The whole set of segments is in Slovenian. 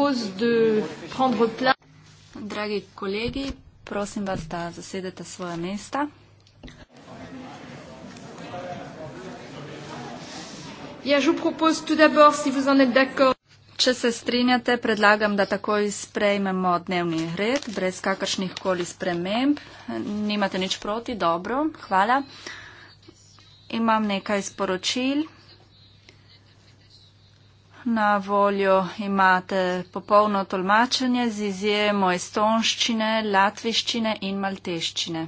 propose de prendre place. Dragi kolegi, prosim vas, da zasedete svoje mesta. Ja, je vous propose tout d'abord, si vous en êtes d'accord. Če se strinjate, predlagam, da takoj sprejmemo dnevni red, brez kakršnih koli sprememb. Nimate nič proti, dobro, hvala. Imam nekaj sporočil. Na voljo imate popolno tolmačenje z izjemo estonščine, latviščine in malteščine.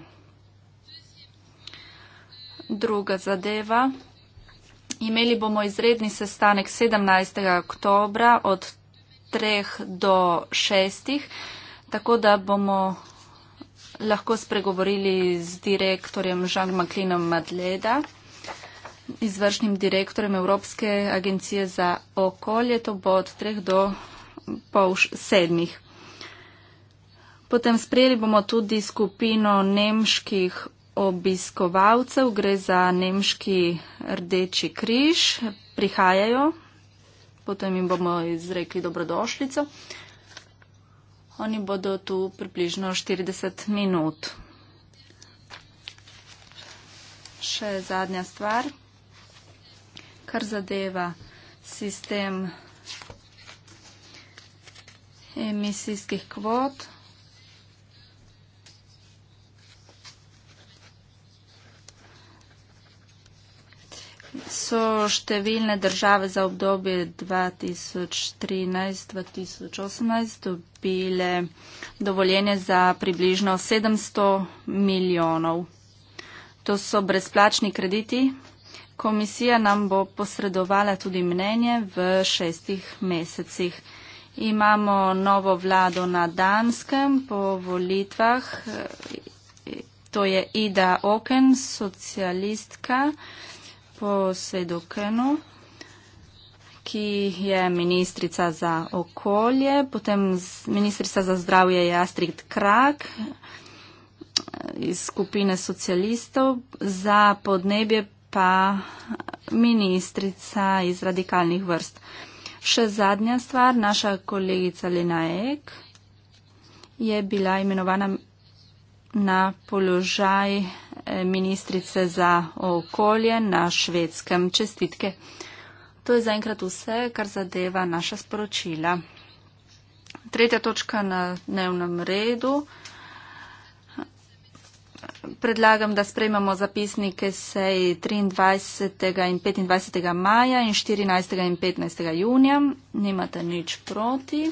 Druga zadeva. Imeli bomo izredni sestanek 17. oktobra od 3 do 6, tako da bomo lahko spregovorili z direktorjem Žan Maklinom Madleda izvršnim direktorem Evropske agencije za okolje. To bo od 3 do pol 7. Potem sprejeli bomo tudi skupino nemških obiskovalcev. Gre za nemški rdeči križ. Prihajajo. Potem jim bomo izrekli dobrodošlico. Oni bodo tu približno 40 minut. Še zadnja stvar kar zadeva sistem emisijskih kvot. So številne države za obdobje 2013-2018 dobile dovoljenje za približno 700 milijonov. To so brezplačni krediti, Komisija nam bo posredovala tudi mnenje v šestih mesecih. Imamo novo vlado na Danskem po volitvah. To je Ida Oken, socialistka po Svedokenu, ki je ministrica za okolje, potem ministrica za zdravje je Astrid Krak eh, iz skupine socialistov, za podnebje pa ministrica iz radikalnih vrst. Še zadnja stvar, naša kolegica Lena Ek je bila imenovana na položaj eh, ministrice za okolje na švedskem. Čestitke. To je zaenkrat vse, kar zadeva naša sporočila. Tretja točka na dnevnem redu predlagam, da sprejmemo zapisnike sej 23. in 25. maja in 14. in 15. junija. Nimate nič proti.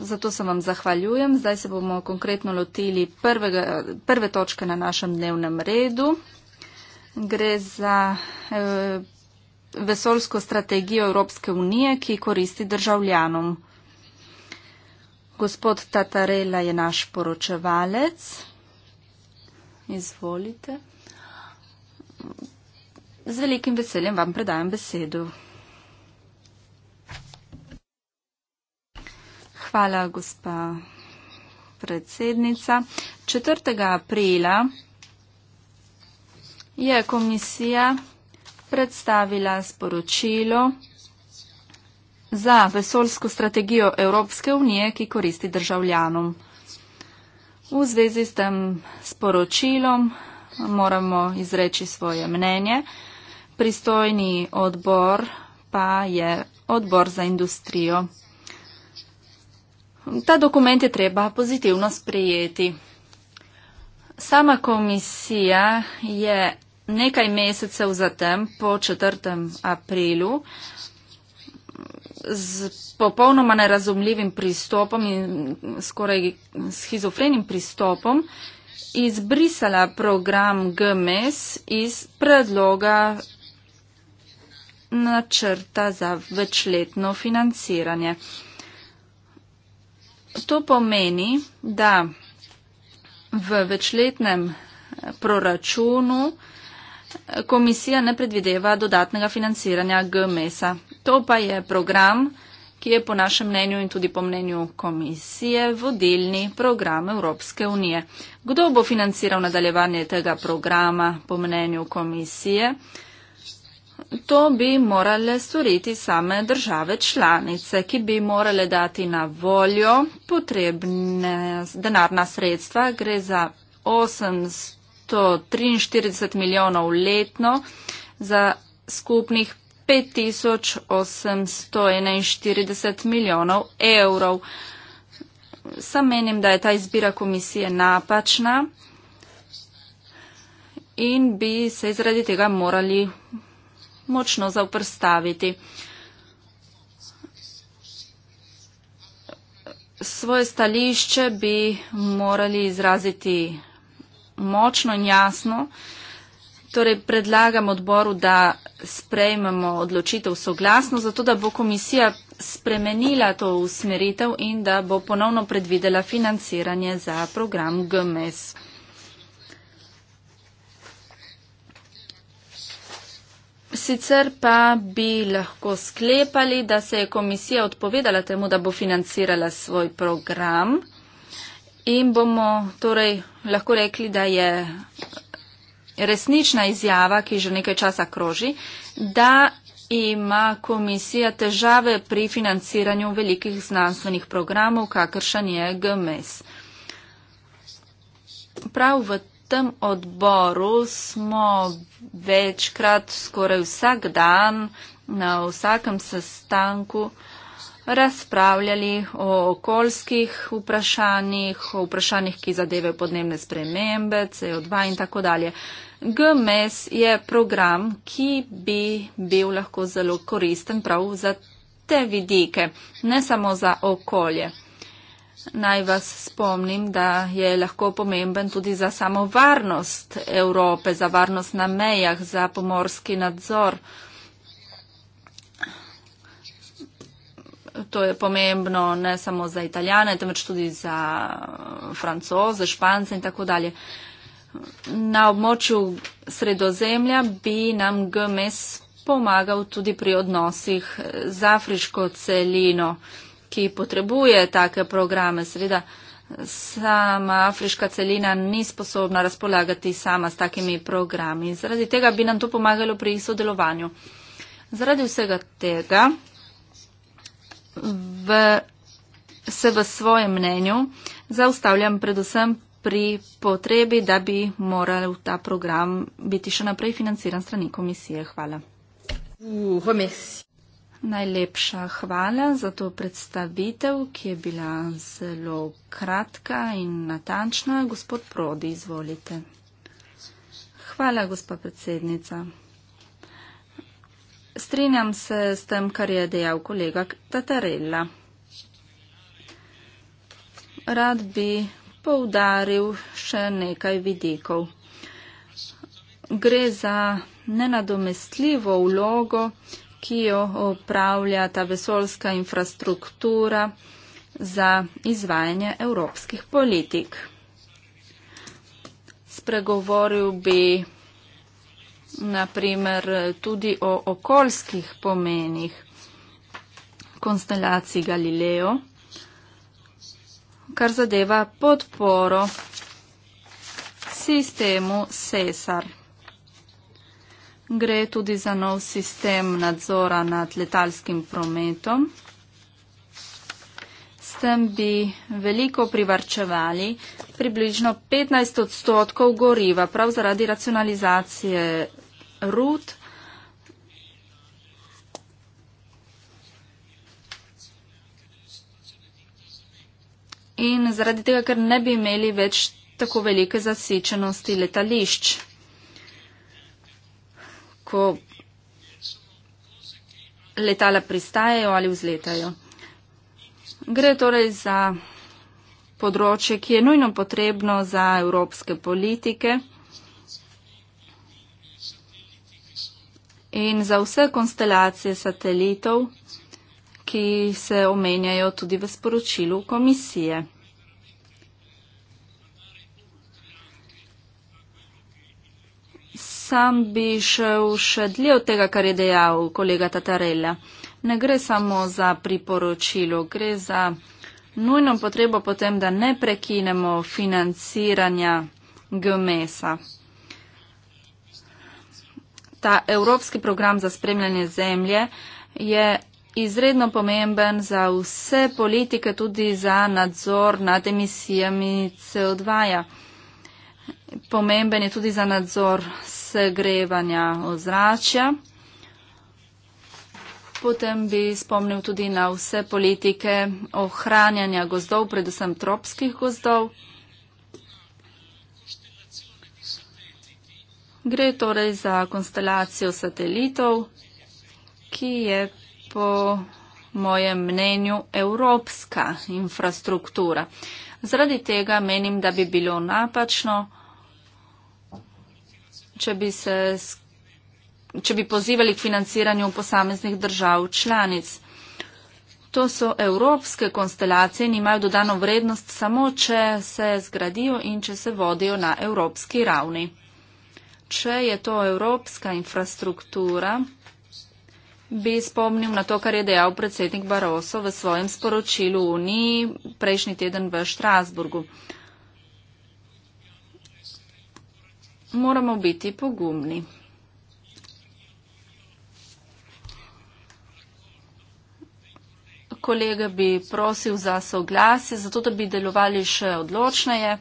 Zato se vam zahvaljujem. Zdaj se bomo konkretno lotili prvega, prve točke na našem dnevnem redu. Gre za eh, vesolsko strategijo Evropske unije, ki koristi državljanom. Gospod Tatarela je naš poročevalec. Izvolite. Z velikim veseljem vam predajam besedo. Hvala, gospa predsednica. 4. aprila je komisija predstavila sporočilo za vesoljsko strategijo Evropske unije, ki koristi državljanom. V zvezi s tem sporočilom moramo izreči svoje mnenje. Pristojni odbor pa je odbor za industrijo. Ta dokument je treba pozitivno sprejeti. Sama komisija je nekaj mesecev zatem, po 4. aprilu, z popolnoma nerazumljivim pristopom in skoraj schizofrenim pristopom izbrisala program GMS e iz predloga načrta za večletno financiranje. To pomeni, da v večletnem proračunu komisija ne predvideva dodatnega financiranja GMS-a. E To pa je program, ki je po našem mnenju in tudi po mnenju komisije vodilni program Evropske unije. Kdo bo financiral nadaljevanje tega programa po mnenju komisije? To bi morale storiti same države članice, ki bi morale dati na voljo potrebne denarna sredstva. Gre za 843 milijonov letno za skupnih 5841 milijonov evrov. Sam menim, da je ta izbira komisije napačna in bi se zaradi tega morali močno zaprstaviti. Svoje stališče bi morali izraziti močno in jasno. Torej predlagam odboru, da sprejmemo odločitev soglasno, zato da bo komisija spremenila to usmeritev in da bo ponovno predvidela financiranje za program GMS. E Sicer pa bi lahko sklepali, da se je komisija odpovedala temu, da bo financirala svoj program in bomo torej lahko rekli, da je resnična izjava, ki že nekaj časa kroži, da ima komisija težave pri financiranju velikih znanstvenih programov, kakršen je GMS. E Prav v tem odboru smo večkrat, skoraj vsak dan, na vsakem sestanku, razpravljali o okoljskih vprašanjih, o vprašanjih, ki zadeve podnebne spremembe, CO2 in tako dalje. GMS e je program, ki bi bil lahko zelo koristen prav za te vidike, ne samo za okolje. Naj vas spomnim, da je lahko pomemben tudi za samo varnost Evrope, za varnost na mejah, za pomorski nadzor. to je pomembno ne samo za italijane, temveč tudi za francoze, špance in tako dalje. Na območju sredozemlja bi nam GMS e pomagal tudi pri odnosih z afriško celino, ki potrebuje take programe. Sreda, sama afriška celina ni sposobna razpolagati sama s takimi programi. Zaradi tega bi nam to pomagalo pri sodelovanju. Zaradi vsega tega v, se v svojem mnenju zaustavljam predvsem pri potrebi, da bi moral ta program biti še naprej financiran strani komisije. Hvala. Uh, Najlepša hvala za to predstavitev, ki je bila zelo kratka in natančna. Gospod Prodi, izvolite. Hvala, gospa predsednica strinjam se s tem, kar je dejal kolega Tatarella. Rad bi poudaril še nekaj vidikov. Gre za nenadomestljivo vlogo, ki jo opravlja ta vesolska infrastruktura za izvajanje evropskih politik. Spregovoril bi naprimer tudi o okoljskih pomenih konstelacij Galileo, kar zadeva podporo sistemu Cesar. Gre tudi za nov sistem nadzora nad letalskim prometom. S tem bi veliko privarčevali, približno 15 odstotkov goriva, prav zaradi racionalizacije Ruth. In zaradi tega, ker ne bi imeli več tako velike zasičenosti letališč. Ko letala pristajajo ali vzletajo. Gre torej za področje, ki je nujno potrebno za evropske politike. in za vse konstelacije satelitov, ki se omenjajo tudi v sporočilu komisije. Sam bi šel še dlje od tega, kar je dejal kolega Tatarella. Ne gre samo za priporočilo, gre za nujno potrebo potem, da ne prekinemo financiranja GMS-a. E ta evropski program za spremljanje zemlje je izredno pomemben za vse politike, tudi za nadzor nad emisijami CO2. -ja. Pomemben je tudi za nadzor segrevanja ozračja. Potem bi spomnil tudi na vse politike ohranjanja gozdov, predvsem tropskih gozdov. Gre torej za konstelacijo satelitov, ki je po mojem mnenju evropska infrastruktura. Zradi tega menim, da bi bilo napačno, če bi, se, če bi pozivali k financiranju posameznih držav članic. To so evropske konstelacije in imajo dodano vrednost samo, če se zgradijo in če se vodijo na evropski ravni. Če je to evropska infrastruktura, bi spomnil na to, kar je dejal predsednik Baroso v svojem sporočilu Uniji prejšnji teden v Štrasburgu. Moramo biti pogumni. Kolega bi prosil za soglasje, zato da bi delovali še odločneje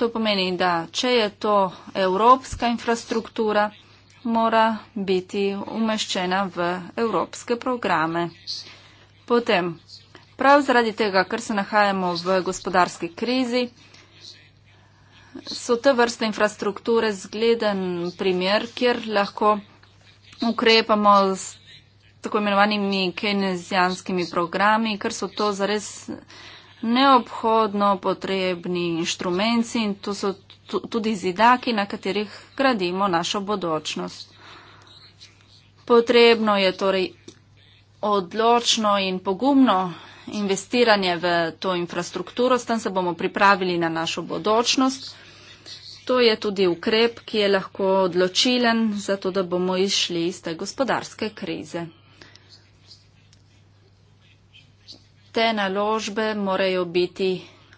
to pomeni, da če je to evropska infrastruktura, mora biti umeščena v evropske programe. Potem, prav zaradi tega, ker se nahajamo v gospodarski krizi, so te vrste infrastrukture zgleden primer, kjer lahko ukrepamo s tako imenovanimi kenezijanskimi programi, ker so to zares neobhodno potrebni inštrumenti in to so tudi zidaki, na katerih gradimo našo bodočnost. Potrebno je torej odločno in pogumno investiranje v to infrastrukturo, s tem se bomo pripravili na našo bodočnost. To je tudi ukrep, ki je lahko odločilen za to, da bomo izšli iz te gospodarske krize. te naložbe morajo biti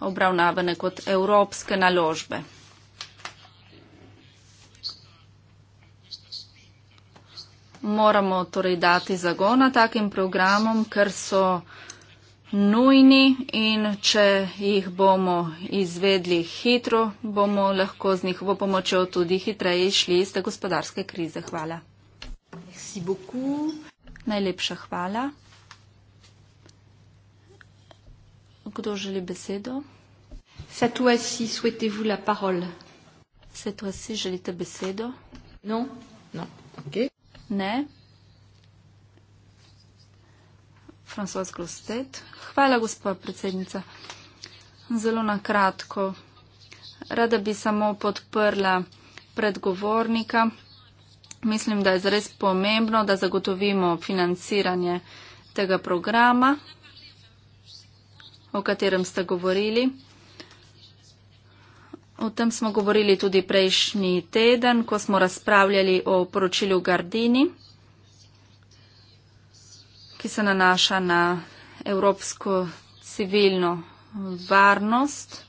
obravnavane kot evropske naložbe. Moramo torej dati zagona takim programom, ker so nujni in če jih bomo izvedli hitro, bomo lahko z njihovo pomočjo tudi hitreje išli iz te gospodarske krize. Hvala. Najlepša hvala. Kdo želi besedo? Cette fois-ci, souhaitez-vous la parole? Cette fois-ci, želite besedo? Non? Non. Ok. Ne. François Grostet. Hvala, gospa predsednica. Zelo nakratko. Rada bi samo podprla predgovornika. Mislim, da je zares pomembno, da zagotovimo financiranje tega programa o katerem ste govorili. O tem smo govorili tudi prejšnji teden, ko smo razpravljali o poročilu Gardini, ki se nanaša na evropsko civilno varnost.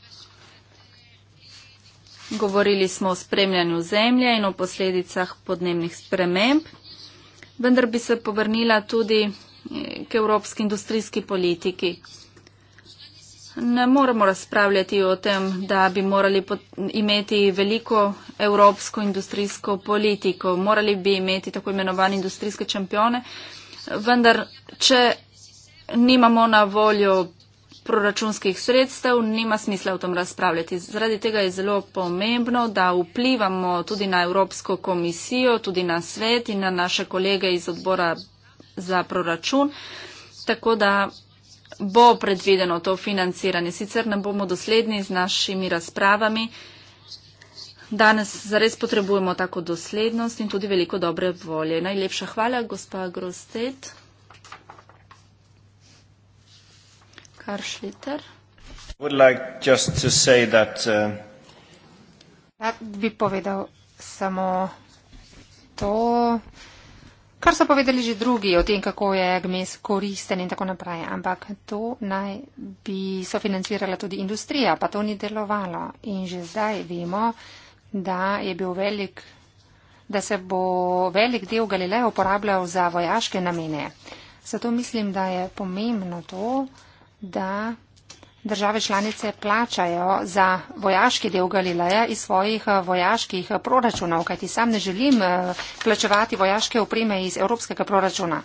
Govorili smo o spremljanju zemlje in o posledicah podnebnih sprememb, vendar bi se povrnila tudi k evropski industrijski politiki ne moremo razpravljati o tem, da bi morali imeti veliko evropsko industrijsko politiko, morali bi imeti tako imenovane industrijske čempione, vendar, če nimamo na voljo proračunskih sredstev, nima smisla o tem razpravljati. Zaradi tega je zelo pomembno, da vplivamo tudi na Evropsko komisijo, tudi na svet in na naše kolege iz odbora za proračun. Tako da bo predvideno to financiranje. Sicer ne bomo dosledni z našimi razpravami. Danes zares potrebujemo tako doslednost in tudi veliko dobre volje. Najlepša hvala, gospa Grostet. Kar šliter. Like that, uh... Ja, bi povedal samo to kar so povedali že drugi o tem, kako je gmes koristen in tako naprej. Ampak to naj bi sofinancirala tudi industrija, pa to ni delovalo. In že zdaj vemo, da je bil velik, da se bo velik del Galileja uporabljal za vojaške namene. Zato mislim, da je pomembno to, da države članice plačajo za vojaški del Galileja iz svojih eh, vojaških eh, proračunov, kajti sam ne želim eh, plačevati vojaške opreme iz evropskega proračuna.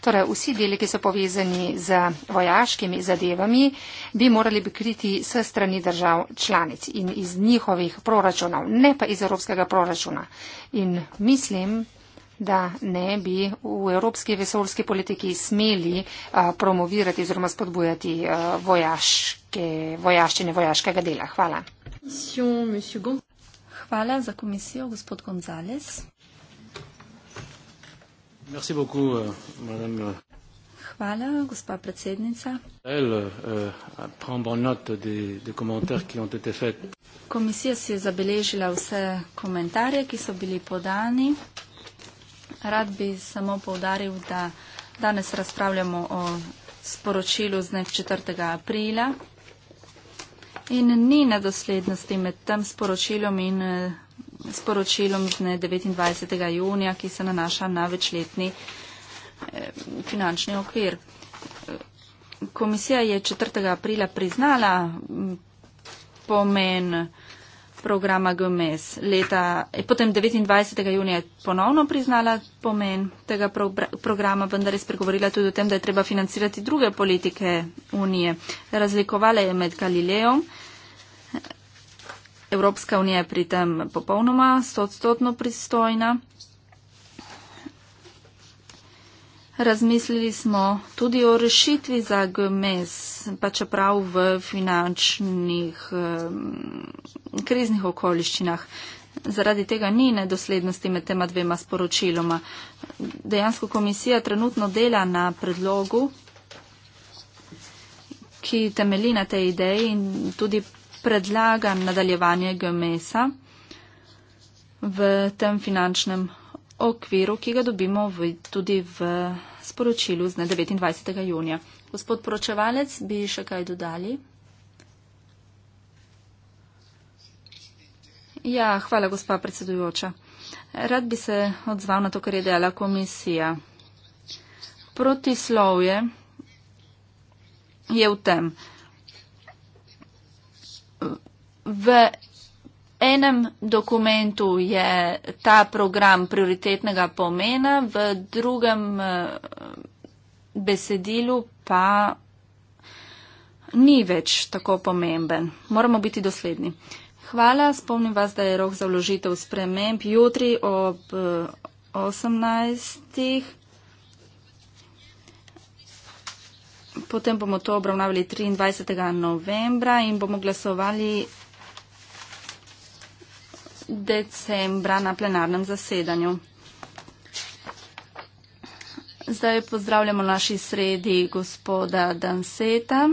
Torej, vsi deli, ki so povezani z vojaškimi zadevami, bi morali biti kriti s strani držav članic in iz njihovih proračunov, ne pa iz evropskega proračuna. In mislim, da ne bi v evropski vesoljski politiki smeli promovirati oziroma spodbujati vojaške, vojaščine vojaškega dela. Hvala. Hvala za komisijo, gospod Gonzales. Euh, euh. Hvala, gospa predsednica. Euh, Komisija si je zabeležila vse komentarje, ki so bili podani. Rad bi samo povdaril, da danes razpravljamo o sporočilu z dne 4. aprila in ni nedoslednosti med tem sporočilom in eh, sporočilom z dne 29. junija, ki se nanaša na večletni eh, finančni okvir. Komisija je 4. aprila priznala mm, pomen programa GMS. Leta, eh, potem 29. junija je ponovno priznala pomen tega pro, programa, vendar je spregovorila tudi o tem, da je treba financirati druge politike unije. Razlikovala je med Galilejem. Evropska unija je pri tem popolnoma stotstotno pristojna. Razmislili smo tudi o rešitvi za GMS, e pa čeprav v finančnih um, kriznih okoliščinah. Zaradi tega ni nedoslednosti med tema dvema sporočiloma. Dejansko komisija trenutno dela na predlogu, ki temeli na tej ideji in tudi predlaga nadaljevanje GMS-a e v tem finančnem okviru, ki ga dobimo v, tudi v sporočilu z 29. junija. Gospod poročevalec, bi še kaj dodali? Ja, hvala, gospa predsedujoča. Rad bi se odzval na to, kar je dela komisija. Protislovje je v tem. V enem dokumentu je ta program prioritetnega pomena, v drugem eh, besedilu pa ni več tako pomemben. Moramo biti dosledni. Hvala, spomnim vas, da je rok za vložitev sprememb jutri ob 18. Eh, Potem bomo to obravnavali 23. novembra in bomo glasovali decembra na plenarnem zasedanju. Zdaj pozdravljamo naši sredi gospoda Danseta,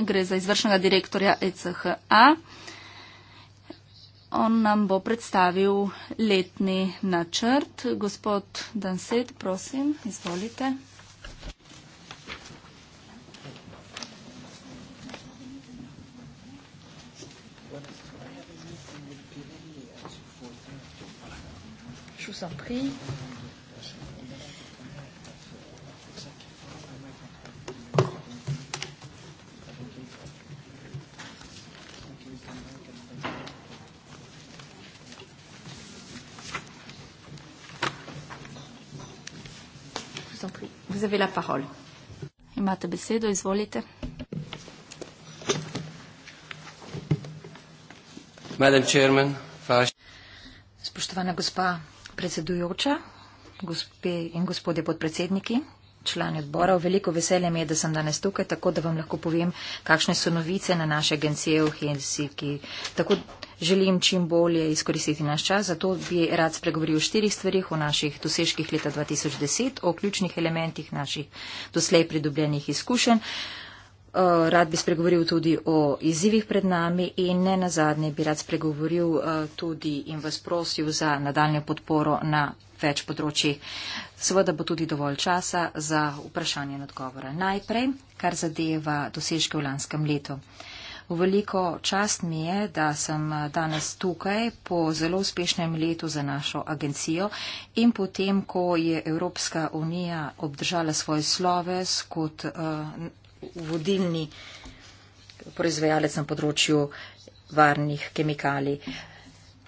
gre za izvršnega direktorja ECHA. On nam bo predstavil letni načrt. Gospod Danset, prosim, izvolite. tous en prie. Vous avez la parole. Imate besedo, izvolite. Madame Chairman, Spoštovana gospa Predsedujoča, gospe in gospodje podpredsedniki, člani odborov, veliko veselje mi je, da sem danes tukaj, tako da vam lahko povem, kakšne so novice na naše agencije v Helsinki. Tako želim čim bolje izkoristiti naš čas, zato bi rad spregovoril o štirih stvarih, o naših dosežkih leta 2010, o ključnih elementih naših doslej pridobljenih izkušenj. Eh, rad bi spregovoril tudi o izzivih pred nami in ne nazadnje bi rad spregovoril eh, tudi in vas prosil za nadaljno podporo na več področjih. Seveda bo tudi dovolj časa za vprašanje in odgovore. Najprej, kar zadeva dosežke v lanskem letu. V veliko čast mi je, da sem eh, danes tukaj po zelo uspešnem letu za našo agencijo in potem, ko je Evropska unija obdržala svoje sloves kot uh, vodilni proizvajalec na področju varnih kemikalij.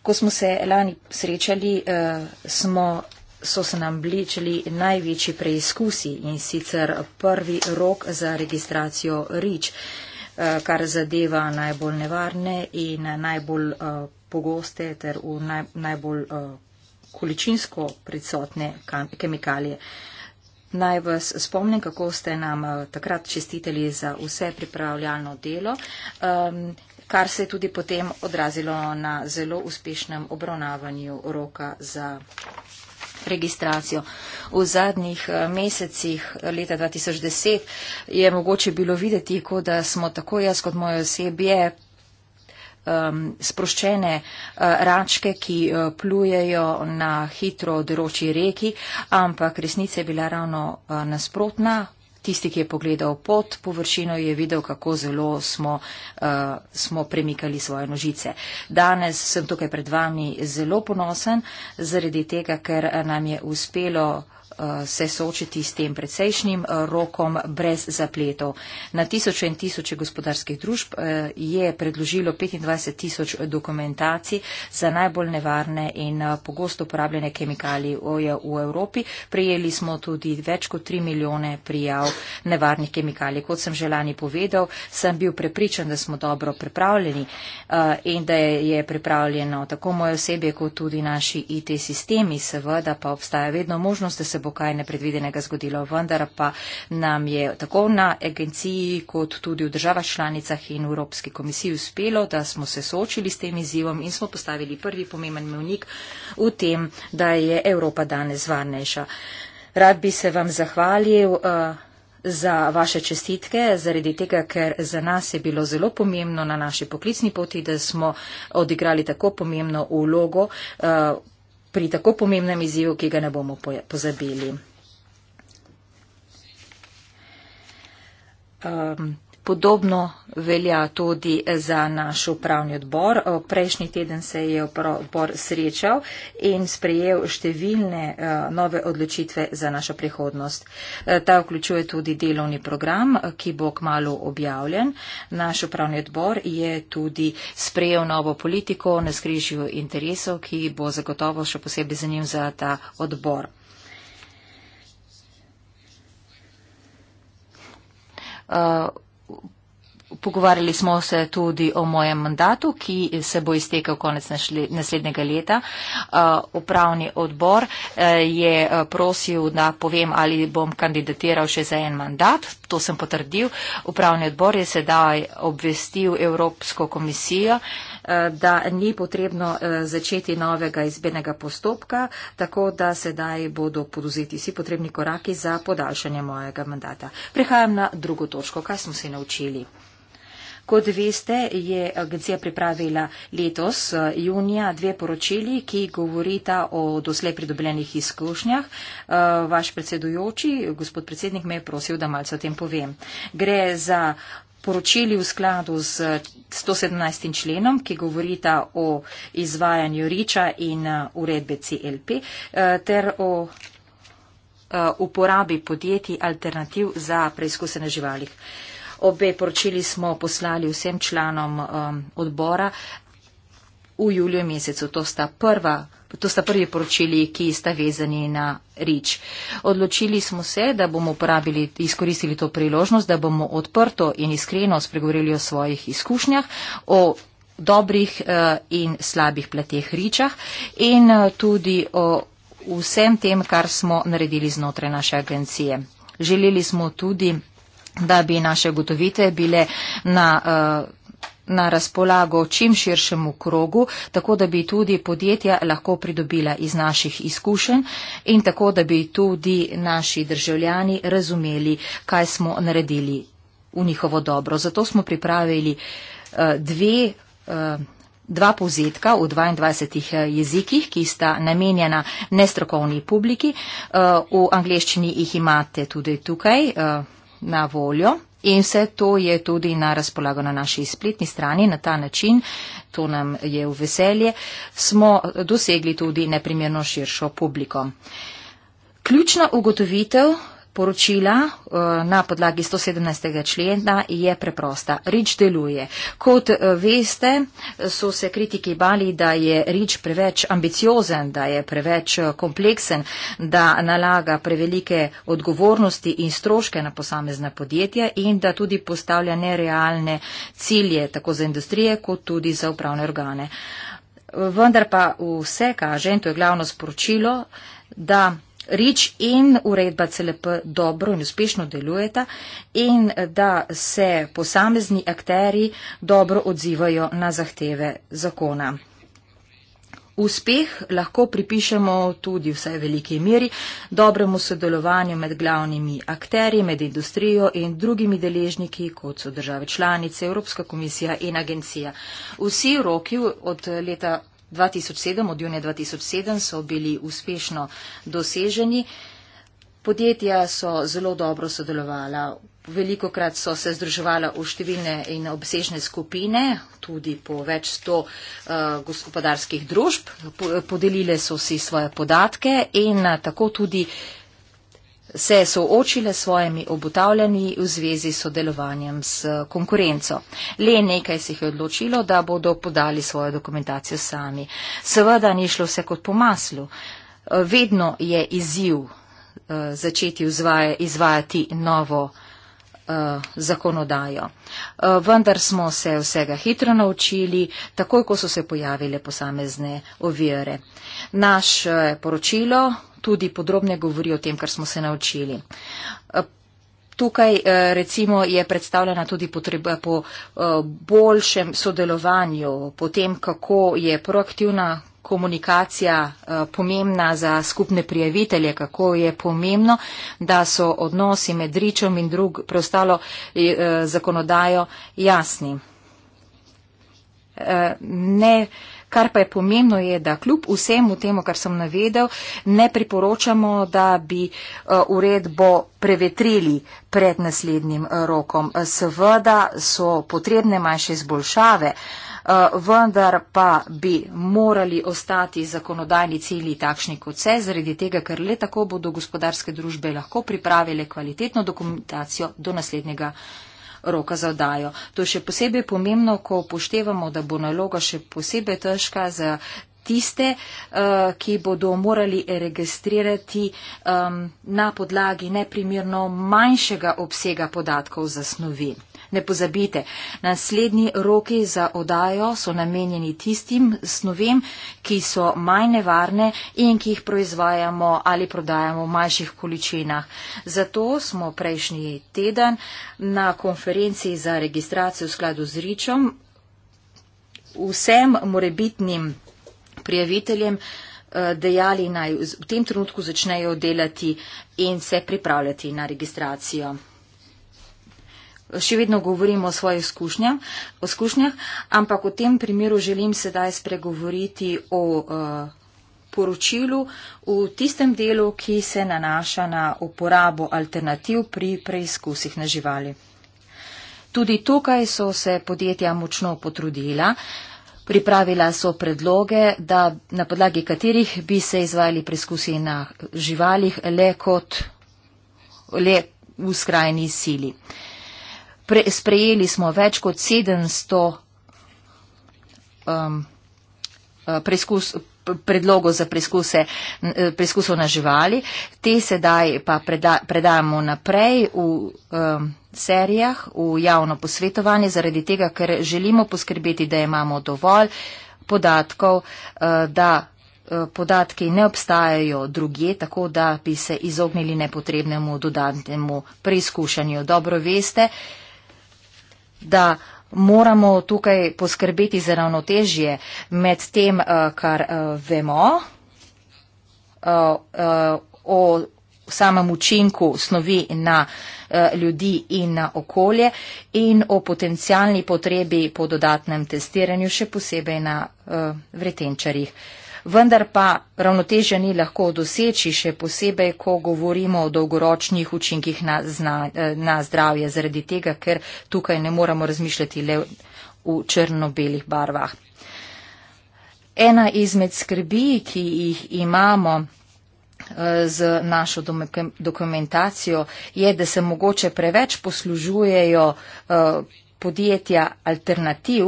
Ko smo se lani srečali, eh, smo, so se nam bličali največji preizkusi in sicer prvi rok za registracijo REACH, eh, kar zadeva najbolj nevarne in najbolj eh, pogoste ter v naj, najbolj količinsko prisotne kemikalije. Naj vas spomnim, kako ste nam eh, takrat čestiteli za vse pripravljalno delo, ehm, kar se je tudi potem odrazilo na zelo uspešnem obravnavanju roka za registracijo. V zadnjih eh, mesecih eh, leta 2010 je mogoče bilo videti, kot da smo tako jaz kot moje osebje um, sproščene uh, račke, ki uh, plujejo na hitro odroči reki, ampak resnica je bila ravno uh, nasprotna. Tisti, ki je pogledal pod površino, je videl, kako zelo smo, uh, smo premikali svoje nožice. Danes sem tukaj pred vami zelo ponosen, zaradi tega, ker uh, nam je uspelo Eh, se soočiti s tem precejšnjim eh, rokom brez zapletov. Na tisoče in tisoče gospodarskih družb eh, je predložilo 25 tisoč dokumentacij za najbolj nevarne in pogosto uporabljene kemikalije v Evropi. Prijeli smo tudi več kot 3 milijone prijav nevarnih kemikalij. Kot sem že lani povedal, sem bil prepričan, da smo dobro pripravljeni in da je pripravljeno tako moje osebje kot tudi naši IT sistemi. Seveda pa obstaja vedno možnost, da se bo bo kaj nepredvidenega zgodilo. Vendar pa nam je tako na agenciji kot tudi v državah članicah in v Evropski komisiji uspelo, da smo se soočili s tem izzivom in smo postavili prvi pomemben mevnik v tem, da je Evropa danes varnejša. Rad bi se vam zahvalil. Eh, za vaše čestitke, zaradi tega, ker za nas je bilo zelo pomembno na naši poklicni poti, da smo odigrali tako pomembno ulogo. Uh, eh, pri tako pomembnem izzivu, ki ga ne bomo pozabili. Um, Podobno velja tudi za naš upravni odbor. Prejšnji teden se je odbor srečal in sprejel številne e, nove odločitve za našo prihodnost. E, ta vključuje tudi delovni program, ki bo kmalo objavljen. Naš upravni odbor je tudi sprejel novo politiko na skrižju interesov, ki bo zagotovo še posebej zanim za ta odbor. Uh, Pogovarjali smo se tudi o mojem mandatu, ki se bo iztekel konec našli, naslednjega leta. Eh, upravni uh, odbor uh, je eh, prosil, da povem, ali bom kandidatiral še za en mandat. To sem potrdil. Upravni odbor je sedaj obvestil Evropsko komisijo. Uh, da ni potrebno eh, začeti novega izbenega postopka, tako da sedaj bodo poduzeti vsi potrebni koraki za podaljšanje mojega mandata. Prehajam na drugo točko, kaj smo se naučili. Kot veste, je agencija pripravila letos eh, junija dve poročili, ki govorita o doslej pridobljenih izkušnjah. Eh, vaš predsedujoči, gospod predsednik, me je prosil, da malce o tem povem. Gre za uh, poročili v skladu z 117. členom, ki govorita o izvajanju riča in uh, uredbe CLP uh, ter o uh, uporabi podjetij alternativ za preizkuse na živalih. Obe poročili smo poslali vsem članom um, odbora v juliju mesecu. To sta prva To sta prvi poročili, ki sta vezani na rič. Odločili smo se, da bomo uporabili, izkoristili to priložnost, da bomo odprto in iskreno spregovorili o svojih izkušnjah, o dobrih eh, in slabih plateh ričah in eh, tudi o vsem tem, kar smo naredili znotraj naše agencije. Želeli smo tudi, da bi naše gotovitve bile na. Uh, na razpolago čim širšemu krogu, tako da bi tudi podjetja lahko pridobila iz naših izkušenj in tako da bi tudi naši državljani razumeli, kaj smo naredili v njihovo dobro. Zato smo pripravili eh, dve, eh, dva povzetka v 22 eh, jezikih, ki sta namenjena nestrokovni publiki. V angleščini jih imate tudi tukaj na voljo. In vse to je tudi na razpolago na naši spletni strani. Na ta način, to nam je v veselje, smo dosegli tudi neprimerno širšo publiko. Ključna ugotovitev poročila eh, na podlagi 117. člena je preprosta. Rič deluje. Kot eh, veste, so se kritiki bali, da je Rič preveč ambiciozen, da je preveč eh, kompleksen, da nalaga prevelike odgovornosti in stroške na posamezna podjetja in da tudi postavlja nerealne cilje tako za industrije kot tudi za upravne organe. Vendar pa vse kaže, in to je glavno sporočilo, da REACH in uredba CLP dobro in uspešno delujeta in da se posamezni akteri dobro odzivajo na zahteve zakona. Uspeh lahko pripišemo tudi vsaj veliki meri dobremu sodelovanju med glavnimi akteri, med industrijo in drugimi deležniki, kot so države članice, Evropska komisija in agencija. Vsi roki od leta 2007, od junija 2007 so bili uspešno doseženi. Podjetja so zelo dobro sodelovala. Veliko krat so se združevala v številne in obsežne skupine, tudi po več sto uh, gospodarskih družb. Podelile so si svoje podatke in uh, tako tudi se je soočile s svojimi obotavljanji v zvezi s sodelovanjem s konkurenco. Le nekaj se jih je odločilo, da bodo podali svojo dokumentacijo sami. Seveda ni šlo vse kot po maslu. Vedno je izziv eh, začeti vzvaja, izvajati novo eh, zakonodajo. Eh, vendar smo se vsega hitro naučili, takoj ko so se pojavile posamezne ovire. Naše poročilo tudi podrobne govori o tem, kar smo se naučili. Eh, tukaj eh, recimo je predstavljena tudi potreba po eh, boljšem sodelovanju, po tem, kako je proaktivna komunikacija pomembna za skupne prijavitelje, kako je pomembno, da so odnosi med ričom in drug preostalo zakonodajo jasni. Ne, Kar pa je pomembno je, da kljub vsemu temu, kar sem navedel, ne priporočamo, da bi eh, uredbo prevetrili pred naslednjim eh, rokom. Seveda so potrebne manjše izboljšave, eh, vendar pa bi morali ostati zakonodajni cilji takšni kot se, zaradi tega, ker le tako bodo gospodarske družbe lahko pripravile kvalitetno dokumentacijo do naslednjega roka roka za odajo. To je še posebej pomembno, ko upoštevamo, da bo naloga še posebej težka za tiste, eh, ki bodo morali registrirati na podlagi neprimerno manjšega obsega podatkov za snovi. Ne pozabite, naslednji roki za odajo so namenjeni tistim snovem, ki so manj nevarne in ki jih proizvajamo ali prodajamo v manjših količinah. Zato smo prejšnji teden na konferenciji za registracijo v skladu z Ričom vsem morebitnim prijaviteljem eh, dejali naj v tem trenutku začnejo delati in se pripravljati na registracijo še vedno govorim o svojih izkušnjah, ampak v tem primeru želim sedaj spregovoriti o eh, poročilu v tistem delu, ki se nanaša na uporabo alternativ pri preizkusih na živali. Tudi tukaj so se podjetja močno potrudila. Pripravila so predloge, da na podlagi katerih bi se izvajali preizkusi na živalih le kot le v skrajni sili. Uh, Pre, sprejeli smo več kot 700 um, uh, preskus, predlogov za preskuse, eh, preskusov na živali, te sedaj pa preda, predajamo naprej v um, serijah, v javno posvetovanje, zaradi tega, ker želimo poskrbeti, da imamo dovolj podatkov, uh, da eh, podatki ne obstajajo druge, tako da bi se izognili nepotrebnemu dodatnemu preizkušanju. Dobro veste, uh, da moramo tukaj poskrbeti za ravnotežje med tem, eh, kar eh, vemo eh, o samem učinku snovi na ljudi in na okolje in o potencijalni potrebi po dodatnem testiranju, še posebej na vretenčarjih vendar pa ravnotežje ni lahko doseči, še posebej, ko govorimo o dolgoročnih učinkih na, zna, eh, na zdravje, zaradi tega, ker tukaj ne moramo razmišljati le v črno-belih barvah. Ena izmed skrbi, ki jih imamo eh, z našo dokumentacijo, je, da se mogoče preveč poslužujejo eh, podjetja alternativ,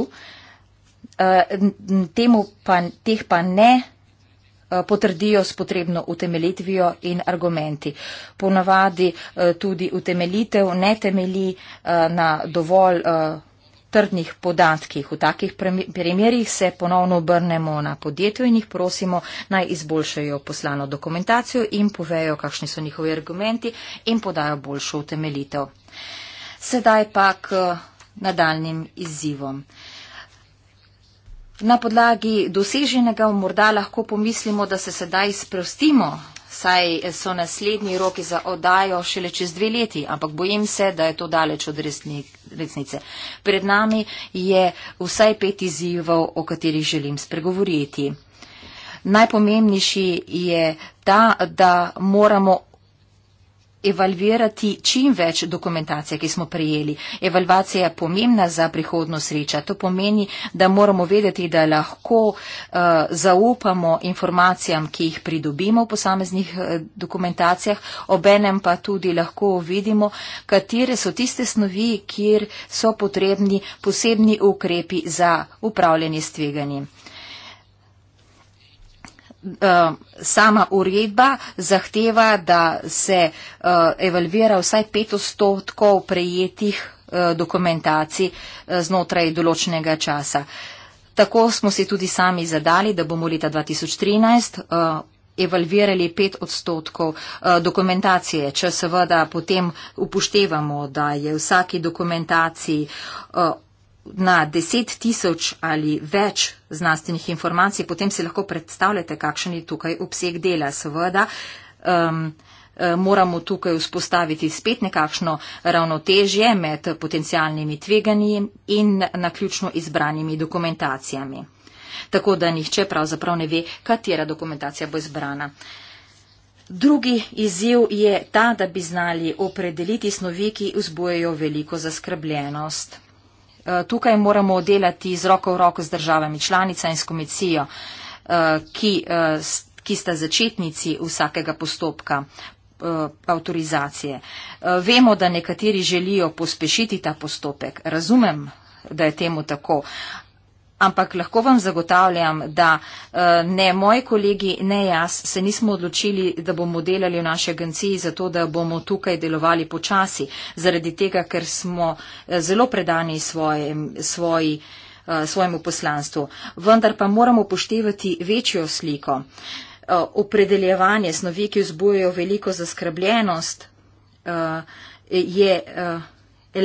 temu pa, teh pa ne eh, potrdijo s potrebno utemeljitvijo in argumenti. Ponavadi eh, tudi utemeljitev ne temelji eh, na dovolj trdnih podatkih. V takih primerjih se ponovno obrnemo na podjetje in jih prosimo naj izboljšajo poslano dokumentacijo in povejo, kakšni so njihovi argumenti in podajo boljšo utemeljitev. Sedaj pa k nadaljnim izzivom. Na podlagi doseženega morda lahko pomislimo, da se sedaj sprostimo, saj so naslednji roki za oddajo šele čez dve leti, ampak bojim se, da je to daleč od resnice. Pred nami je vsaj pet izzivov, o katerih želim spregovoriti. Najpomembnejši je ta, da moramo evalvirati čim več dokumentacije, ki smo prijeli. Evalvacija je pomembna za prihodno sreča. To pomeni, da moramo vedeti, da lahko uh, zaupamo informacijam, ki jih pridobimo v posameznih uh, dokumentacijah, obenem pa tudi lahko vidimo, katere so tiste snovi, kjer so potrebni posebni ukrepi za upravljanje s tveganjem. Eh, sama uredba zahteva, da se eh, evalvira vsaj pet odstotkov prejetih eh, dokumentacij znotraj določenega časa. Tako smo si tudi sami zadali, da bomo leta 2013 evalvirali pet odstotkov dokumentacije. Če seveda potem upoštevamo, da je vsaki dokumentaciji na deset tisoč ali več znanstvenih informacij, potem si lahko predstavljate, kakšen je tukaj obseg dela. Seveda um, eh, moramo tukaj vzpostaviti spet nekakšno ravnotežje med potencialnimi tveganji in naključno izbranimi dokumentacijami. Tako da nihče pravzaprav ne ve, katera dokumentacija bo izbrana. Drugi izziv je ta, da bi znali opredeliti snovi, ki vzbujejo veliko zaskrbljenost. Eh, tukaj moramo delati z roko v roko z državami, članica in s komisijo, eh, ki, eh, ki sta začetnici vsakega postopka avtorizacije. Vemo, da nekateri želijo pospešiti ta postopek, razumem, da je temu tako, Ampak lahko vam zagotavljam, da eh, ne moji kolegi, ne jaz se nismo odločili, da bomo delali v naši agenciji zato, da bomo tukaj delovali počasi, zaradi tega, ker smo eh, zelo predani svoje, svoji, eh, svojemu poslanstvu. Vendar pa moramo poštevati večjo sliko. Opredeljevanje snovi, ki vzbujajo veliko zaskrbljenost, je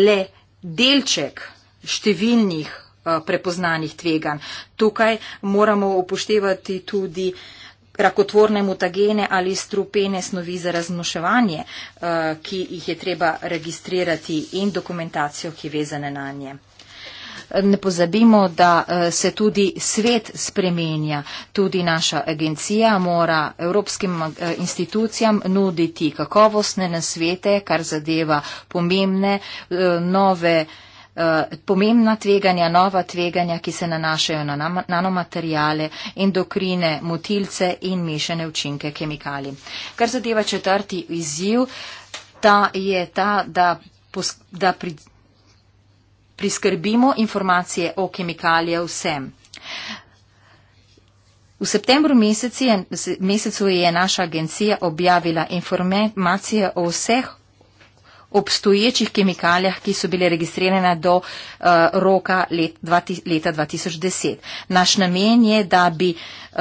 le delček številnih Eh, prepoznanih tveganj. Tukaj moramo upoštevati tudi rakotvorne mutagene ali strupene snovi za razmnoševanje, eh, ki jih je treba registrirati in dokumentacijo, ki je vezane na nje. Ne pozabimo, da eh, se tudi svet spremenja. Tudi naša agencija mora evropskim institucijam nuditi kakovostne nasvete, kar zadeva pomembne nove. Eh, pomembna tveganja, nova tveganja, ki se nanašajo na nanomaterijale, endokrine, motilce in mešane učinke kemikali. Kar zadeva četrti izziv, ta je ta, da, pos, da pri, priskrbimo informacije o kemikalije vsem. V septembru mesecu je naša agencija objavila informacije o vseh obstoječih kemikalijah, ki so bile registrirane do uh, roka let, dvati, leta 2010. Naš namen je, da bi uh,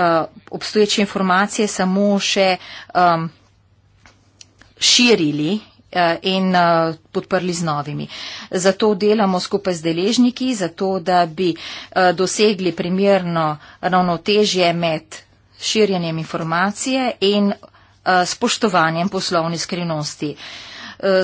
obstoječe informacije samo še um, širili eh, in uh, podprli z novimi. Zato delamo skupaj z deležniki, zato da bi uh, dosegli primerno ravnotežje med širjenjem informacije in uh, spoštovanjem poslovne skrivnosti. Uh,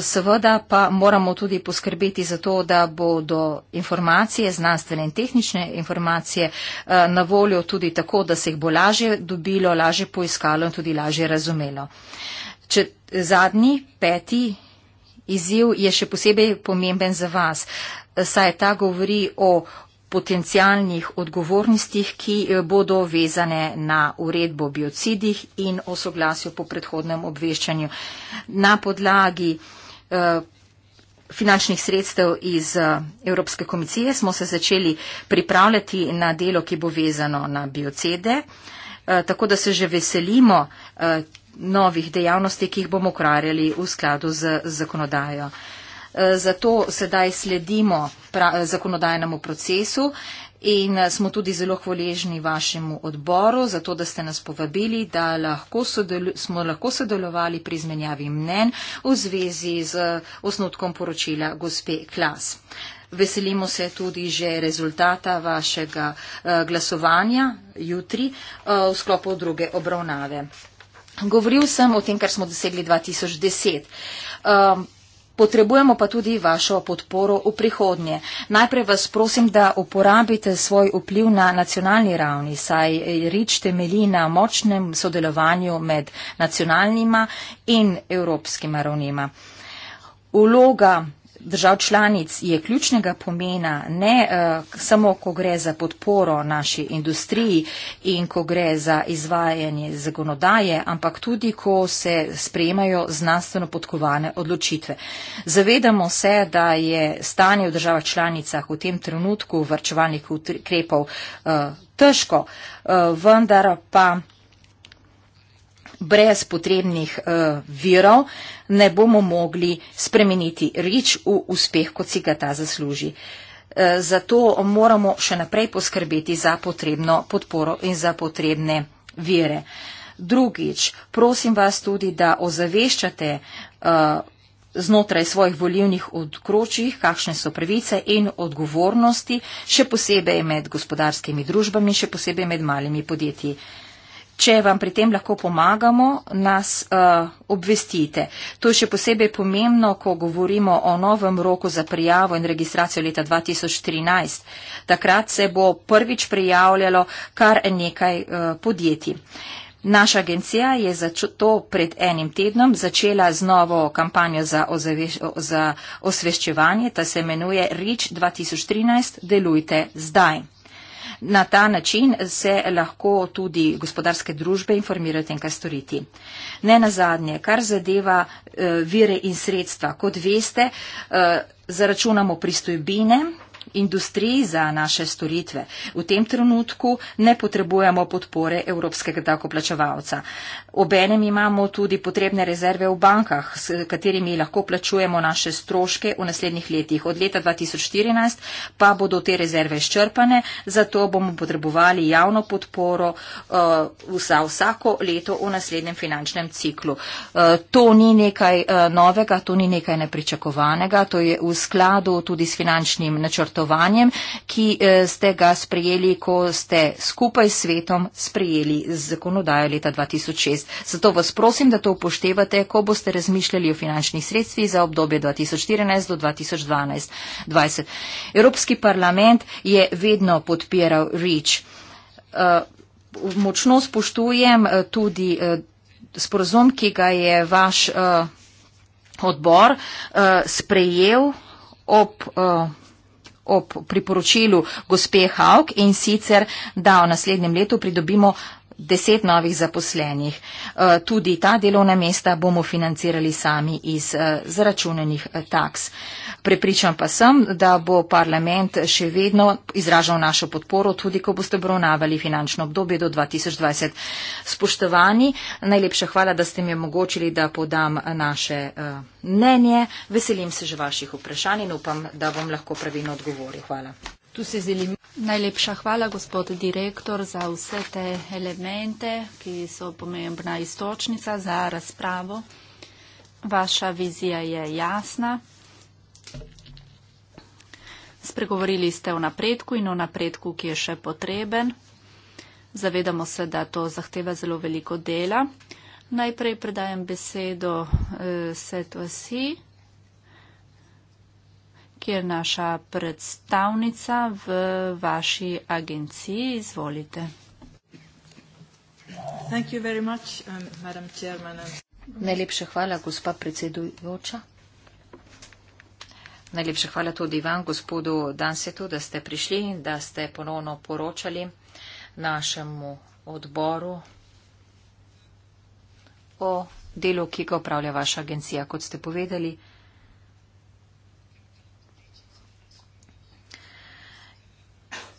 seveda pa moramo tudi poskrbeti za to, da bodo informacije, znanstvene in tehnične informacije eh, na voljo tudi tako, da se jih bo lažje dobilo, lažje poiskalo in tudi lažje razumelo. Če zadnji, peti izziv je še posebej pomemben za vas, eh, saj ta govori o potencijalnih odgovornostih, ki eh, bodo vezane na uredbo o biocidih in o soglasju po predhodnem obveščanju. Na podlagi eh, finančnih sredstev iz eh, Evropske komisije smo se začeli pripravljati na delo, ki bo vezano na biocede, tako da se že veselimo novih dejavnosti, ki jih bomo ukvarjali v skladu z zakonodajo. Eh, zato sedaj sledimo eh, zakonodajnemu procesu in eh, smo tudi zelo hvaležni vašemu odboru za to, da ste nas povabili, da lahko smo lahko sodelovali pri izmenjavi mnen v zvezi z osnutkom poročila gospe Klas. Veselimo se tudi že rezultata vašega glasovanja jutri v sklopu druge obravnave. Govoril sem o tem, kar smo dosegli 2010 potrebujemo pa tudi vašo podporo v prihodnje. Najprej vas prosim, da uporabite svoj vpliv na nacionalni ravni, saj rič temelji na močnem sodelovanju med nacionalnima in evropskima ravnima. Uloga držav članic je ključnega pomena, ne uh, samo, ko gre za podporo naši industriji in ko gre za izvajanje zakonodaje, ampak tudi, ko se sprejemajo znanstveno podkovane odločitve. Zavedamo se, da je stanje v državah članicah v tem trenutku vrčevalnih ukrepov uh, težko, uh, vendar pa brez potrebnih uh, virov ne bomo mogli spremeniti rič v uspeh, kot si ga ta zasluži. Eh, zato moramo še naprej poskrbeti za potrebno podporo in za potrebne vire. Drugič, prosim vas tudi, da ozaveščate uh, znotraj svojih volivnih odkročjih, kakšne so pravice in odgovornosti, še posebej med gospodarskimi družbami, še posebej med malimi podjetji. Uh, Če vam pri tem lahko pomagamo, nas uh, obvestite. To je še posebej pomembno, ko govorimo o novem roku za prijavo in registracijo leta 2013. Takrat se bo prvič prijavljalo kar nekaj uh, podjetij. Naša agencija je to pred enim tednom začela z novo kampanjo za, za osveščevanje, ta se imenuje REACH 2013, delujte zdaj. Na ta način se lahko tudi gospodarske družbe informirajo o tem, kaj storiti. Ne na zadnje, kar zadeva eh, vire in sredstva. Kot veste, eh, zaračunamo pristojbine industriji za naše storitve. V tem trenutku ne potrebujemo podpore evropskega davkoplačevalca. Obenem imamo tudi potrebne rezerve v bankah, s katerimi lahko plačujemo naše stroške v naslednjih letih. Od leta 2014 pa bodo te rezerve izčrpane, zato bomo potrebovali javno podporo uh, vsako leto v naslednjem finančnem ciklu. Uh, to ni nekaj uh, novega, to ni nekaj nepričakovanega, to je v skladu tudi s finančnim načrtom načrtovanjem, ki eh, ste ga sprejeli, ko ste skupaj s svetom sprejeli zakonodajo leta 2006. Zato vas prosim, da to upoštevate, ko boste razmišljali o finančnih sredstvi za obdobje 2014 do 2012. 20. Evropski parlament je vedno podpiral REACH. Eh, močno spoštujem eh, tudi sporozum, ki ga je vaš odbor sprejel ob ob priporočilu gospe Hauk in sicer, da v naslednjem letu pridobimo deset novih zaposlenih. Eh, tudi ta delovna mesta bomo financirali sami iz eh, zaračunenih eh, taks. Prepričan pa sem, da bo parlament še vedno izražal našo podporo, tudi ko boste obravnavali finančno obdobje do 2020. Spoštovani, najlepša hvala, da ste mi omogočili, da podam naše mnenje. Veselim se že vaših vprašanj in upam, da bom lahko pravilno odgovoril. Hvala. Tu se zelim. Najlepša hvala, gospod direktor, za vse te elemente, ki so pomembna istočnica za razpravo. Vaša vizija je jasna. Spregovorili ste o napredku in o napredku, ki je še potreben. Zavedamo se, da to zahteva zelo veliko dela. Najprej predajem besedo eh, Setu Asi kjer naša predstavnica v vaši agenciji. Izvolite. Much, um, Najlepša hvala, gospa predsedujoča. Najlepša hvala tudi vam, gospodu Dansetu, da ste prišli in da ste ponovno poročali našemu odboru o delu, ki ga upravlja vaša agencija. Kot ste povedali,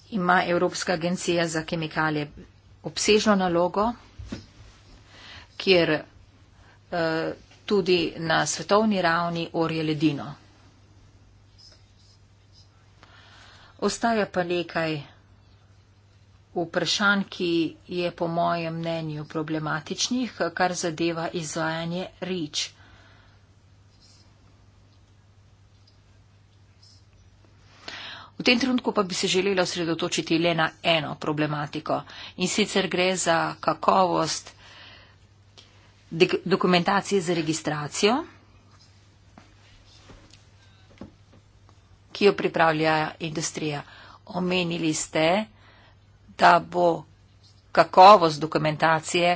ima Evropska agencija za kemikalije obsežno nalogo, kjer uh, tudi na svetovni ravni orje ledino. Ostaja pa nekaj vprašanj, ki je po mojem mnenju problematičnih, kar zadeva izvajanje REACH. V tem trenutku pa bi se želela osredotočiti le na eno problematiko in sicer gre za kakovost dokumentacije za registracijo, ki jo pripravlja industrija. Omenili ste, da bo kakovost dokumentacije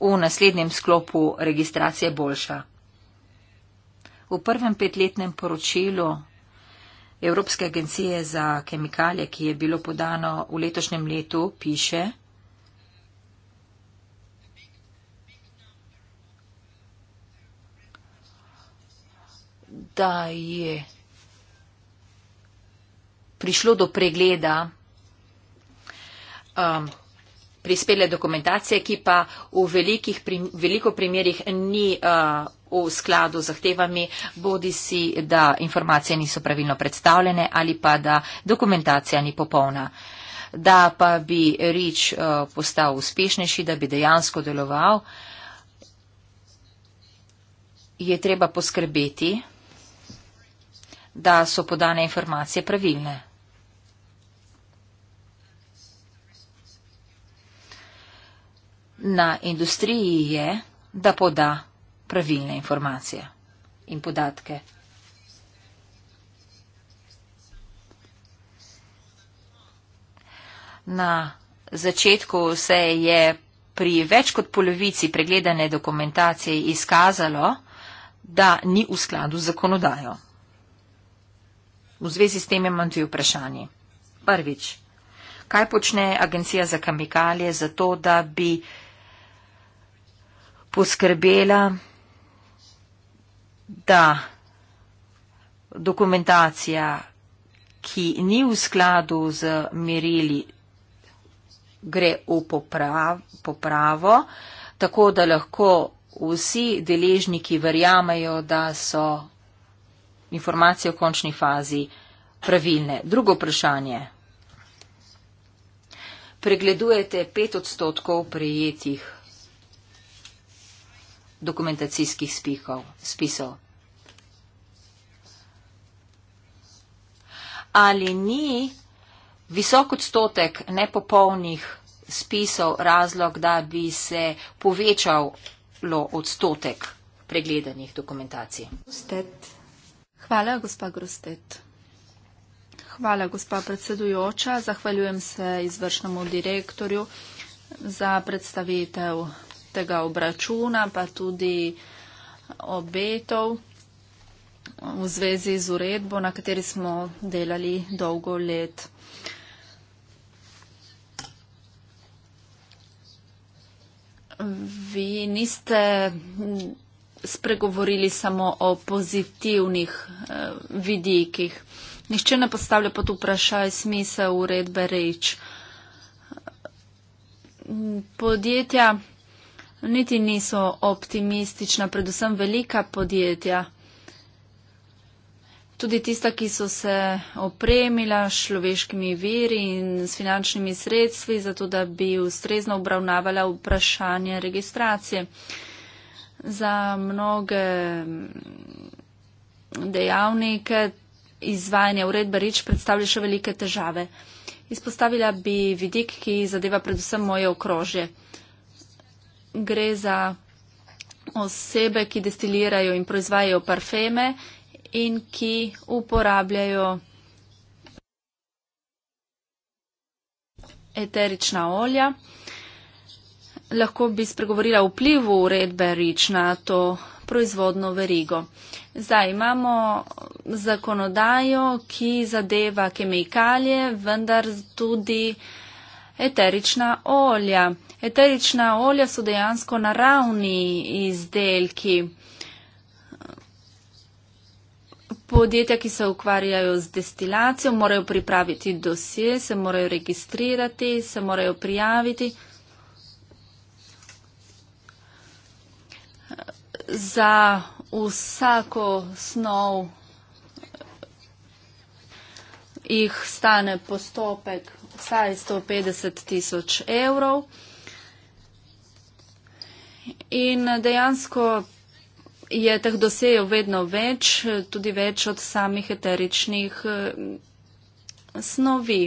v naslednjem sklopu registracije boljša. V prvem petletnem poročilu Evropske agencije za kemikalije, ki je bilo podano v letošnjem letu, piše, da je prišlo do pregleda um, prispele dokumentacije, ki pa v prim, veliko primerjih ni uh, v skladu z zahtevami, bodi si, da informacije niso pravilno predstavljene ali pa da dokumentacija ni popolna. Da pa bi REACH uh, postal uspešnejši, da bi dejansko deloval, je treba poskrbeti, da so podane informacije pravilne. Na industriji je, da poda pravilne informacije in podatke. Na začetku se je pri več kot polovici pregledane dokumentacije izkazalo, da ni v skladu z zakonodajo. V zvezi s tem imam dve vprašanji. Prvič, kaj počne Agencija za kemikalije za to, da bi poskrbela da dokumentacija, ki ni v skladu z merili, gre v poprav, popravo, tako da lahko vsi deležniki verjamejo, da so informacije v končni fazi pravilne. Drugo vprašanje. Pregledujete pet odstotkov prijetih dokumentacijskih spikov, spisov. ali ni visok odstotek nepopolnih spisov razlog, da bi se povečalo odstotek pregledanih dokumentacij. Grostet. Hvala, gospa Grostet. Hvala, gospa predsedujoča. Zahvaljujem se izvršnemu direktorju za predstavitev tega obračuna, pa tudi obetov v zvezi z uredbo, na kateri smo delali dolgo let. Vi niste spregovorili samo o pozitivnih eh, vidikih. Nišče ne postavlja pod vprašaj smisel uredbe reč. Podjetja niti niso optimistična, predvsem velika podjetja tudi tista, ki so se opremila s človeškimi viri in s finančnimi sredstvi, zato da bi ustrezno obravnavala vprašanje registracije. Za mnoge mm, dejavnike izvajanje uredbe REACH predstavlja še velike težave. Izpostavila bi vidik, ki zadeva predvsem moje okrožje. Gre za osebe, ki destilirajo in proizvajajo parfeme in ki uporabljajo eterična olja. Lahko bi spregovorila o vplivu uredbe REACH na to proizvodno verigo. Zdaj imamo zakonodajo, ki zadeva kemikalije, vendar tudi eterična olja. Eterična olja so dejansko naravni izdelki. podjetja, ki se ukvarjajo z destilacijo, morajo pripraviti dosje, se morajo registrirati, se morajo prijaviti. Za vsako snov jih stane postopek vsaj 150 tisoč evrov. In dejansko je teh dosejev vedno več, tudi več od samih eteričnih eh, snovi.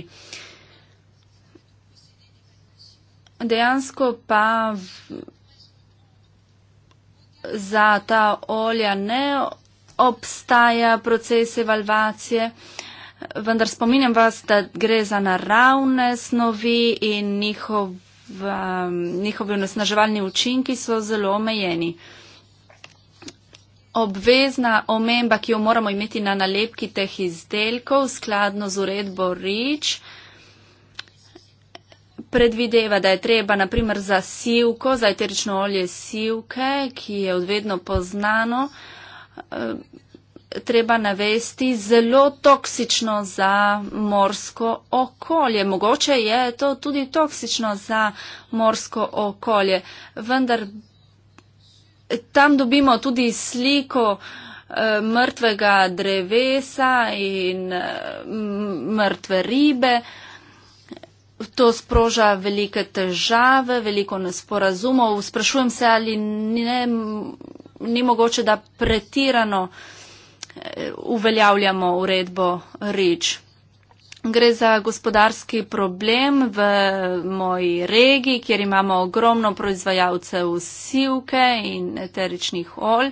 Dejansko pa za ta olja ne obstaja proces evalvacije, vendar spominjam vas, da gre za naravne snovi in njihov, eh, njihovi onesnaževalni učinki so zelo omejeni obvezna omemba, ki jo moramo imeti na nalepki teh izdelkov, skladno z uredbo REACH, predvideva, da je treba naprimer za sivko, za eterično olje sivke, ki je odvedno poznano, eh, treba navesti zelo toksično za morsko okolje. Mogoče je to tudi toksično za morsko okolje, vendar tam dobimo tudi sliko eh, mrtvega drevesa in eh, mrtve ribe. To sproža velike težave, veliko nesporazumov. Sprašujem se, ali ne, ni mogoče, da pretirano eh, uveljavljamo uredbo REACH. Gre za gospodarski problem v moji regiji, kjer imamo ogromno proizvajalcev sivke in eteričnih olj.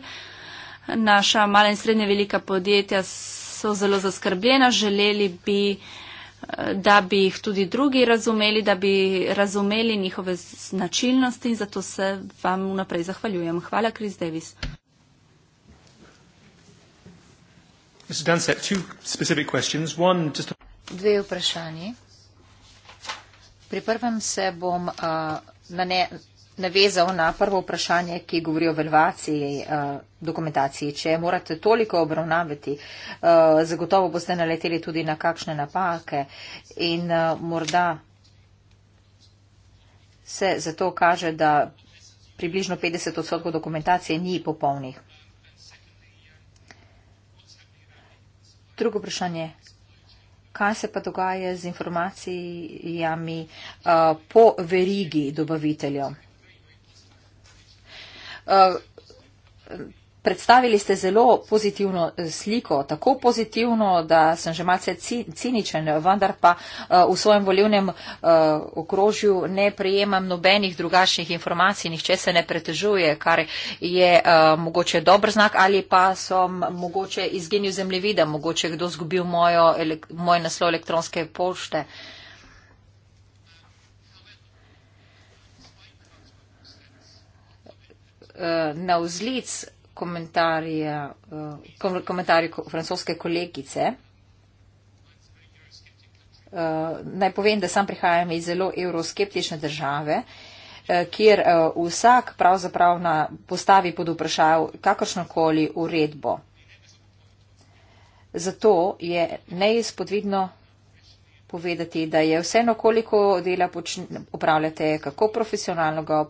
Naša mala in srednje velika podjetja so zelo zaskrbljena, želeli bi, eh, da bi jih tudi drugi razumeli, da bi razumeli njihove značilnosti in zato se vam naprej zahvaljujem. Hvala, Kris Davis. Mr. Dunset, two specific questions. One, just a... Dve vprašanji. Pri prvem se bom uh, na ne, navezal na prvo vprašanje, ki govori o velvaciji uh, dokumentaciji. Če morate toliko obravnavati, uh, zagotovo boste naleteli tudi na kakšne napake in uh, morda se zato kaže, da približno 50 odstotkov dokumentacije ni popolnih. Drugo vprašanje kaj se pa dogaja z informacijami uh, po verigi dobaviteljev. Uh, Predstavili ste zelo pozitivno eh, sliko, tako pozitivno, da sem že malce ciničen, vendar pa eh, v svojem volivnem eh, okrožju ne prejemam nobenih drugačnih informacij, nihče se ne pretežuje, kar je mogoče dober znak ali pa sem mogoče izginil zemljevida, mogoče kdo zgubil mojo, moj naslov elektronske pošte. Na vzlic komentarje, eh, komentarje francoske kolegice. Eh, naj povem, da sam prihajam iz zelo euroskeptične države, eh, kjer vsak pravzaprav na postavi pod vprašaj kakršnokoli uredbo. Zato je neizpodvidno povedati, da je vseeno, koliko dela upravljate, kako profesionalno ga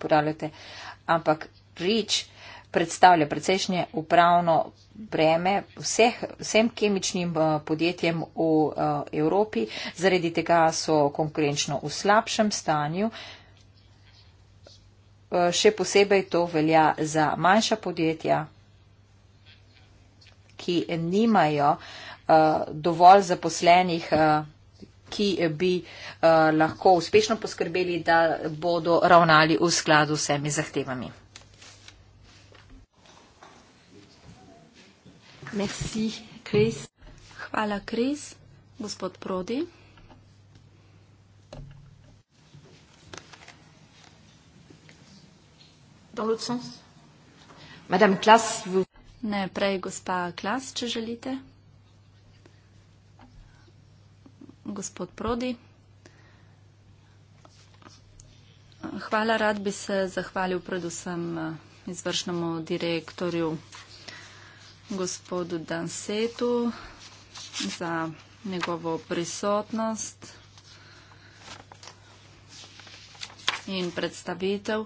upravljate, ampak reč predstavlja precejšnje upravno breme vseh, vsem kemičnim eh, podjetjem v eh, Evropi. Zaradi tega so konkurenčno v slabšem stanju. Eh, še posebej to velja za manjša podjetja, ki nimajo dovolj zaposlenih ki bi uh, lahko uspešno poskrbeli, da bodo ravnali v skladu s temi zahtevami. Merci, Chris. Hvala, Chris. Gospod Prodi. Dans l'autre sens. Madame Klas, vous... Ne, prej gospa Klas, če želite. Gospod Prodi. Hvala, rad bi se zahvalil predvsem eh, izvršnemu direktorju gospodu Dansetu za njegovo prisotnost in predstavitev.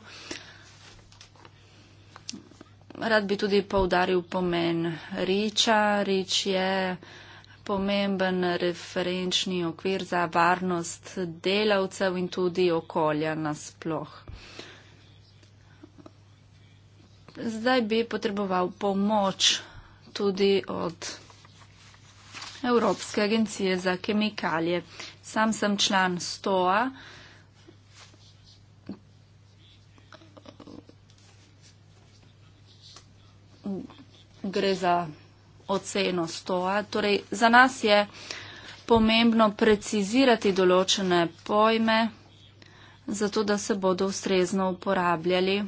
Rad bi tudi povdaril pomen Riča. Rič je pomemben referenčni okvir za varnost delavcev in tudi okolja nasploh. Zdaj bi potreboval pomoč tudi od Evropske agencije za kemikalije. Sam sem član STOA. Gre za oceno STOA. Torej, za nas je pomembno precizirati določene pojme, zato da se bodo ustrezno uporabljali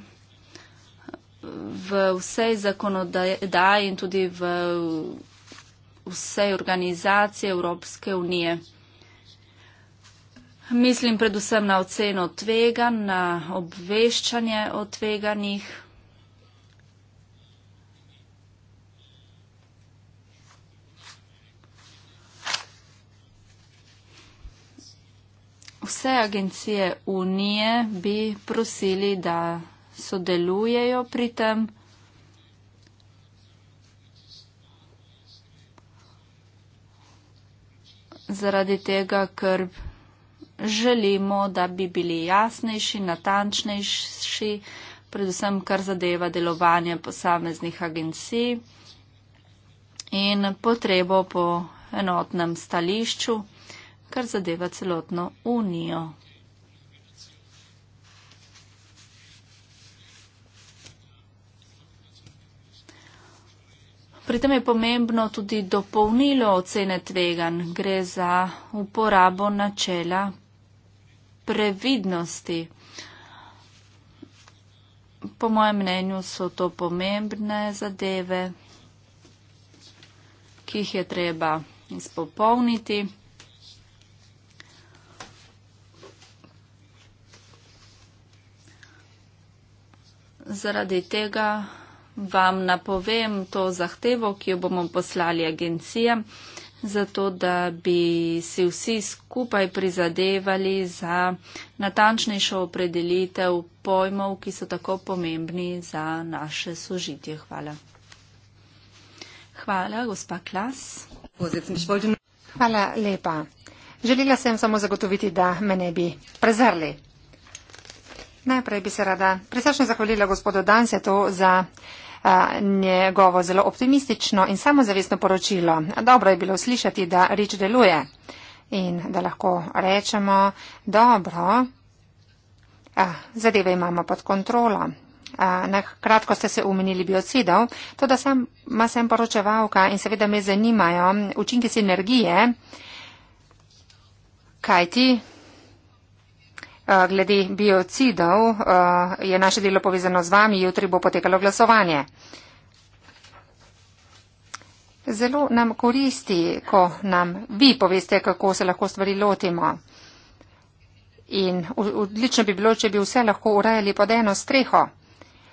v vsej zakonodaji in tudi v vsej organizaciji Evropske unije. Mislim predvsem na oceno tvegan, na obveščanje o tveganih. Vse agencije Unije bi prosili, da sodelujejo pri tem. Zaradi tega, ker želimo, da bi bili jasnejši, natančnejši, predvsem kar zadeva delovanje posameznih agencij in potrebo po enotnem stališču, kar zadeva celotno unijo. Pri tem je pomembno tudi dopolnilo ocene tvegan. Gre za uporabo načela previdnosti. Po mojem mnenju so to pomembne zadeve, ki jih je treba izpopolniti. Zaradi tega vam napovem to zahtevo, ki jo bomo poslali agencijam, zato da bi si vsi skupaj prizadevali za natančnejšo opredelitev pojmov, ki so tako pomembni za naše sožitje. Hvala. Hvala, gospa Klas. Hvala lepa. Želela sem samo zagotoviti, da me ne bi prezrli. Najprej bi se rada presrečno zahvalila gospodu Dansetu za a, njegovo zelo optimistično in samozavestno poročilo. Dobro je bilo slišati, da rič deluje in da lahko rečemo, dobro, a, zadeve imamo pod kontrolo. A, na kratko ste se umenili biocidov, to, da sem, sem poročevalka in seveda me zanimajo učinki sinergije, kajti glede biocidov je naše delo povezano z vami, jutri bo potekalo glasovanje. Zelo nam koristi, ko nam vi poveste, kako se lahko stvari lotimo. In odlično bi bilo, če bi vse lahko urejali pod eno streho,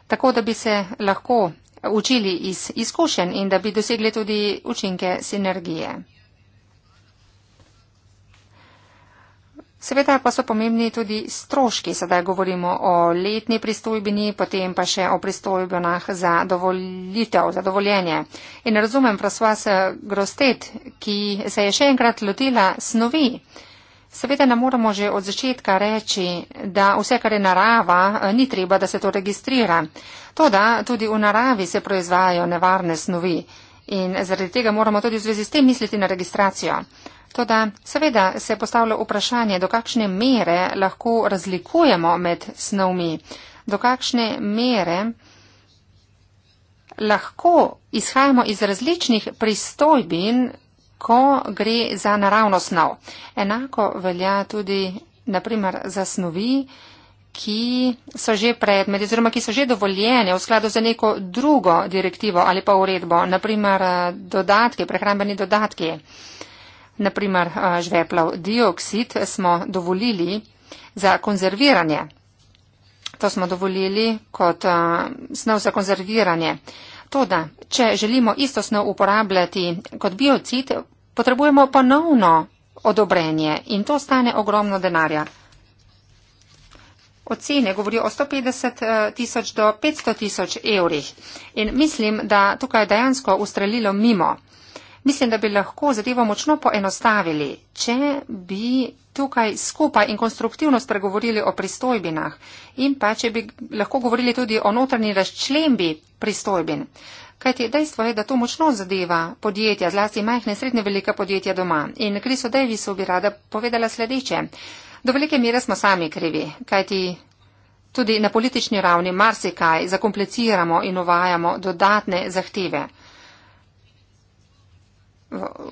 tako da bi se lahko učili iz izkušenj in da bi dosegli tudi učinke sinergije. Seveda pa so pomembni tudi stroški, sedaj govorimo o letni pristojbini, potem pa še o pristojbinah za dovolitev, za dovoljenje. In razumem, prosvas Grostet, ki se je še enkrat lotila snovi. Seveda nam moramo že od začetka reči, da vse, kar je narava, ni treba, da se to registrira. To, da tudi v naravi se proizvajajo nevarne snovi in zaradi tega moramo tudi v zvezi s tem misliti na registracijo. Toda seveda se postavlja vprašanje, do kakšne mere lahko razlikujemo med snovmi, do kakšne mere lahko izhajamo iz različnih pristojbin, ko gre za naravno snov. Enako velja tudi, naprimer, za snovi, ki so že predmeti, oziroma ki so že dovoljene v skladu za neko drugo direktivo ali pa uredbo, naprimer dodatki, prehrambeni dodatki naprimer žveplav dioksid, smo dovolili za konzerviranje. To smo dovolili kot snov za konzerviranje. Toda, če želimo isto snov uporabljati kot biocid, potrebujemo ponovno odobrenje in to stane ogromno denarja. Ocene govorijo o 150 e, tisoč do 500 tisoč evrih in mislim, da tukaj dejansko ustrelilo mimo. Mislim, da bi lahko zadevo močno poenostavili, če bi tukaj skupaj in konstruktivno spregovorili o pristojbinah in pa če bi lahko govorili tudi o notranji razčlembi pristojbin. Kajti dejstvo je, da to močno zadeva podjetja, zlasti majhne in srednje velike podjetja doma. In Kriso Davisu bi rada povedala sledeče. Do velike mere smo sami krivi, kajti tudi na politični ravni marsikaj zakompliciramo in uvajamo dodatne zahteve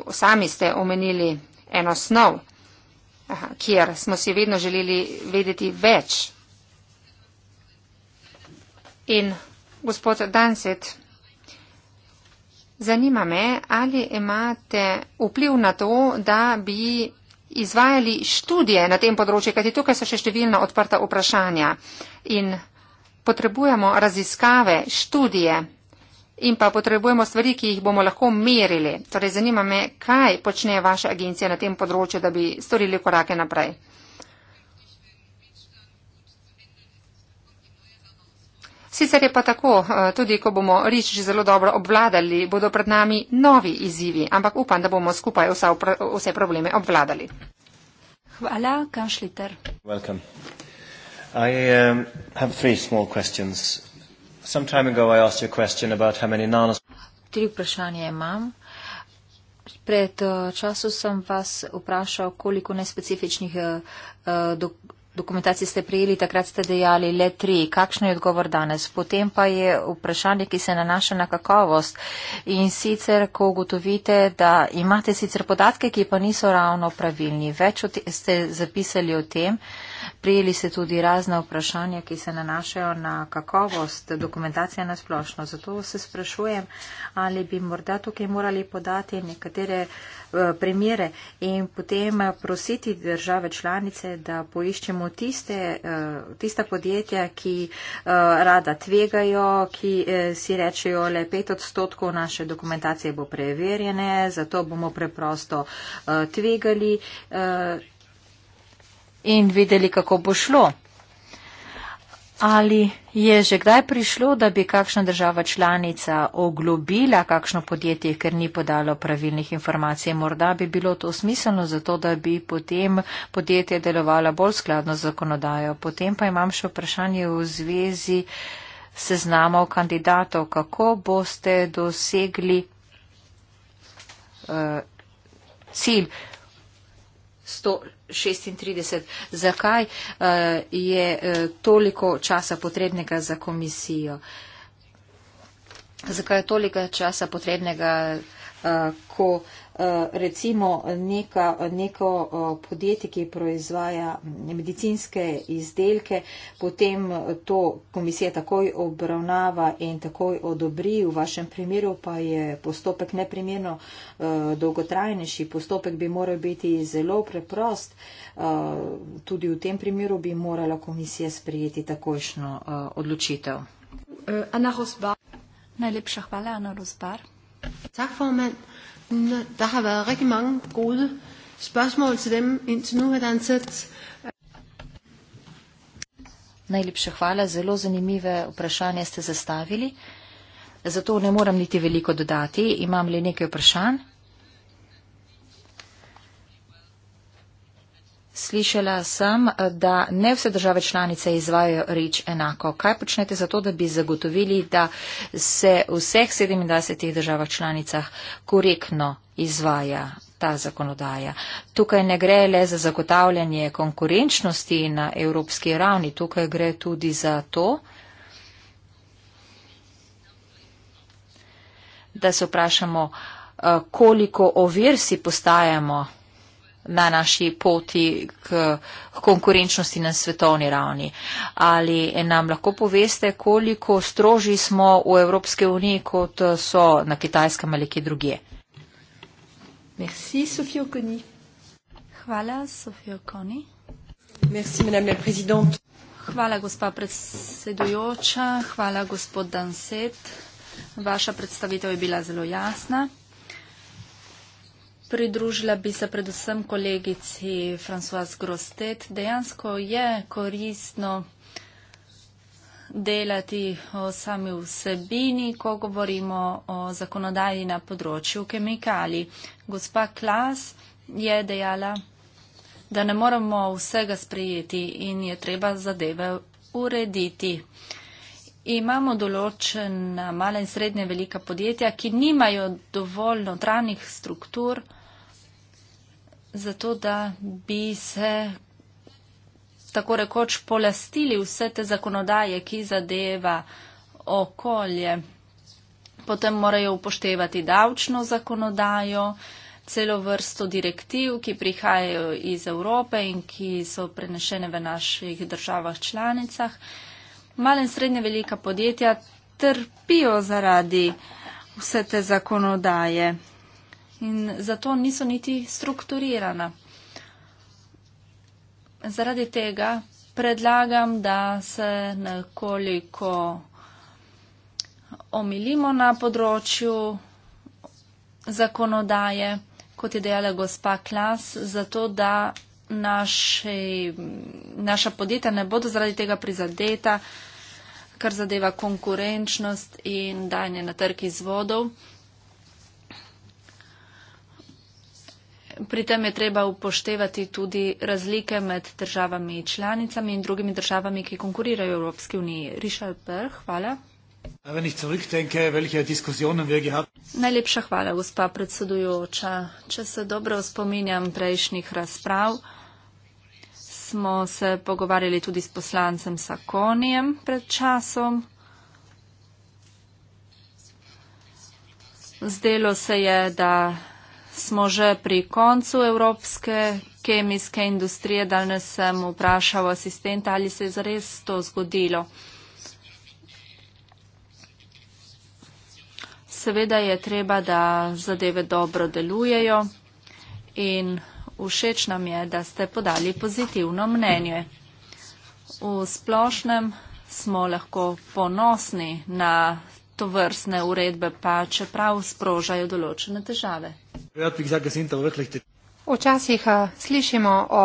sami ste omenili eno snov, kjer smo si vedno želeli vedeti več. In gospod Danset, zanima me, ali imate vpliv na to, da bi izvajali študije na tem področju, kajti tukaj so še številna odprta vprašanja in potrebujemo raziskave, študije in pa potrebujemo stvari, ki jih bomo lahko merili. Torej, zanima me, kaj počne vaša agencija na tem področju, da bi storili korake naprej. Sicer je pa tako, eh, tudi ko bomo reči že zelo dobro obvladali, bodo pred nami novi izzivi, ampak upam, da bomo skupaj vsa, vse probleme obvladali. Hvala, Kanšliter. I um, have three small questions. Some time ago I asked you a question about how many nanos. Tri vprašanja imam. Pred eh, časom sem vas vprašal, koliko nespecifičnih eh, eh, dokumentacij ste prijeli, takrat ste dejali le tri. Kakšen je odgovor danes? Potem pa je vprašanje, ki se nanaša na kakovost. In sicer, ko ugotovite, da imate sicer podatke, ki pa niso ravno pravilni, več ste zapisali o tem. Prijeli ste tudi razne vprašanja, ki se nanašajo na kakovost dokumentacije na splošno. Zato se sprašujem, ali bi morda tukaj morali podati nekatere eh, primere in potem prositi države članice, da poiščemo tiste, eh, tista podjetja, ki eh, rada tvegajo, ki si rečejo, le pet odstotkov naše dokumentacije bo preverjene, zato bomo preprosto tvegali in videli, kako bo šlo. Ali je že kdaj prišlo, da bi kakšna država članica oglobila kakšno podjetje, ker ni podalo pravilnih informacij? Morda bi bilo to smiselno za to, da bi potem podjetje delovalo bolj skladno z zakonodajo. Potem pa imam še vprašanje v zvezi seznamov kandidatov. Kako boste dosegli uh, cilj? Sto, 36. Zakaj eh, je eh, toliko časa potrebnega za komisijo? Zakaj je toliko časa potrebnega, eh, ko Eh, recimo neka, neko eh, podjetje, ki proizvaja medicinske izdelke, potem eh, to komisija takoj obravnava in takoj odobri. V vašem primeru pa je postopek neprimerno dolgotrajnejši. Postopek bi moral biti zelo preprost. Tudi v tem primeru bi morala komisija sprejeti takojšno odločitev. Najlepša hvala, Ana Rozbar. Tak, formen. Der har været rigtig mange gode spørgsmål til dem indtil nu, har der ansat. Najlepša hvala, zelo zanimive vprašanje ste zastavili. Zato ne moram niti veliko dodati, imam le nekaj vprašanj. Slišala sem, da ne vse države članice izvajo reč enako. Kaj počnete za to, da bi zagotovili, da se v vseh 27 državah članicah korektno izvaja ta zakonodaja? Tukaj ne gre le za zagotavljanje konkurenčnosti na evropski ravni, tukaj gre tudi za to, da se vprašamo, koliko ovir si postajamo na naši poti k konkurenčnosti na svetovni ravni. Ali nam lahko poveste, koliko stroži smo v Evropske unije, kot so na Kitajskem ali kje drugje? Merci, Sofijo Koni. Hvala, Sofijo Koni. Merci, madame la présidente. Hvala, gospa predsedujoča. Hvala, gospod Danset. Vaša predstavitev je bila zelo jasna. Pridružila bi se predvsem kolegici François Grostet. Dejansko je koristno delati o sami vsebini, ko govorimo o zakonodaji na področju kemikali. Gospa Klas je dejala, da ne moremo vsega sprejeti in je treba zadeve urediti. Imamo določena mala in srednje velika podjetja, ki nimajo dovolj notranjih struktur, zato da bi se tako rekoč polastili vse te zakonodaje, ki zadeva okolje. Potem morajo upoštevati davčno zakonodajo, celo vrsto direktiv, ki prihajajo iz Evrope in ki so prenešene v naših državah članicah. Male in srednje velika podjetja trpijo zaradi vse te zakonodaje in zato niso niti strukturirana. Zaradi tega predlagam, da se nekoliko omilimo na področju zakonodaje, kot je dejala gospa Klas, zato da naši, naša podjetja ne bodo zaradi tega prizadeta, kar zadeva konkurenčnost in danje na trg izvodov. Pri tem je treba upoštevati tudi razlike med državami članicami in drugimi državami, ki konkurirajo v Evropski uniji. Richard Perl, hvala. Najlepša hvala, gospa predsedujoča. Če se dobro spominjam prejšnjih razprav, smo se pogovarjali tudi s poslancem Sakonijem pred časom. Zdelo se je, da smo že pri koncu evropske kemijske industrije. Danes sem vprašal asistenta, ali se je zares to zgodilo. Seveda je treba, da zadeve dobro delujejo in všeč nam je, da ste podali pozitivno mnenje. V splošnem smo lahko ponosni na to vrstne uredbe, pa čeprav sprožajo določene težave. Včasih eh, slišimo o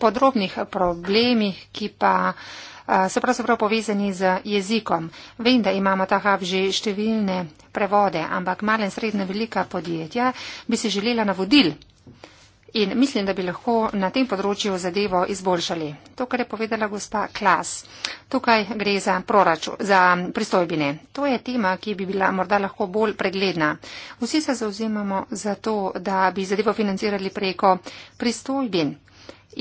podrobnih problemih, ki pa eh, so pravzaprav povezani z jezikom. Vem, da imamo ta hub že številne prevode, ampak male in srednje velika podjetja bi se želela navodil in mislim, da bi lahko na tem področju zadevo izboljšali. To, kar je povedala gospa Klas, tukaj gre za, proraču, za pristojbine. To je tema, ki bi bila morda lahko bolj pregledna. Vsi se zauzemamo za to, da bi zadevo financirali preko pristojbin.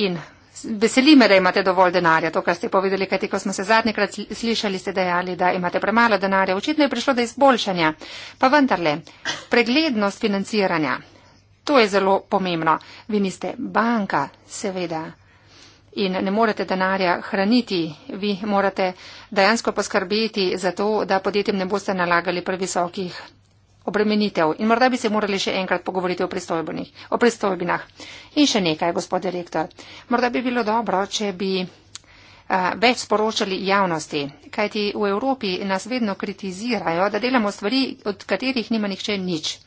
In Veseli me, da imate dovolj denarja, to, kar ste povedali, kajti ko smo se zadnjikrat slišali, ste dejali, da imate premalo denarja. Očitno je prišlo do izboljšanja. Pa vendarle, preglednost financiranja. To je zelo pomembno. Vi niste banka, seveda. In ne morete denarja hraniti. Vi morate dejansko poskrbeti za to, da podjetjem ne boste nalagali previsokih obremenitev. In morda bi se morali še enkrat pogovoriti o pristojbinah. In še nekaj, gospod direktor. Morda bi bilo dobro, če bi eh, več sporočali javnosti, kajti v Evropi nas vedno kritizirajo, da delamo stvari, od katerih nima nihče nič.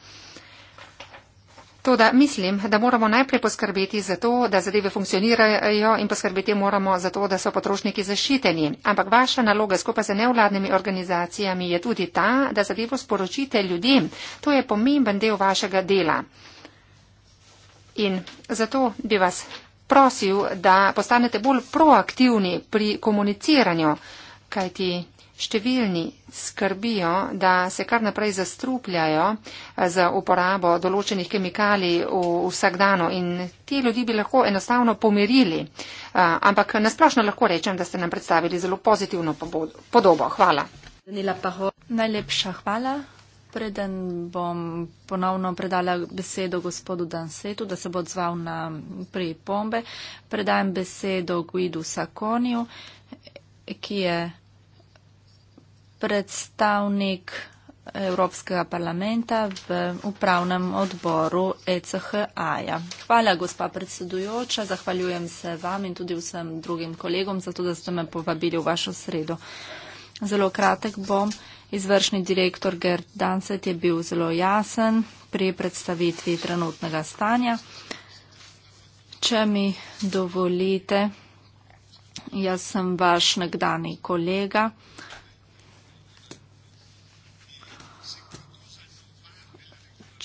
Toda mislim, da moramo najprej poskrbeti za to, da zadeve funkcionirajo in poskrbeti moramo za to, da so potrošniki zaščiteni. Ampak vaša naloga skupaj z nevladnimi organizacijami je tudi ta, da zadevo sporočite ljudem. To je pomemben del vašega dela. In zato bi vas prosil, da postanete bolj proaktivni pri komuniciranju, kajti Številni skrbijo, da se kar naprej zastrupljajo eh, z uporabo določenih kemikalij v vsakdano in ti ljudi bi lahko enostavno pomirili. Eh, ampak nasplošno lahko rečem, da ste nam predstavili zelo pozitivno podobo. Hvala. Najlepša hvala. Preden bom ponovno predala besedo gospodu Dansetu, da se bo odzval na pripombe, predajem besedo Guidu Sakoniju, ki je predstavnik Evropskega parlamenta v upravnem odboru ECHA-ja. Hvala, gospa predsedujoča, zahvaljujem se vam in tudi vsem drugim kolegom za to, da ste me povabili v vašo sredo. Zelo kratek bom. Izvršni direktor Gerd Danset je bil zelo jasen pri predstavitvi trenutnega stanja. Če mi dovolite, jaz sem vaš nekdani kolega.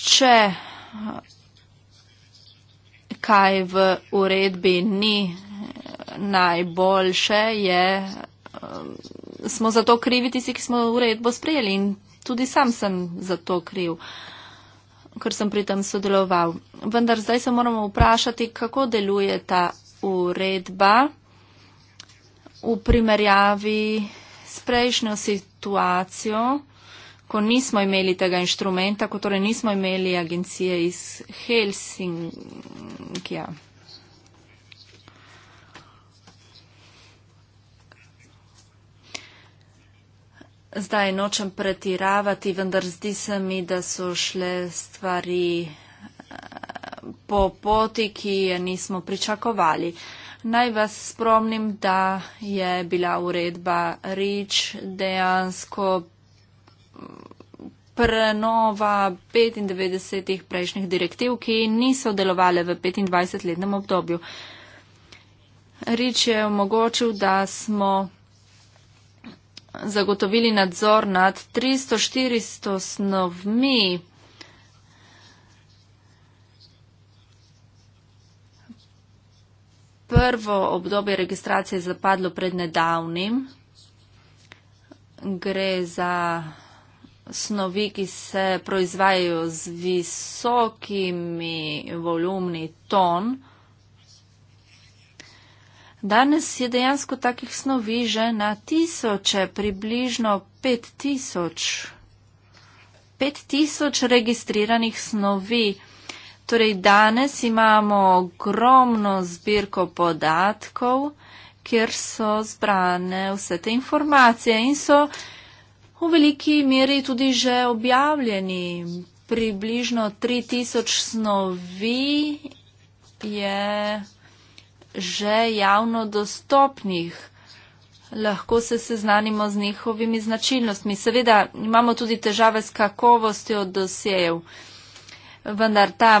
če kaj v uredbi ni najboljše, je, um, smo za to krivi tisti, ki smo uredbo sprejeli in tudi sam sem za to kriv, ker sem pri tem sodeloval. Vendar zdaj se moramo vprašati, kako deluje ta uredba v primerjavi s prejšnjo situacijo ko nismo imeli tega inštrumenta, ko torej nismo imeli agencije iz Helsinkija. Zdaj nočem pretiravati, vendar zdi se mi, da so šle stvari eh, po poti, ki je nismo pričakovali. Naj vas spomnim, da je bila uredba REACH dejansko prenova 95 prejšnjih direktiv, ki niso delovale v 25-letnem obdobju. Rič je omogočil, da smo zagotovili nadzor nad 300-400 snovmi. Prvo obdobje registracije je zapadlo pred nedavnim. Gre za snovi, ki se proizvajajo z visokimi volumni ton. Danes je dejansko takih snovi že na tisoče, približno pet tisoč. Pet tisoč registriranih snovi. Torej danes imamo ogromno zbirko podatkov, kjer so zbrane vse te informacije in so v veliki meri tudi že objavljeni. Približno 3000 snovi je že javno dostopnih. Lahko se seznanimo z njihovimi značilnostmi. Seveda imamo tudi težave s kakovostjo dosejev, vendar ta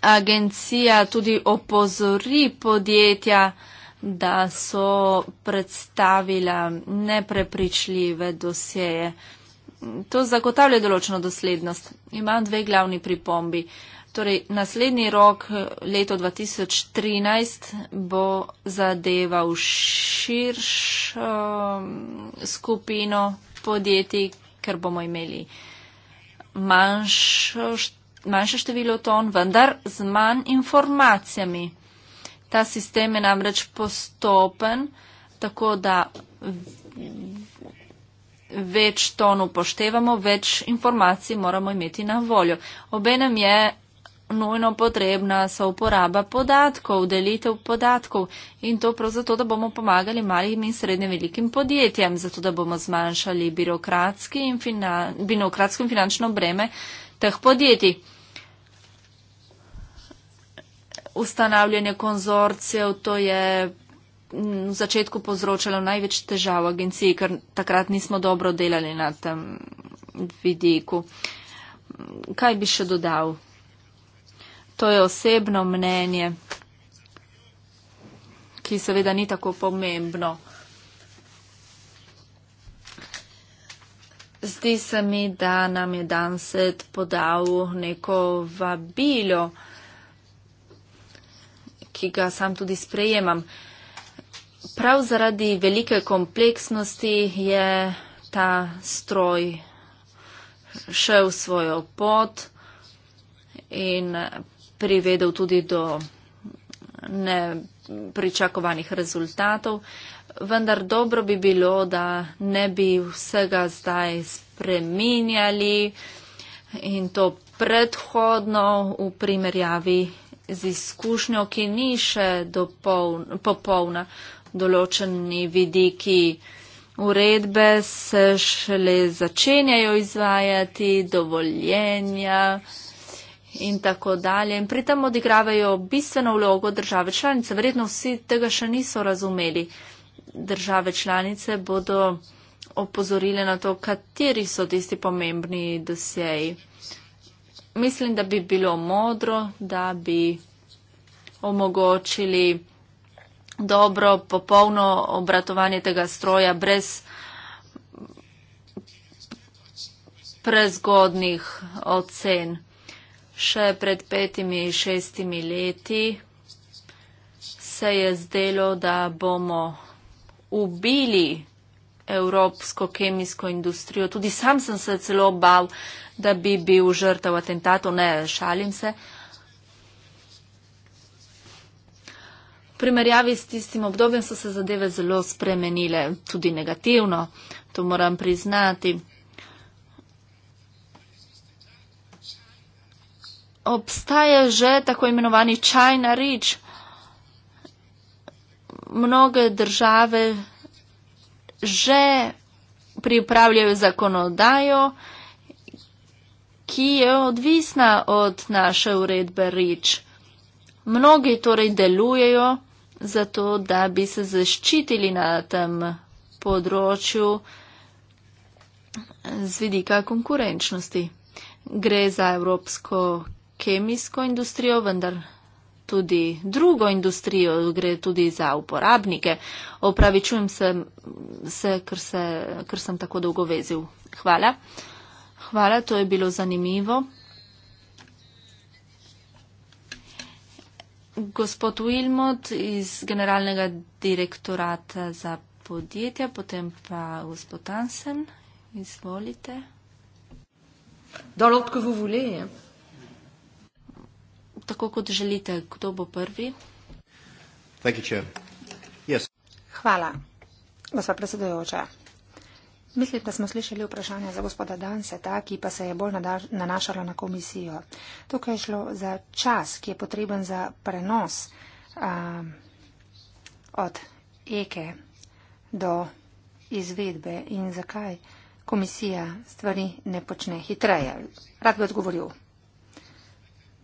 agencija tudi opozori podjetja, da so predstavila neprepričljive dosjeje. To zagotavlja določeno doslednost. Imam dve glavni pripombi. Torej, naslednji rok, leto 2013, bo zadeval širšo um, skupino podjetij, ker bomo imeli manjšo, manjše število ton, vendar z manj informacijami. Ta sistem je namreč postopen, tako da več ton upoštevamo, več informacij moramo imeti na voljo. Obenem je nujno potrebna so uporaba podatkov, delitev podatkov in to prav zato, da bomo pomagali malim in srednjim velikim podjetjem, zato da bomo zmanjšali birokratsko in, finan in finančno breme teh podjetij ustanavljanje konzorcev, to je mm, v začetku povzročalo največ težav agenciji, ker takrat nismo dobro delali na tem vidiku. Kaj bi še dodal? To je osebno mnenje, ki seveda ni tako pomembno. Zdi se mi, da nam je Danset podal neko vabilo ki ga sam tudi sprejemam. Prav zaradi velike kompleksnosti je ta stroj šel svojo pot in privedel tudi do nepričakovanih rezultatov. Vendar dobro bi bilo, da ne bi vsega zdaj spreminjali in to predhodno v primerjavi z izkušnjo, ki ni še dopoln, popolna. Določeni vidiki uredbe se šele začenjajo izvajati, dovoljenja in tako dalje. In pri tem odigravajo bistveno vlogo države članice. Verjetno vsi tega še niso razumeli. Države članice bodo opozorile na to, kateri so tisti pomembni dosjeji mislim, da bi bilo modro, da bi omogočili dobro, popolno obratovanje tega stroja brez prezgodnih ocen. Še pred petimi, šestimi leti se je zdelo, da bomo ubili evropsko kemijsko industrijo. Tudi sam sem se celo bal, da bi bil žrtev atentatu, ne šalim se. V primerjavi s tistim obdobjem so se zadeve zelo spremenile, tudi negativno, to moram priznati. Obstaja že tako imenovani China Reach. Mnoge države že pripravljajo zakonodajo, ki je odvisna od naše uredbe REACH. Mnogi torej delujejo zato, da bi se zaščitili na tem področju z vidika konkurenčnosti. Gre za evropsko kemijsko industrijo, vendar tudi drugo industrijo, gre tudi za uporabnike. Opravičujem se, se, ker, se ker sem tako dolgo vezil. Hvala. Hvala, to je bilo zanimivo. Gospod Wilmot iz Generalnega direktorata za podjetja, potem pa gospod Ansen, izvolite. Tako kot želite, kdo bo prvi? Hvala, gospod predsedujoča. Mislim, da smo slišali vprašanje za gospoda Danseta, ki pa se je bolj nanašalo na komisijo. Tukaj je šlo za čas, ki je potreben za prenos um, od eke do izvedbe in zakaj komisija stvari ne počne hitreje. Rad bi odgovoril.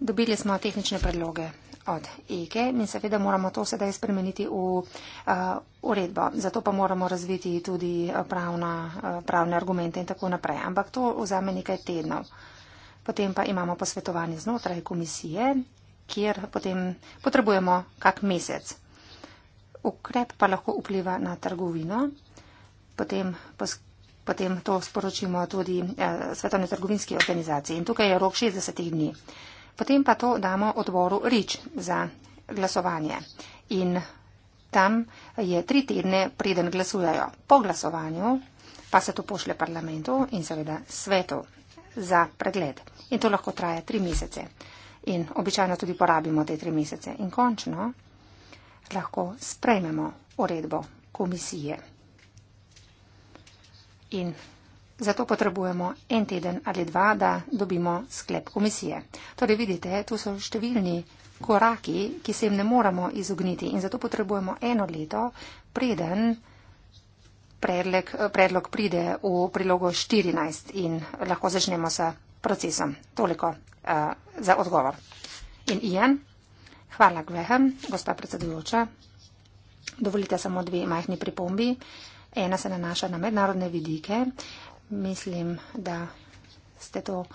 Dobili smo tehnične predloge od Ege in seveda moramo to sedaj spremeniti v eh, uredbo. Zato pa moramo razviti tudi eh, pravna, eh, pravne argumente in tako naprej. Ampak to vzame nekaj tednov. Potem pa imamo posvetovanje znotraj komisije, kjer potem potrebujemo kak mesec. Ukrep pa lahko vpliva na trgovino, potem, potem to sporočimo tudi eh, svetovne trgovinske organizacije in tukaj je rok 60 dni. Eh, Potem pa to damo odboru REACH za glasovanje. In tam je tri tedne, preden glasujajo po glasovanju, pa se to pošle parlamentu in seveda svetu za pregled. In to lahko traja tri mesece. In običajno tudi porabimo te tri mesece. In končno lahko sprejmemo uredbo komisije. In Zato potrebujemo en teden ali dva, da dobimo sklep komisije. Torej, vidite, tu so številni koraki, ki se jim ne moremo izogniti in zato potrebujemo eno leto, preden predlog, predlog pride v prilogo 14 in lahko začnemo s procesom. Toliko uh, za odgovor. In Ian, hvala Graham, gospa predsedujoča. Dovolite samo dve majhni pripombi. Ena se nanaša na mednarodne vidike. Uh, mislim, da ste to uh,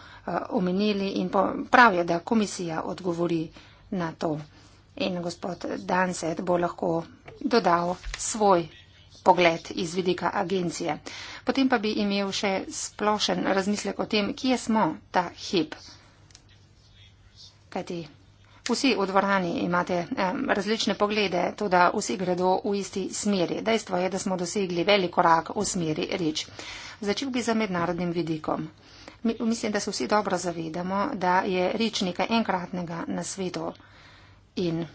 omenili in pravijo, da komisija odgovori na to. In gospod Danset bo lahko dodal svoj pogled iz vidika agencije. Potem pa bi imel še splošen razmislek o tem, kje smo ta hip. Kajti Vsi v dvorani imate eh, različne poglede, to da vsi gredo v isti smeri. Dejstvo je, da smo dosegli velik korak v smeri reč. Začel bi za mednarodnim vidikom. Mislim, da se vsi dobro zavedamo, da je reč nekaj enkratnega na svetu. In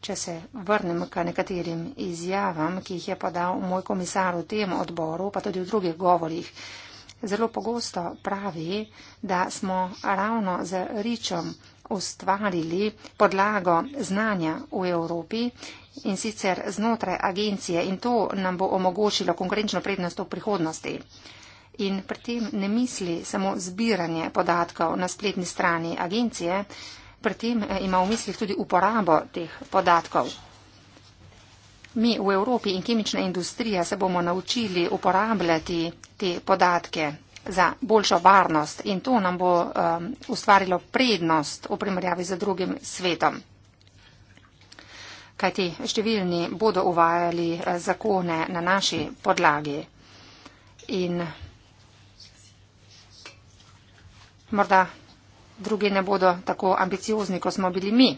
če se vrnem k nekaterim izjavam, ki jih je podal moj komisar v tem odboru, pa tudi v drugih govorih, zelo pogosto pravi, da smo ravno z ričem ustvarili podlago znanja v Evropi in sicer znotraj agencije in to nam bo omogočilo konkurenčno prednost v prihodnosti. In pri tem ne misli samo zbiranje podatkov na spletni strani agencije, pri tem eh, ima v mislih tudi uporabo teh podatkov. Mi v Evropi in kemična industrija se bomo naučili uporabljati te podatke za boljšo varnost in to nam bo um, ustvarilo prednost v primerjavi z drugim svetom. Kajti številni bodo uvajali eh, zakone na naši podlagi in morda drugi ne bodo tako ambiciozni, kot smo bili mi.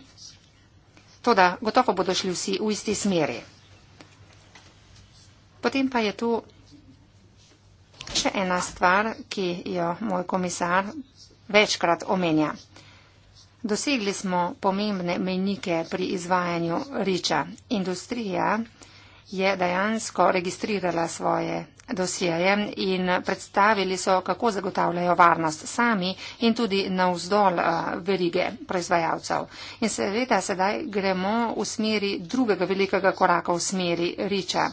Toda gotovo bodo šli vsi v isti smeri. Potem pa je tu Še ena stvar, ki jo moj komisar večkrat omenja. Dosegli smo pomembne menike pri izvajanju riča. Industrija je dejansko registrirala svoje dosjeje in predstavili so, kako zagotavljajo varnost sami in tudi na vzdolj eh, verige proizvajalcev. In seveda sedaj gremo v smeri drugega velikega koraka, v smeri riča.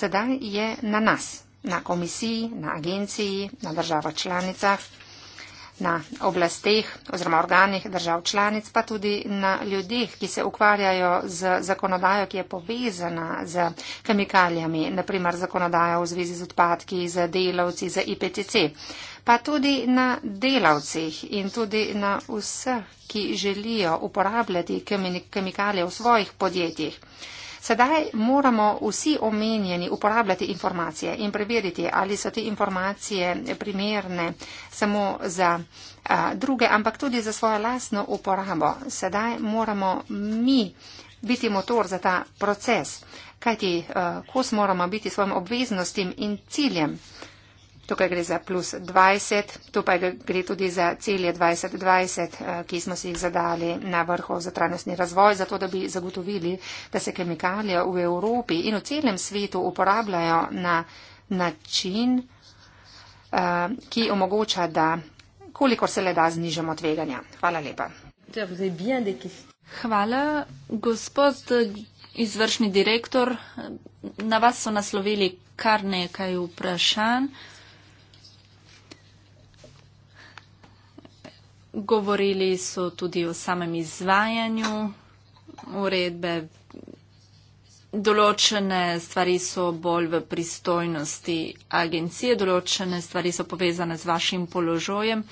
Sedaj je na nas na komisiji, na agenciji, na državah članicah, na oblasteh oziroma organih držav članic, pa tudi na ljudeh, ki se ukvarjajo z zakonodajo, ki je povezana z kemikalijami, naprimer zakonodajo v zvezi z odpadki, z delavci, z IPCC, pa tudi na delavcih in tudi na vseh, ki želijo uporabljati kemikalije v svojih podjetjih. Sedaj moramo vsi omenjeni uporabljati informacije in preveriti, ali so te informacije primerne samo za a, druge, ampak tudi za svojo lasno uporabo. Sedaj moramo mi biti motor za ta proces, kajti a, kos moramo biti svojim obveznostim in ciljem. A, Tukaj gre za plus 20, tu pa gre tudi za celje 2020, eh, ki smo si jih zadali na vrhu za trajnostni razvoj, zato da bi zagotovili, da se kemikalije v Evropi in v celem svetu uporabljajo na način, eh, ki omogoča, da kolikor se le da znižamo tveganja. Hvala lepa. Hvala, gospod izvršni direktor. Na vas so naslovili kar nekaj vprašanj. govorili so tudi o samem izvajanju uredbe. Določene stvari so bolj v pristojnosti agencije, določene stvari so povezane z vašim položojem.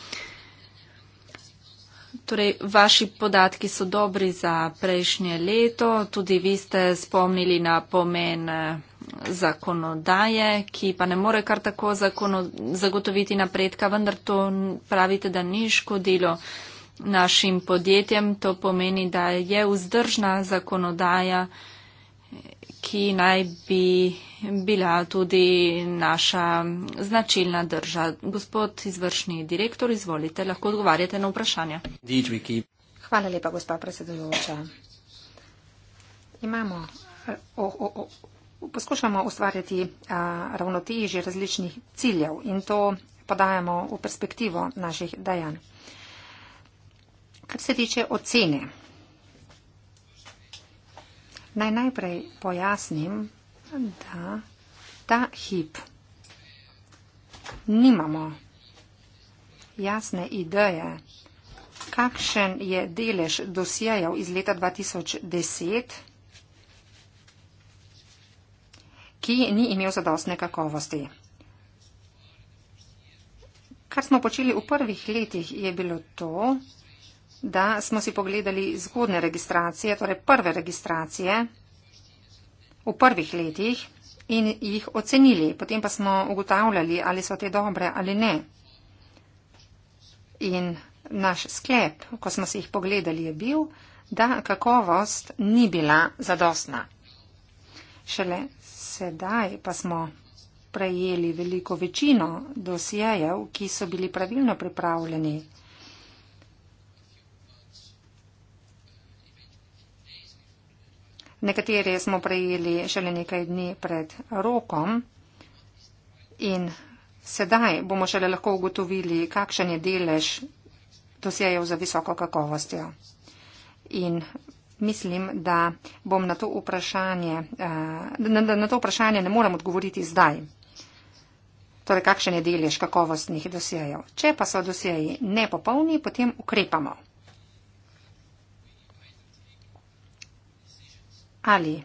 Torej, vaši podatki so dobri za prejšnje leto, tudi vi ste spomnili na pomen eh, zakonodaje, ki pa ne more kar tako zakono, zagotoviti napredka, vendar to pravite, da ni škodilo našim podjetjem. To pomeni, da je vzdržna zakonodaja, ki naj bi bila tudi naša značilna drža. Gospod izvršni direktor, izvolite, lahko odgovarjate na vprašanje. Hvala lepa, gospa predsedujoča. Imamo o, o, o, poskušamo ustvarjati ravnotežje različnih ciljev in to podajamo v perspektivo naših dejanj. Kar se tiče ocene, naj najprej pojasnim, da ta hip nimamo jasne ideje, kakšen je delež dosjejev iz leta 2010. ki ni imel zadostne kakovosti. Kar smo počeli v prvih letih je bilo to, da smo si pogledali zgodne registracije, torej prve registracije v prvih letih in jih ocenili. Potem pa smo ugotavljali, ali so te dobre ali ne. In naš sklep, ko smo si jih pogledali, je bil, da kakovost ni bila zadostna. Šele sedaj pa smo prejeli veliko večino dosjejev, ki so bili pravilno pripravljeni. Nekateri smo prejeli šele nekaj dni pred rokom in sedaj bomo šele lahko ugotovili, kakšen je delež dosjejev za visoko kakovostjo. In mislim, da bom na to vprašanje, da, da, da na to vprašanje ne morem odgovoriti zdaj. Torej, kakšen je delež kakovostnih dosjejev. Če pa so dosjeji nepopolni, potem ukrepamo. Ali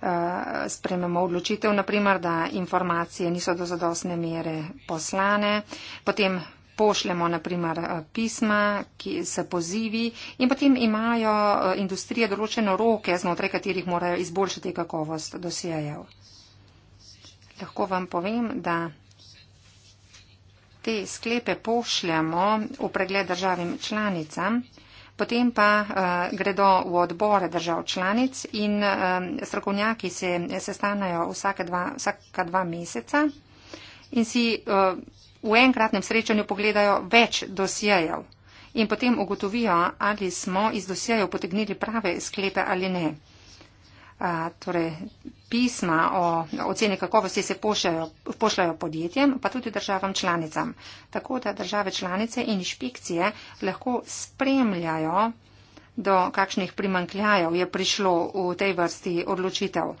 eh, sprememo odločitev, naprimer, da informacije niso do zadostne mere poslane, potem pošljemo naprimer eh, pisma, ki se pozivi in potem imajo eh, industrije določene roke, znotraj katerih morajo izboljšati kakovost dosjejev. Lahko vam povem, da te sklepe pošljemo v pregled državim članicam, potem pa uh, gredo v odbore držav članic in uh, strokovnjaki se sestanajo vsake dva, vsaka dva meseca in si. Uh, v enkratnem srečanju pogledajo več dosjejev in potem ugotovijo, ali smo iz dosjejev potegnili prave sklepe ali ne. A, torej, pisma o oceni kakovosti se pošljajo, pošljajo podjetjem, pa tudi državam članicam. Tako da države članice in inšpekcije lahko spremljajo, do kakšnih primankljajev je prišlo v tej vrsti odločitev.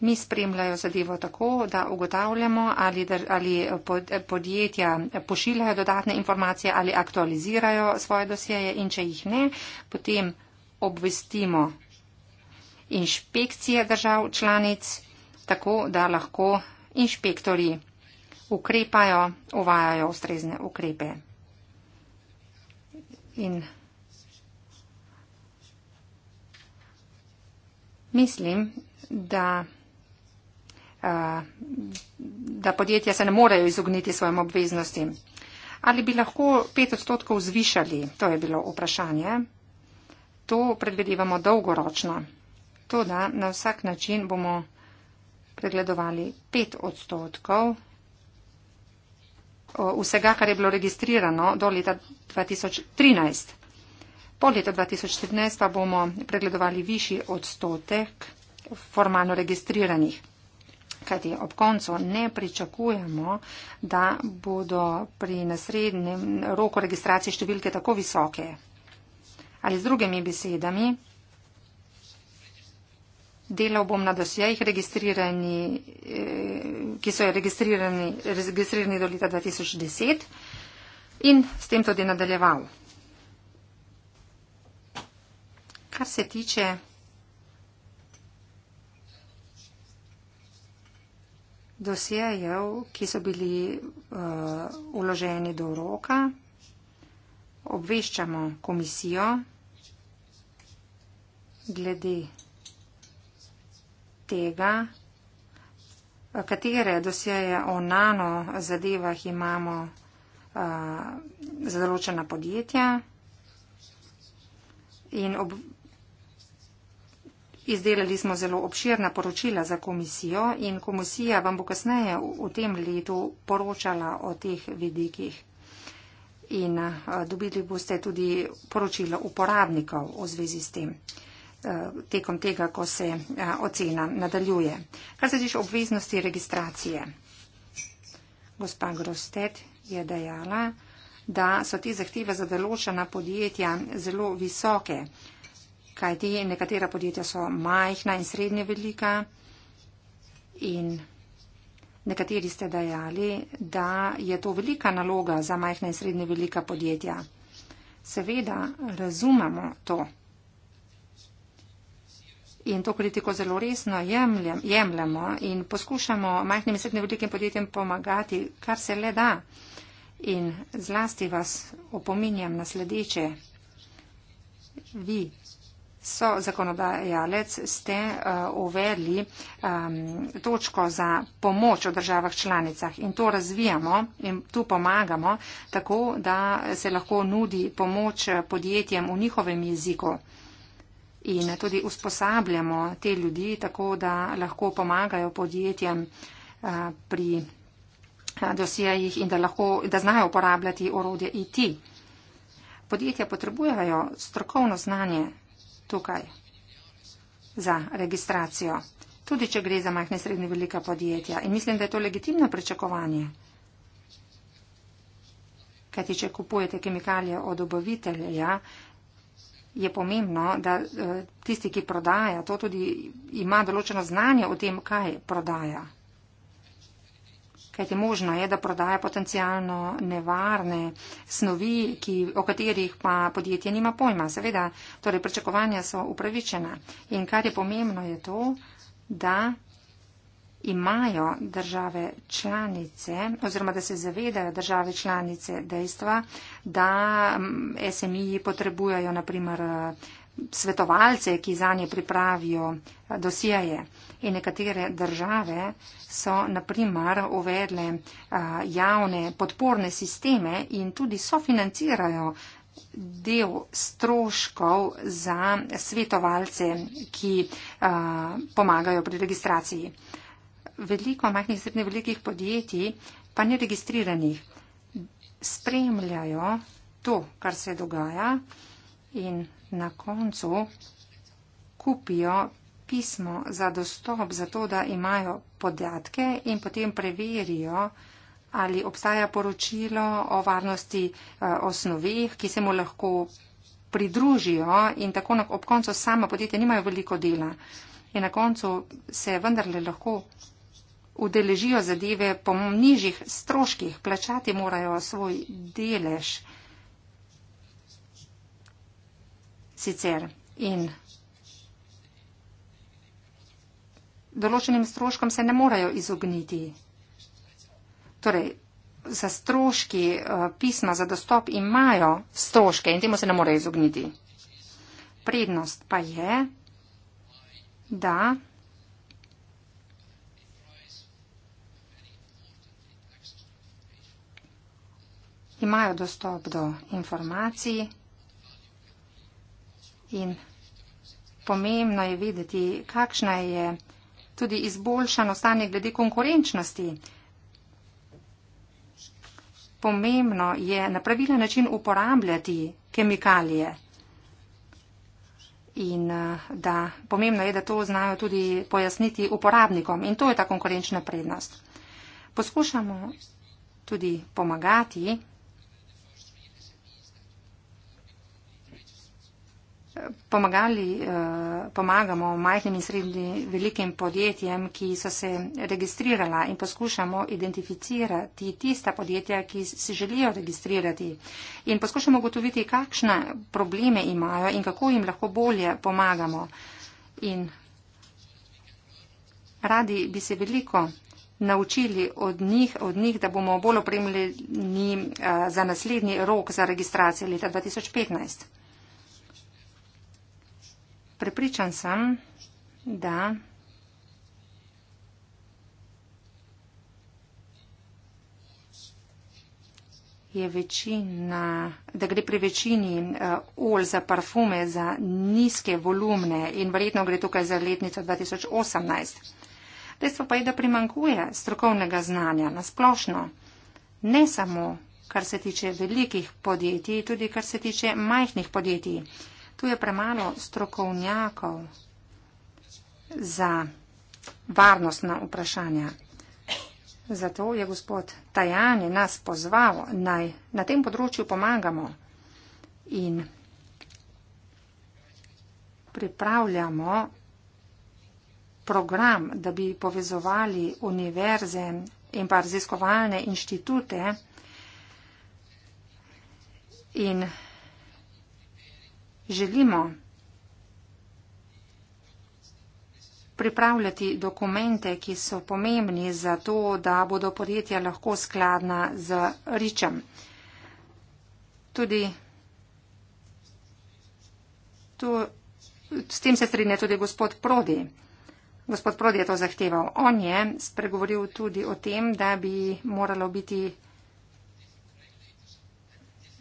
Mi spremljajo zadevo tako, da ugotavljamo, ali, dr, ali eh, podjetja pošiljajo dodatne informacije ali aktualizirajo svoje dosjeje in če jih ne, potem obvestimo inšpekcije držav članic, tako da lahko inšpektori ukrepajo, uvajajo ustrezne ukrepe. In mislim, da. Eh, da podjetja se ne morejo izogniti svojim obveznostim. Ali bi lahko pet odstotkov zvišali? To je bilo vprašanje. To predvidevamo dolgoročno. To, da na vsak način bomo pregledovali pet odstotkov eh, vsega, kar je bilo registrirano do leta 2013. Po letu 2014 pa bomo pregledovali višji odstotek formalno registriranih kajti ob koncu ne pričakujemo, da bodo pri naslednjem roku registracije številke tako visoke. Ali z drugimi besedami, delal bom na dosjejih, eh, ki so registrirani, registrirani do leta 2010 in s tem tudi nadaljeval. Kar se tiče dosjejev, ki so bili uh, eh, uloženi do roka, obveščamo komisijo glede tega, katere dosjeje o nano zadevah imamo uh, za določena podjetja in ob, Izdelali smo zelo obširna poročila za komisijo in komisija vam bo kasneje v tem letu poročala o teh vidikih. In eh, dobili boste tudi poročilo uporabnikov v zvezi s tem eh, tekom tega, ko se eh, ocena nadaljuje. Kaj se tiče obveznosti registracije? Gospa Grostet je dejala, da so te zahteve za določena podjetja zelo visoke kaj ti nekatera podjetja so majhna in srednje velika in nekateri ste dejali, da je to velika naloga za majhna in srednje velika podjetja. Seveda razumemo to in to kritiko zelo resno jemljem, jemljemo in poskušamo majhnim in srednje velikim podjetjem pomagati, kar se le da. In zlasti vas opominjam na sledeče. Vi so zakonodajalec ste uh, eh, uvedli um, točko za pomoč v državah članicah in to razvijamo in tu pomagamo tako, da se lahko nudi pomoč podjetjem v njihovem jeziku in tudi usposabljamo te ljudi tako, da lahko pomagajo podjetjem uh, pri eh, dosijajih in da, lahko, da znajo uporabljati orodje IT. Podjetja potrebujejo strokovno znanje tukaj za registracijo. Tudi, če gre za majhne srednje velika podjetja. In mislim, da je to legitimno pričakovanje. Kajti, če kupujete kemikalije od obavitelja, je pomembno, da eh, tisti, ki prodaja, to tudi ima določeno znanje o tem, kaj prodaja kajti možno je, da prodaja potencijalno nevarne snovi, ki, o katerih pa podjetje nima pojma. Seveda, torej prečakovanja so upravičena. In kar je pomembno je to, da imajo države članice oziroma da se zavedajo države članice dejstva, da SMI potrebujejo naprimer svetovalce, ki za nje pripravijo eh, dosijaje in nekatere države so naprimer uvedle javne podporne sisteme in tudi sofinancirajo del stroškov za svetovalce, ki pomagajo pri registraciji. Veliko majhnih in srednje velikih podjetij pa ni registriranih. Spremljajo to, kar se dogaja in na koncu kupijo pismo za dostop, zato da imajo podatke in potem preverijo, ali obstaja poročilo o varnosti eh, osnovih, ki se mu lahko pridružijo in tako na, ob koncu sama podjetja nimajo veliko dela. In na koncu se vendarle lahko udeležijo zadeve po nižjih stroških, plačati morajo svoj delež. Sicer in določenim stroškom se ne morejo izogniti. Torej, za stroški eh, pisma za dostop imajo stroške in temu se ne morejo izogniti. Prednost pa je, da imajo dostop do informacij in pomembno je videti, kakšna je informacija, tudi izboljšano stanje glede konkurenčnosti. Pomembno je na pravilen način uporabljati kemikalije in eh, da pomembno je, da to znajo tudi pojasniti uporabnikom in to je ta konkurenčna prednost. Poskušamo tudi pomagati pomagali, eh, pomagamo majhnim in srednjim velikim podjetjem, ki so se registrirala in poskušamo identificirati tista podjetja, ki se želijo registrirati in poskušamo ugotoviti, kakšne probleme imajo in kako jim lahko bolje pomagamo. In radi bi se veliko naučili od njih, od njih, da bomo bolj opremljeni eh, za naslednji rok za registracijo leta 2015. Prepričan sem, da je večina, da gre pri večini uh, olj za parfume za nizke volumne in verjetno gre tukaj za letnico 2018. Dejstvo pa je, da primankuje strokovnega znanja na splošno, ne samo kar se tiče velikih podjetij, tudi kar se tiče majhnih podjetij. Uh, Tu je premalo strokovnjakov za varnostna vprašanja. Zato je gospod Tajani nas pozval, naj na tem področju pomagamo in pripravljamo program, da bi povezovali univerze in pa raziskovalne inštitute in želimo pripravljati dokumente, ki so pomembni za to, da bodo podjetja lahko skladna z ričem. Tudi tu, s tem se strinja tudi gospod Prodi. Gospod Prodi je to zahteval. On je spregovoril tudi o tem, da bi moralo biti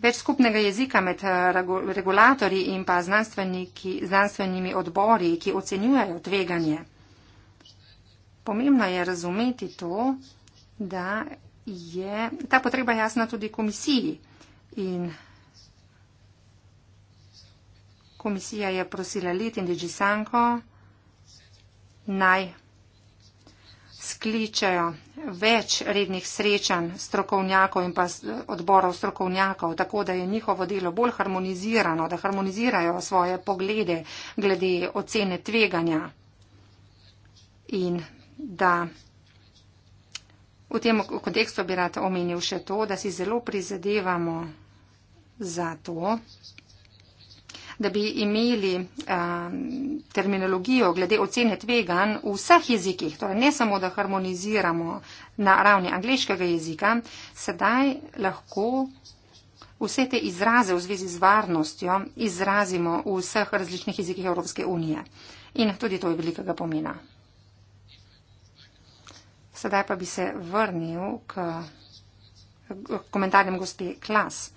Več skupnega jezika med eh, regulatorji in pa znanstvenimi odbori, ki ocenjujejo tveganje. Pomembno je razumeti to, da je ta potreba jasna tudi komisiji. In komisija je prosila Litindiji Sanko naj skličajo več rednih srečanj strokovnjakov in pa odborov strokovnjakov, tako da je njihovo delo bolj harmonizirano, da harmonizirajo svoje poglede glede ocene tveganja in da. V tem kontekstu bi rad omenil še to, da si zelo prizadevamo za to, da bi imeli um, terminologijo glede ocene tvegan v vseh jezikih, torej ne samo, da harmoniziramo na ravni angliškega jezika, sedaj lahko vse te izraze v zvezi z varnostjo izrazimo v vseh različnih jezikih Evropske unije. In tudi to je velikega pomena. Sedaj pa bi se vrnil k, k komentarjem gospe Klas.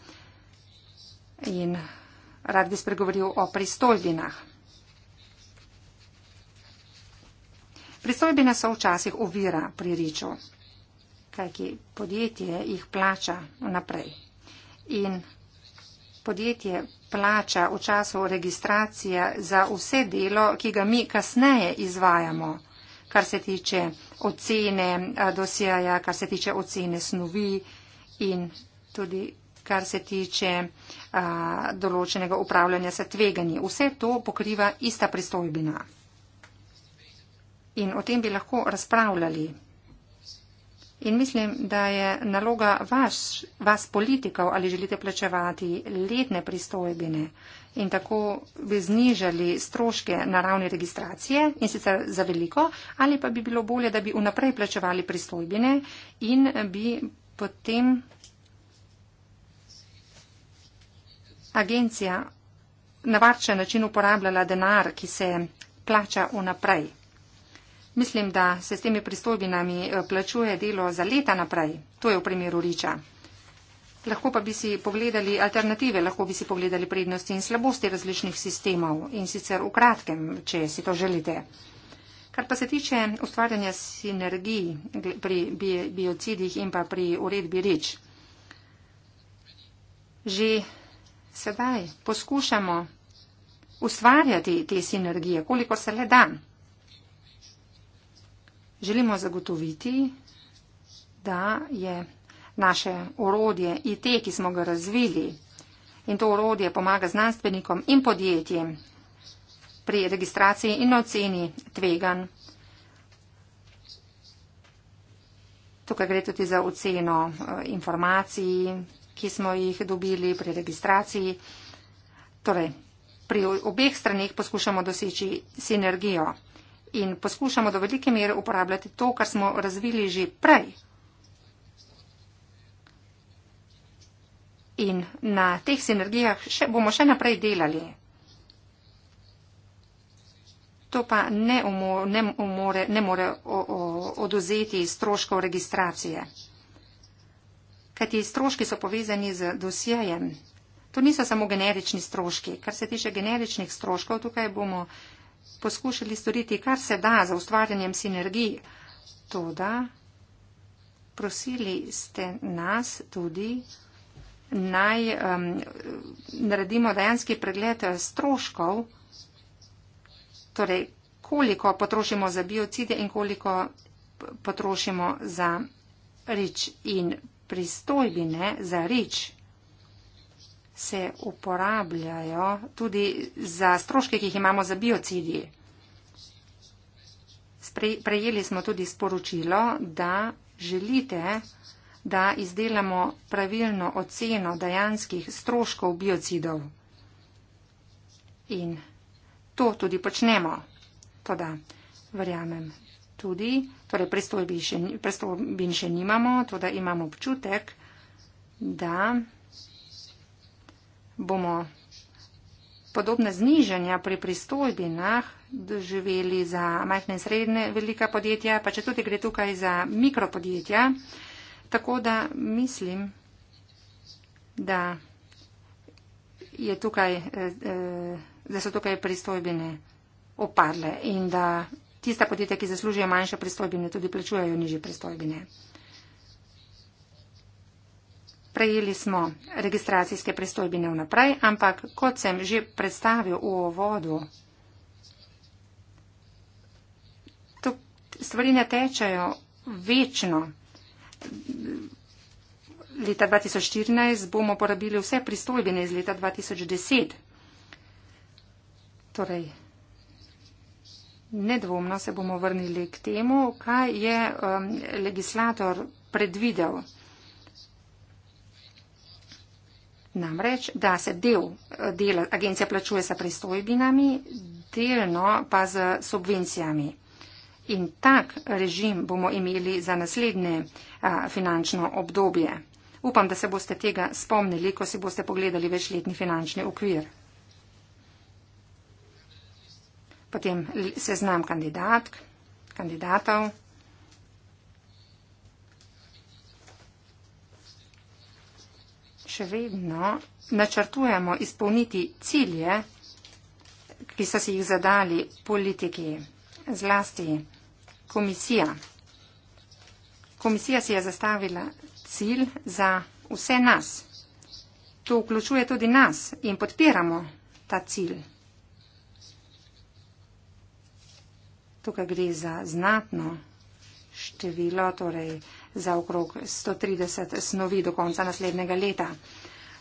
In rad bi spregovoril o pristojbinah. Pristojbine so včasih ovira pri riču, kajki podjetje jih plača naprej. In podjetje plača v času registracije za vse delo, ki ga mi kasneje izvajamo, kar se tiče ocene eh, dosjeja, kar se tiče ocene snovi in tudi kar se tiče a, določenega upravljanja s tveganji. Vse to pokriva ista pristojbina. In o tem bi lahko razpravljali. In mislim, da je naloga vaš, vas politikov, ali želite plačevati letne pristojbine in tako bi znižali stroške na ravni registracije in sicer za veliko, ali pa bi bilo bolje, da bi unaprej plačevali pristojbine in bi potem agencija na varčen način uporabljala denar, ki se plača vnaprej. Mislim, da se s temi pristojbinami eh, plačuje delo za leta naprej. To je v primeru Riča. Lahko pa bi si pogledali alternative, lahko bi si pogledali prednosti in slabosti različnih sistemov in sicer v kratkem, če si to želite. Kar pa se tiče ustvarjanja sinergij pri biocidih in pa pri uredbi Rič. Že sedaj poskušamo ustvarjati te sinergije, koliko se le da. Želimo zagotoviti, da je naše orodje IT, ki smo ga razvili, in to orodje pomaga znanstvenikom in podjetjem pri registraciji in oceni tvegan. Tukaj gre tudi za oceno eh, informacij, ki smo jih dobili pri registraciji. Torej, pri obeh stranih poskušamo doseči sinergijo in poskušamo do velike mere uporabljati to, kar smo razvili že prej. In na teh sinergijah še, bomo še naprej delali. To pa ne, umo, ne, umore, ne more o, o, oduzeti stroškov registracije ker ti stroški so povezani z dosjejem. To niso samo generični stroški. Kar se tiče generičnih stroškov, tukaj bomo poskušali storiti, kar se da za ustvarjanjem sinergij. Toda, prosili ste nas tudi, naj um, naredimo dejanski pregled eh, stroškov, torej koliko potrošimo za biocide in koliko potrošimo za rič in pristojbine za rič se uporabljajo tudi za stroške, ki jih imamo za biocidi. Prejeli smo tudi sporočilo, da želite, da izdelamo pravilno oceno dejanskih stroškov biocidov. In to tudi počnemo. Toda, verjamem, tudi, torej prestolbin še, še nimamo, to da imamo občutek, da bomo podobne znižanja pri pristojbinah doživeli za majhne in srednje velika podjetja, pa če tudi gre tukaj za mikropodjetja. Tako da mislim, da, je tukaj, eh, eh, da so tukaj pristojbine opadle in da tista podjetja, ki zaslužijo manjše pristojbine, tudi plačujejo nižje pristojbine. Prejeli smo registracijske pristojbine vnaprej, ampak kot sem že predstavil v ovodu, stvari ne tečajo večno. Leta 2014 bomo porabili vse pristojbine iz leta 2010. Torej, nedvomno se bomo vrnili k temu, kaj je um, legislator predvidel. Namreč, da se del eh, dela agencija plačuje sa pristojbinami, delno pa z subvencijami. In tak režim bomo imeli za naslednje a, eh, finančno obdobje. Upam, da se boste tega spomnili, ko si boste pogledali večletni finančni okvir. potem seznam kandidatk, kandidatov. Še vedno načrtujemo izpolniti cilje, ki so si jih zadali politiki, zlasti komisija. Komisija si je zastavila cilj za vse nas. To vključuje tudi nas in podpiramo ta cilj. Tukaj gre za znatno število, torej za okrog 130 snovi do konca naslednjega leta.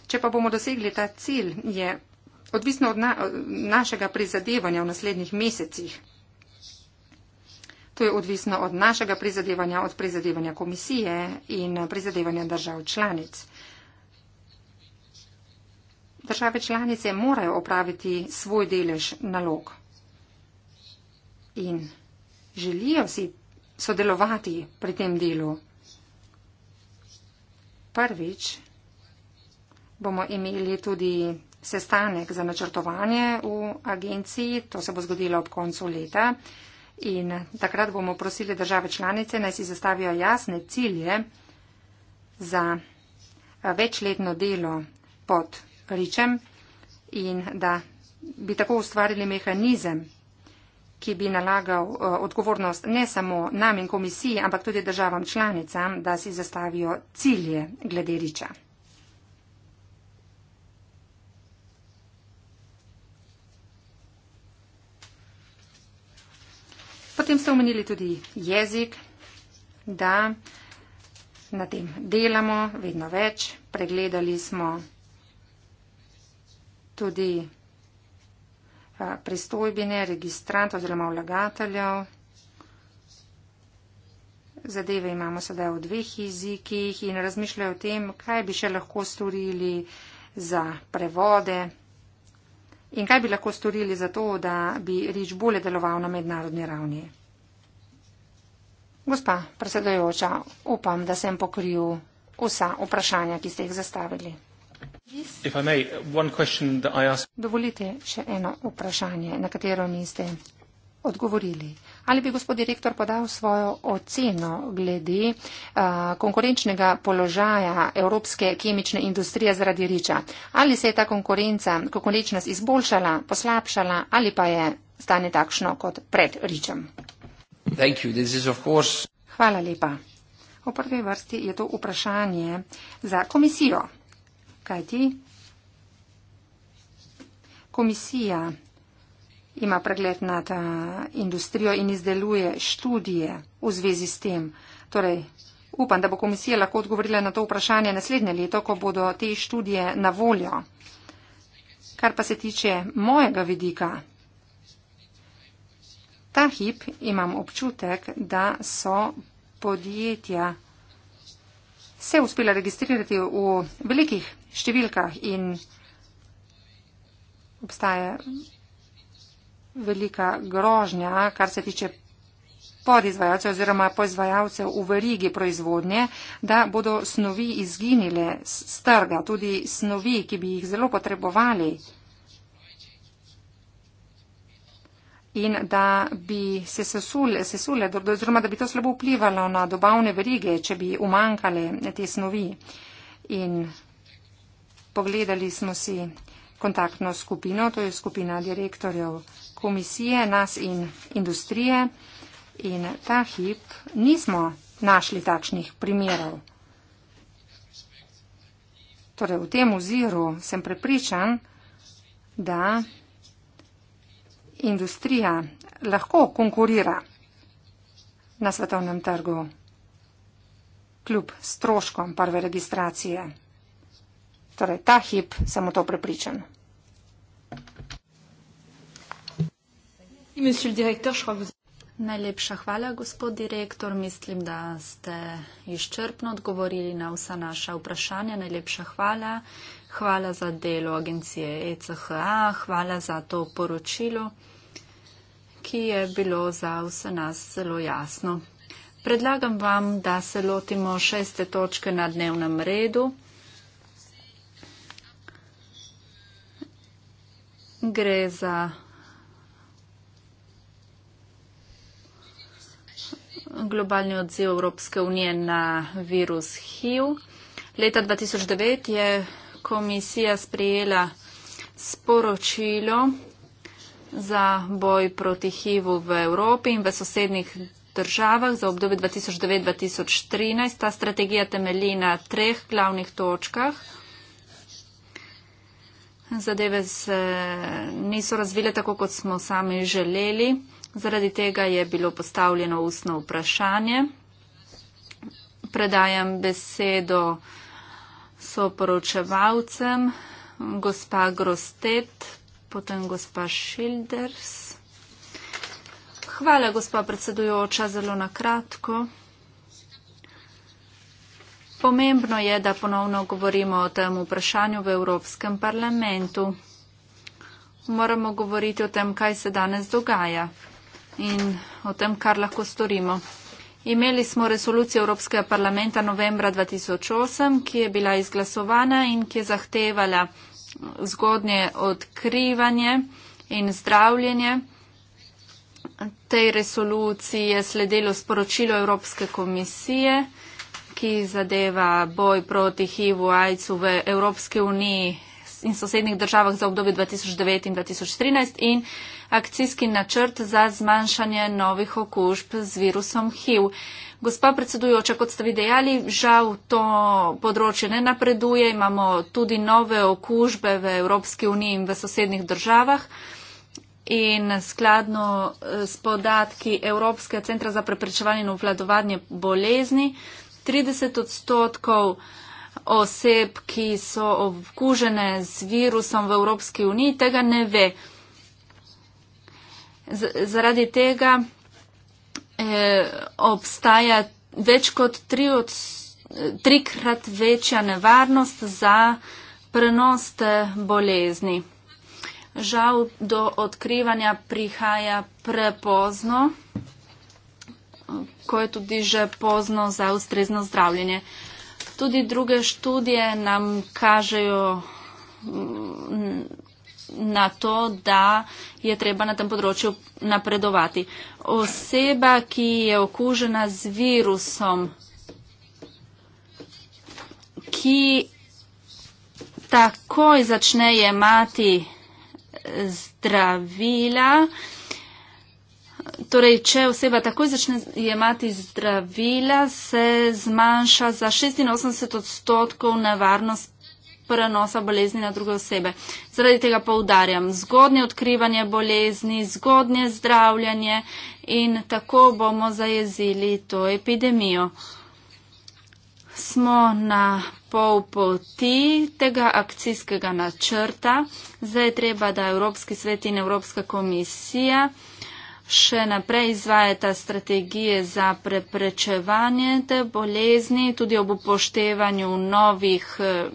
Če pa bomo dosegli ta cilj, je odvisno od, na, od našega prizadevanja v naslednjih mesecih. To je odvisno od našega prizadevanja, od prizadevanja komisije in prizadevanja držav članic. Države članice morajo opraviti svoj delež nalog in želijo si sodelovati pri tem delu. Prvič bomo imeli tudi sestanek za načrtovanje v agenciji, to se bo zgodilo ob koncu leta. In takrat bomo prosili države članice, naj si zastavijo jasne cilje za večletno delo pod Ričem in da bi tako ustvarili mehanizem ki bi nalagal eh, odgovornost ne samo nam in komisiji, ampak tudi državam članicam, da si zastavijo cilje glede riča. Potem ste omenili tudi jezik, da na tem delamo vedno več. Pregledali smo tudi pristojbine, registrant oziroma vlagateljev. Zadeve imamo sedaj v dveh jezikih in razmišljajo o tem, kaj bi še lahko storili za prevode in kaj bi lahko storili za to, da bi rič bolje deloval na mednarodni ravni. Gospa predsedojoča, upam, da sem pokril vsa vprašanja, ki ste jih zastavili. Dovolite še eno vprašanje, na katero niste odgovorili. Ali bi gospod direktor podal svojo oceno glede uh, konkurenčnega položaja evropske kemične industrije zaradi riča? Ali se je ta konkurenca, konkurenčnost izboljšala, poslabšala ali pa je stane takšno kot pred ričem? Hvala lepa. V prvi vrsti je to vprašanje za komisijo kajti komisija ima pregled nad industrijo in izdeluje študije v zvezi s tem. Torej, upam, da bo komisija lahko odgovorila na to vprašanje naslednje leto, ko bodo te študije na voljo. Kar pa se tiče mojega vidika, ta hip imam občutek, da so podjetja se uspela registrirati v velikih številkah in obstaja velika grožnja, kar se tiče podizvajalcev oziroma poizvajalcev v verigi proizvodnje, da bodo snovi izginile z trga, tudi snovi, ki bi jih zelo potrebovali in da bi se sesule, sesule oziroma da bi to slabo vplivalo na dobavne verige, če bi umankale te snovi. In Pogledali smo si kontaktno skupino, to je skupina direktorjev komisije, nas in industrije in ta hip nismo našli takšnih primerov. Torej, v tem oziru sem prepričan, da industrija lahko konkurira na svetovnem trgu kljub stroškom prve registracije. Torej, ta hip sem v to prepričan. Najlepša hvala, gospod direktor. Mislim, da ste izčrpno odgovorili na vsa naša vprašanja. Najlepša hvala. Hvala za delo agencije ECHA. Hvala za to poročilo, ki je bilo za vse nas zelo jasno. Predlagam vam, da se lotimo šeste točke na dnevnem redu. gre za. Globalni odziv Evropske unije na virus HIV. Leta 2009 je komisija sprejela sporočilo za boj proti HIV-u v Evropi in v sosednjih državah za obdobje 2009-2013. Ta strategija temelji na treh glavnih točkah. Zadeve se niso razvile tako, kot smo sami želeli. Zaradi tega je bilo postavljeno ustno vprašanje. Predajam besedo soporočevalcem, gospa Grostet, potem gospa Šilders. Hvala, gospa predsedujoča, zelo na kratko. Pomembno je, da ponovno govorimo o tem vprašanju v Evropskem parlamentu. Moramo govoriti o tem, kaj se danes dogaja in o tem, kar lahko storimo. Imeli smo resolucijo Evropskega parlamenta novembra 2008, ki je bila izglasovana in ki je zahtevala zgodnje odkrivanje in zdravljenje. Tej resoluciji je sledilo sporočilo Evropske komisije ki zadeva boj proti HIV-u, AIDS-u v Evropske unije in sosednjih državah za obdobje 2009 in 2013 in akcijski načrt za zmanjšanje novih okužb z virusom HIV. Gospa predsedujoča, kot ste vi dejali, žal to področje ne napreduje, imamo tudi nove okužbe v Evropski uniji in v sosednjih državah. In skladno eh, s podatki Evropskega centra za preprečevanje in obvladovanje bolezni, 30 odstotkov oseb, ki so obkužene z virusom v Evropski uniji, tega ne ve. Z zaradi tega eh, obstaja več kot tri trikrat večja nevarnost za prenos te bolezni. Žal do odkrivanja prihaja prepozno ko je tudi že pozno za ustrezno zdravljenje. Tudi druge študije nam kažejo mm, na to, da je treba na tem področju napredovati. Oseba, ki je okužena z virusom, ki takoj začne jemati zdravila, torej, če oseba takoj začne jemati zdravila, se zmanjša za 86 odstotkov nevarnost prenosa bolezni na druge osebe. Zaradi tega poudarjam, zgodnje odkrivanje bolezni, zgodnje zdravljanje in tako bomo zajezili to epidemijo. Smo na pol poti tega akcijskega načrta. Zdaj je treba, da Evropski svet in Evropska komisija še naprej izvajata strategije za preprečevanje te bolezni, tudi ob upoštevanju novih eh,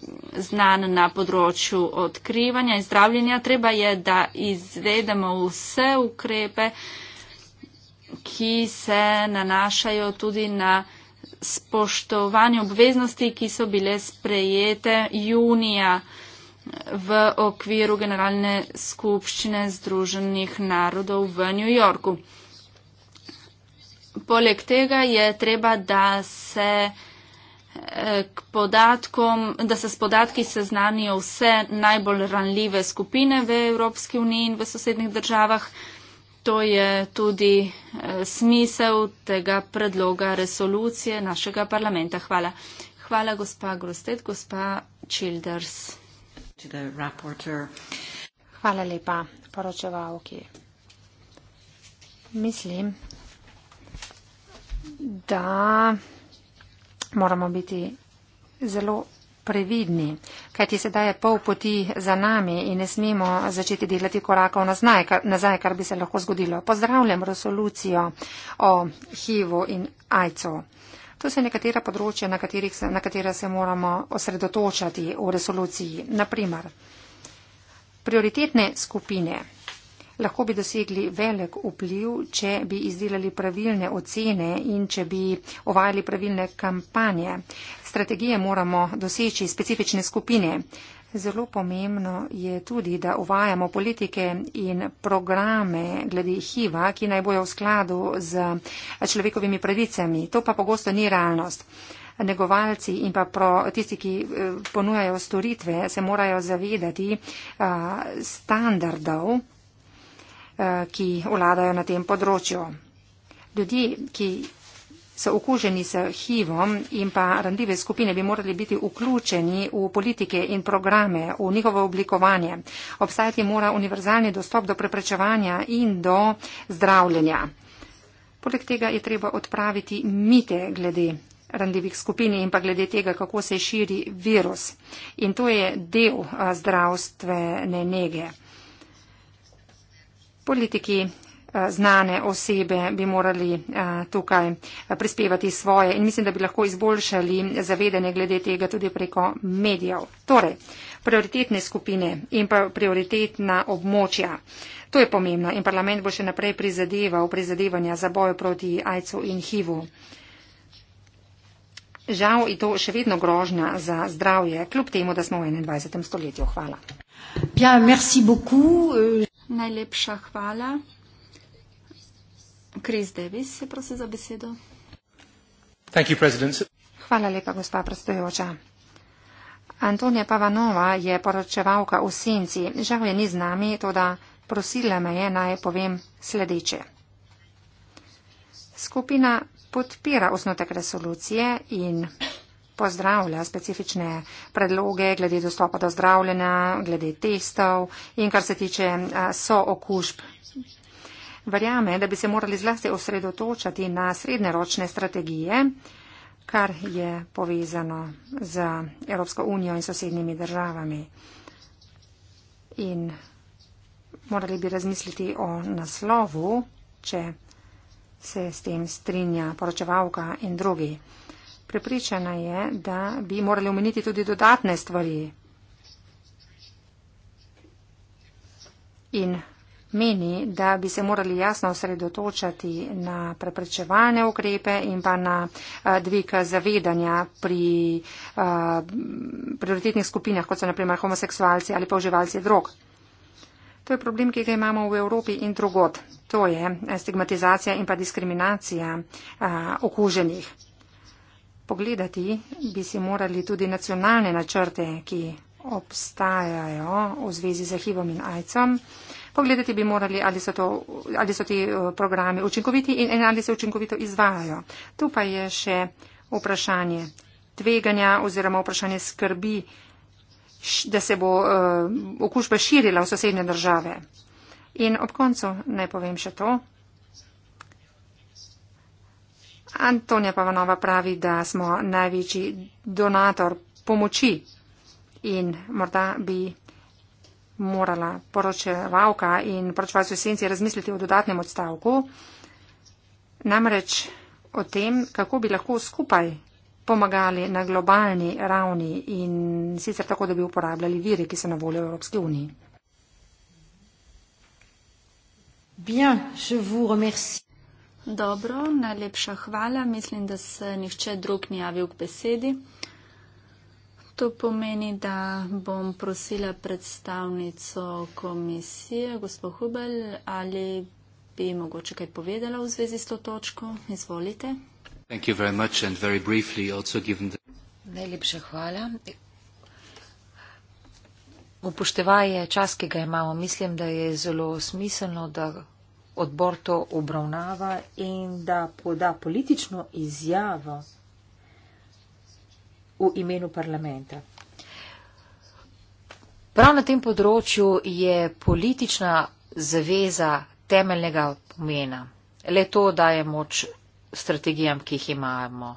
znanj na področju odkrivanja in zdravljenja. Treba je, da izvedemo vse ukrepe, ki se nanašajo tudi na spoštovanje obveznosti, ki so bile sprejete junija v okviru Generalne skupščine Združenih narodov v New Yorku. Poleg tega je treba, da se, eh, da se s podatki seznanijo vse najbolj ranljive skupine v Evropski uniji in v sosednjih državah. To je tudi eh, smisel tega predloga resolucije našega parlamenta. Hvala. Hvala, gospa Grostet, gospa Childers to the rapporteur. Hvala lepa poročevalki. Mislim, da moramo biti zelo previdni, kajti sedaj je pol poti za nami in ne smemo začeti delati korakov nazaj, kar, nazaj, kar bi se lahko zgodilo. Pozdravljam resolucijo o HIV-u in AIDS-u. To so nekatera področja, na, katerih, na katera se moramo osredotočati v resoluciji. Naprimer, prioritetne skupine. Lahko bi dosegli velik vpliv, če bi izdelali pravilne ocene in če bi uvajali pravilne kampanje. Strategije moramo doseči, specifične skupine. Zelo pomembno je tudi, da uvajamo politike in programe glede HIV-a, ki naj bojo v skladu z človekovimi pravicami. To pa pogosto ni realnost. Negovalci in pa pro, tisti, ki eh, ponujajo storitve, se morajo zavedati a, eh, standardov, a, eh, ki vladajo na tem področju. Ljudje, ki so okuženi s HIV-om in pa randljive skupine bi morali biti vključeni v politike in programe, v njihovo oblikovanje. Obstajati mora univerzalni dostop do preprečevanja in do zdravljenja. Poleg tega je treba odpraviti mite glede randljivih skupin in pa glede tega, kako se širi virus. In to je del zdravstvene nege. Politiki Eh, znane osebe bi morali eh, tukaj eh, prispevati svoje in mislim, da bi lahko izboljšali zavedanje glede tega tudi preko medijev. Torej, prioritetne skupine in pa prioritetna območja. To je pomembno in parlament bo še naprej prizadeval prizadevanja za bojo proti AIDS-u in HIV-u. Žal je to še vedno grožnja za zdravje, kljub temu, da smo v 21. stoletju. Hvala. Bien, ja, merci beaucoup. Najlepša hvala. Chris Davis je prosil za besedo. Thank you, Hvala lepa, gospa predstojoča. Antonija Pavanova je poročevalka v Senci. Žal je ni z nami, toda prosila me je naj povem sledeče. Skupina podpira osnotek resolucije in pozdravlja specifične predloge glede dostopa do zdravljena, glede testov in kar se tiče sookužb verjame, da bi se morali zlasti osredotočati na srednjeročne strategije, kar je povezano z Evropsko unijo in sosednjimi državami. In morali bi razmisliti o naslovu, če se s tem strinja poročevalka in drugi. Pripričana je, da bi morali omeniti tudi dodatne stvari. In meni, da bi se morali jasno osredotočati na preprečevalne ukrepe in pa na eh, dvig zavedanja pri a, eh, prioritetnih skupinah, kot so naprimer homoseksualci ali pa uživalci drog. To je problem, ki ga imamo v Evropi in drugod. To je eh, stigmatizacija in pa diskriminacija a, okuženih. Pogledati bi si morali tudi nacionalne načrte, ki obstajajo v zvezi z HIV-om in AIDS-om. Uh, pogledati bi morali, ali so, to, ali so ti eh, programi učinkoviti in, in ali se učinkovito izvajajo. Tu pa je še vprašanje tveganja oziroma vprašanje skrbi, da se bo uh, okužba širila v sosednje države. In ob koncu naj povem še to. Antonija Pavanova pravi, da smo največji donator pomoči in morda bi morala poročevalka in poročevalci v senci razmisliti o dodatnem odstavku, namreč o tem, kako bi lahko skupaj pomagali na globalni ravni in sicer tako, da bi uporabljali viri, ki so na voljo Evropske unije. Bien, je vous remercie. Dobro, najlepša hvala. Mislim, da se nihče drug ni javil k besedi. To pomeni, da bom prosila predstavnico komisije, gospod Hubel, ali bi mogoče kaj povedala v zvezi s to točko. Izvolite. Najlepša hvala. Upoštevaje čas, ki ga imamo, mislim, da je zelo smiselno, da odbor to obravnava in da poda politično izjavo v imenu parlamenta. Prav na tem področju je politična zaveza temeljnega pomena. Le to daje moč strategijam, ki jih imamo.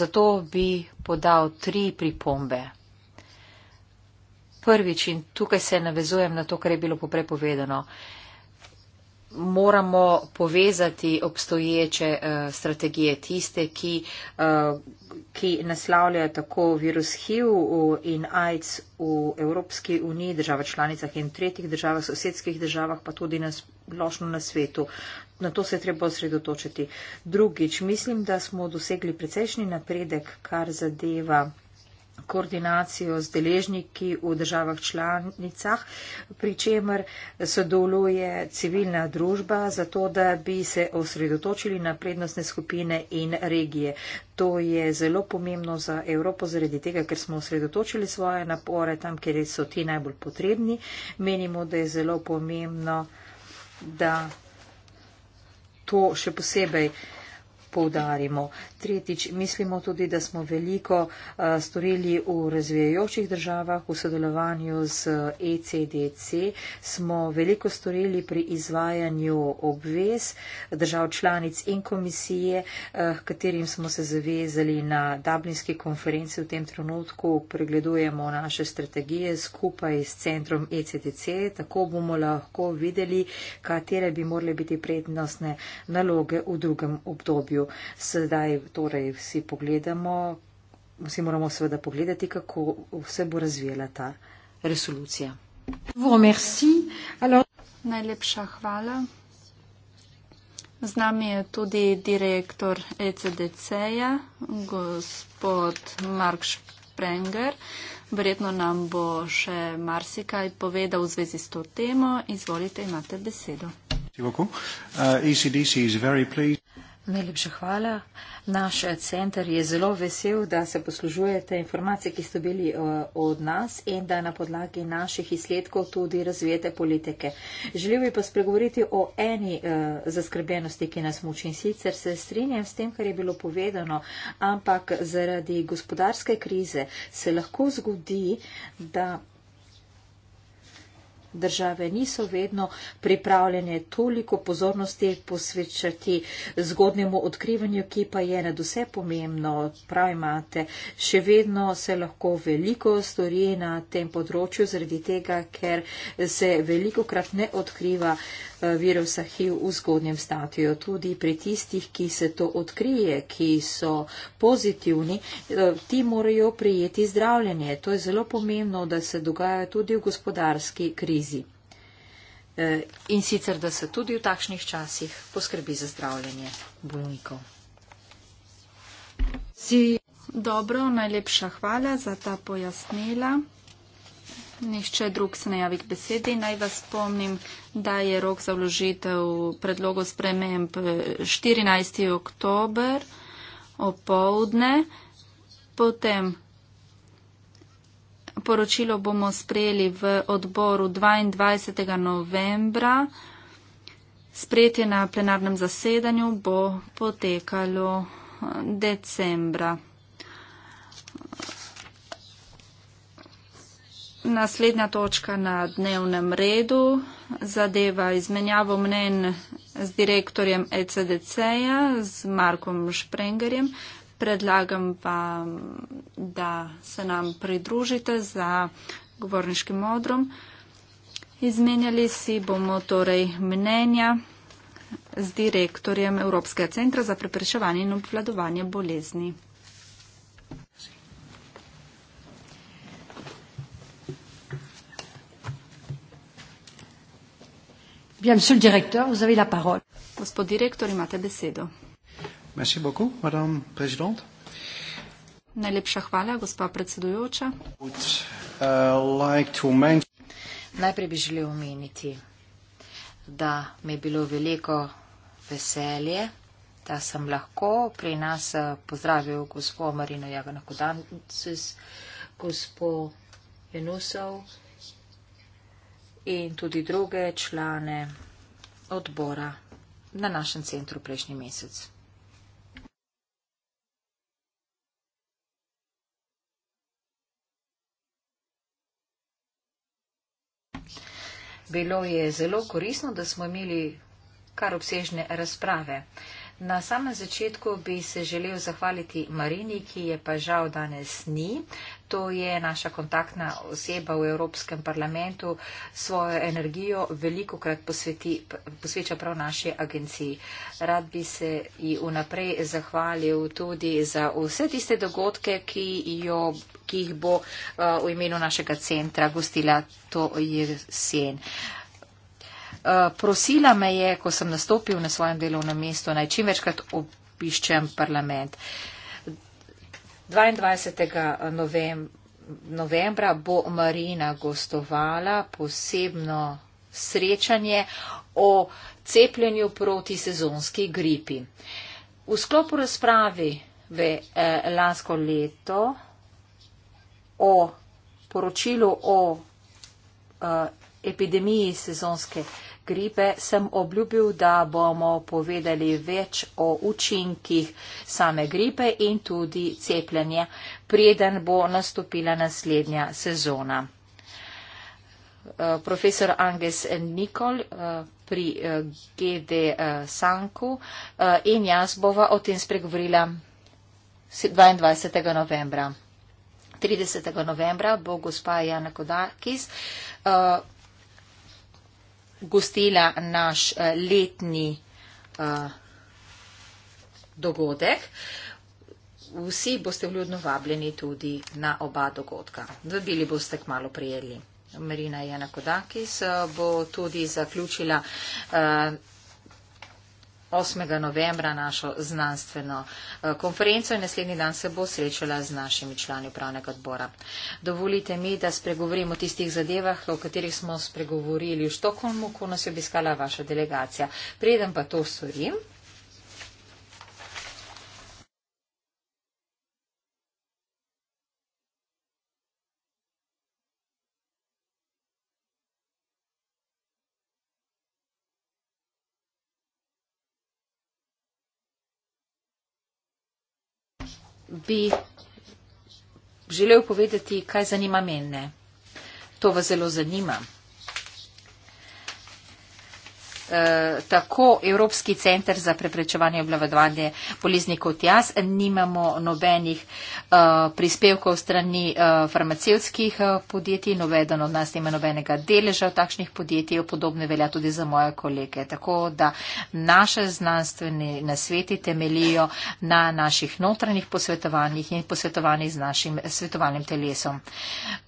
Zato bi podal tri pripombe. Prvič, in tukaj se navezujem na to, kar je bilo poprej povedano, moramo povezati obstoječe uh, strategije, tiste, ki, uh, ki naslavljajo tako virus HIV in AIDS v Evropski uniji, država članicah in tretjih državah, sosedskih državah, pa tudi na splošno na svetu. Na to se je treba osredotočiti. Drugič, mislim, da smo dosegli precejšnji napredek, kar zadeva koordinacijo z deležniki v državah članicah, pri čemer sodeluje civilna družba, zato da bi se osredotočili na prednostne skupine in regije. To je zelo pomembno za Evropo zaradi tega, ker smo osredotočili svoje napore tam, kjer so ti najbolj potrebni. Menimo, da je zelo pomembno, da to še posebej poudarimo. Tretjič, mislimo tudi, da smo veliko eh, storili v razvijajočih državah v sodelovanju z ECDC. Smo veliko storili pri izvajanju obvez držav članic in komisije, eh, katerim smo se zavezali na Dublinski konferenci. V tem trenutku pregledujemo naše strategije skupaj s centrom ECDC. Tako bomo lahko videli, katere bi morale biti prednostne naloge v drugem obdobju obdobju. Sedaj torej vsi pogledamo, vsi moramo seveda pogledati, kako vse bo razvijela ta resolucija. Najlepša hvala. Z nami je tudi direktor ECDC-ja, gospod Mark Sprenger. Verjetno nam bo še marsikaj povedal v zvezi s to temo. Izvolite, imate besedo. Uh, ECDC is very pleased. Najlepša hvala. Naš center je zelo vesel, da se poslužujete informacije, ki so bili eh, od nas in da na podlagi naših izsledkov tudi razvijete politike. Želel bi pa spregovoriti o eni eh, zaskrbenosti, ki nas muči in sicer se strinjam s tem, kar je bilo povedano, ampak zaradi gospodarske krize se lahko zgodi, da Države niso vedno pripravljene toliko pozornosti posvečati zgodnemu odkrivanju, ki pa je nad vse pomembno. Prav imate, še vedno se lahko veliko stori na tem področju, zaradi tega, ker se veliko krat ne odkriva Eh, virusa HIV v zgodnjem statiju. Tudi pri tistih, ki se to odkrije, ki so pozitivni, eh, ti morajo prijeti zdravljenje. To je zelo pomembno, da se dogaja tudi v gospodarski krizi. Eh, in sicer, da se tudi v takšnih časih poskrbi za zdravljenje bolnikov. Si dobro, najlepša hvala za ta pojasnila. Nihče drug se ne javi k besedi. Naj vas spomnim, da je rok za vložitev predlogov sprememb 14. Eh, oktober opovdne. Potem poročilo bomo sprejeli v odboru 22. novembra. Sprejetje na plenarnem zasedanju bo potekalo eh, decembra. Naslednja točka na dnevnem redu zadeva izmenjavo mnen z direktorjem ECDC-ja, z Markom Šprengerjem. Predlagam vam, da se nam pridružite za govorniškim odrom. Izmenjali si bomo torej mnenja z direktorjem Evropskega centra za preprečevanje in obvladovanje bolezni. Bien, monsieur le directeur, vous avez la parole. Gospod direktor, imate besedo. Merci beaucoup, madame présidente. Najlepša hvala, gospa predsedujoča. Would, uh, like to mention... Najprej bi želel omeniti, da mi je bilo veliko veselje, da sem lahko pri nas uh, pozdravil gospo Marino Jagana Kodancis, gospo Venusov in tudi druge člane odbora na našem centru prejšnji mesec. Bilo je zelo korisno, da smo imeli kar obsežne razprave. Na samem začetku bi se želel zahvaliti Marini, ki je pa žal danes ni. To je naša kontaktna oseba v Evropskem parlamentu. Svojo energijo veliko krat posveti, posveča prav naši agenciji. Rad bi se ji vnaprej zahvalil tudi za vse tiste dogodke, ki, jo, ki jih bo uh, v imenu našega centra gostila to jesen. Uh, Eh, prosila me je, ko sem nastopil na svojem delovnem mestu, naj čim večkrat obiščem parlament. 22. Eh, novem, novembra bo Marina gostovala posebno srečanje o cepljenju proti sezonski gripi. V sklopu razpravi v eh, lansko leto o poročilu o eh, epidemiji sezonske gripe, gripe, sem obljubil, da bomo povedali več o učinkih same gripe in tudi cepljenje, preden bo nastopila naslednja sezona. Eh, profesor Anges Nikol eh, pri eh, GD Sanku in jaz bova o tem spregovorila 22. novembra. 30. novembra bo gospa Jana Kodakis gostila naš eh, letni uh, dogodek. Vsi boste vljudno vabljeni tudi na oba dogodka. Vabili boste k malo prijeli. Marina Jena Kodakis eh, bo tudi zaključila uh, 8. novembra našo znanstveno eh, konferenco in naslednji dan se bo srečala z našimi člani upravnega odbora. Dovolite mi, da spregovorim o tistih zadevah, o katerih smo spregovorili v Štokholmu, ko nas je obiskala vaša delegacija. Preden pa to storim, bi želel povedati, kaj zanima mene. To vas zelo zanima. Eh, tako Evropski centr za preprečevanje obvladovanje bolezni kot jaz, nimamo nobenih uh, prispevkov strani uh, eh, farmacevskih uh, podjetij, noveden od nas nima nobenega deleža v takšnih podjetij, podobne velja tudi za moje kolege. Tako da naše znanstveni nasveti temelijo na naših notranjih posvetovanjih in posvetovanjih z našim svetovalnim telesom.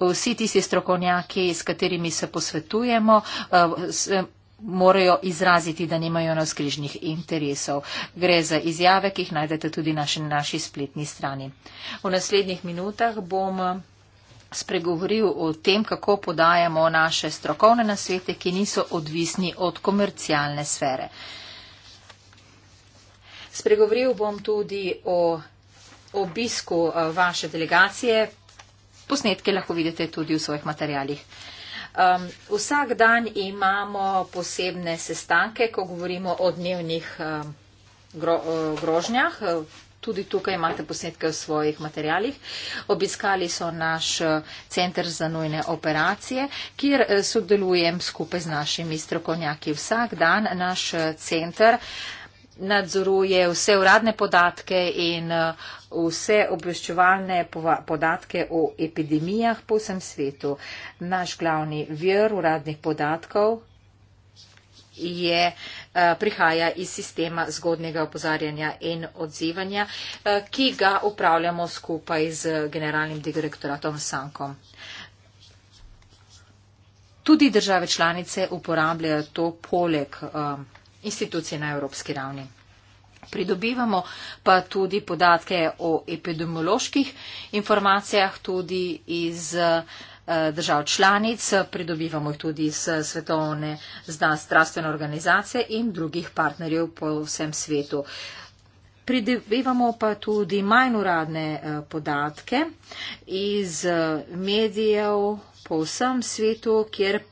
Vsi tisti strokovnjaki, s katerimi se posvetujemo, uh, s, morajo izraziti, da nimajo navskrižnih interesov. Gre za izjave, ki jih najdete tudi na naši spletni strani. V naslednjih minutah bom spregovoril o tem, kako podajamo naše strokovne nasvete, ki niso odvisni od komercialne sfere. Spregovoril bom tudi o obisku eh, vaše delegacije. Posnetke lahko vidite tudi v svojih materijalih. Um, vsak dan imamo posebne sestanke, ko govorimo o dnevnih um, gro, uh, grožnjah. Tudi tukaj imate posnetke v svojih materijalih. Obiskali so naš uh, centr za nujne operacije, kjer uh, sodelujem skupaj z našimi strokovnjaki. Vsak dan naš centr. Uh, nadzoruje vse uradne podatke in uh, vse obveščevalne podatke o epidemijah po vsem svetu. Naš glavni vir uradnih podatkov je, uh, prihaja iz sistema zgodnega opozarjanja in odzivanja, uh, ki ga upravljamo skupaj z generalnim direktoratom Sankom. Tudi države članice uporabljajo to poleg um, institucije na evropski ravni. Pridobivamo pa tudi podatke o epidemioloških informacijah tudi iz eh, držav članic, pridobivamo jih tudi iz eh, svetovne zdravstvene organizacije in drugih partnerjev po vsem svetu. Pridobivamo pa tudi manj uradne eh, podatke iz medijev po vsem svetu, kjer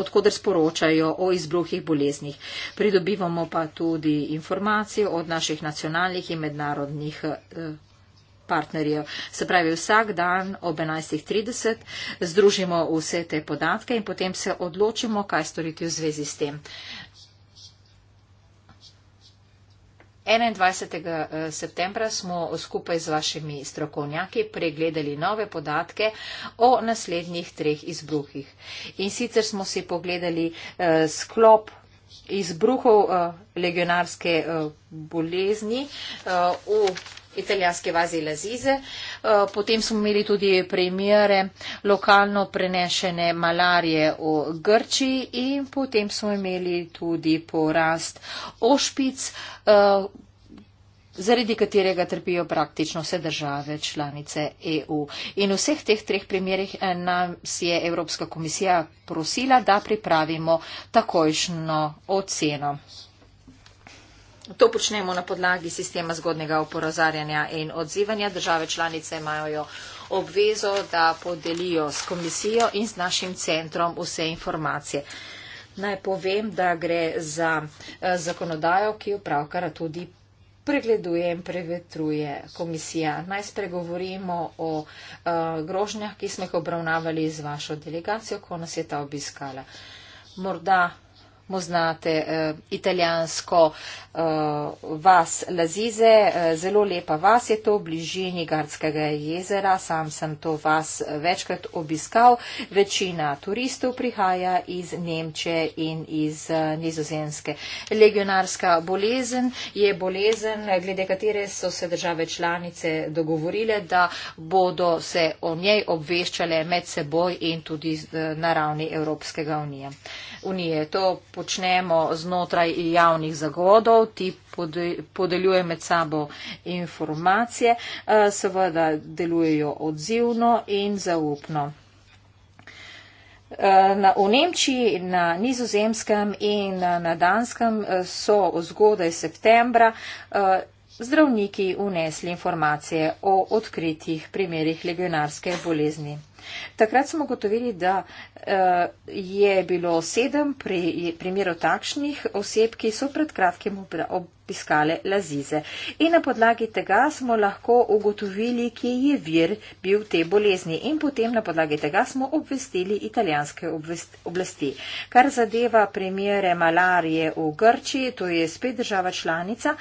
odkuder sporočajo o izbruhih boleznih. Pridobivamo pa tudi informacije od naših nacionalnih in mednarodnih eh, partnerjev. Se pravi, vsak dan ob 11.30 združimo vse te podatke in potem se odločimo, kaj storiti v zvezi s tem. 21. Eh, septembra smo skupaj z vašimi strokovnjaki pregledali nove podatke o naslednjih treh izbruhih. In sicer smo si pogledali eh, sklop izbruhov eh, legionarske bolezni v italijanske vaze Lazize. Eh, potem smo imeli tudi premjere lokalno prenešene malarije v Grčiji in potem smo imeli tudi porast ošpic, eh, zaradi katerega trpijo praktično vse države članice EU. In v vseh teh treh primerih eh, nas je Evropska komisija prosila, da pripravimo takojšno oceno. To počnemo na podlagi sistema zgodnega oporozarjanja in odzivanja. Države članice imajo jo obvezo, da podelijo s komisijo in z našim centrom vse informacije. Naj povem, da gre za eh, zakonodajo, ki jo pravkar tudi pregleduje in prevetruje komisija. Naj spregovorimo o eh, grožnjah, ki smo jih obravnavali z vašo delegacijo, ko nas je ta obiskala. Morda mo znate eh, italijansko eh, vas Lazize. Eh, zelo lepa vas je to v bližini Gardskega jezera. Sam sem to vas eh, večkrat obiskal. Večina turistov prihaja iz Nemče in iz eh, Nizozemske. Legionarska bolezen je bolezen, glede katere so se države članice dogovorile, da bodo se o njej obveščale med seboj in tudi na ravni Evropskega unije unije. To počnemo znotraj javnih zagodov, ti podeljuje med sabo informacije, eh, seveda delujejo odzivno in zaupno. Eh, na, v Nemčiji, na nizozemskem in na, eh, na danskem so zgodaj septembra zdravniki unesli informacije o odkritih primerjih legionarske bolezni. Takrat smo gotovili, da eh, je bilo sedem primerov takšnih oseb, ki so pred kratkim piskale lazize. In na podlagi tega smo lahko ugotovili, kje je vir bil te bolezni in potem na podlagi tega smo obvestili italijanske oblasti. Kar zadeva primere malarije v Grčiji, to je spet država članica,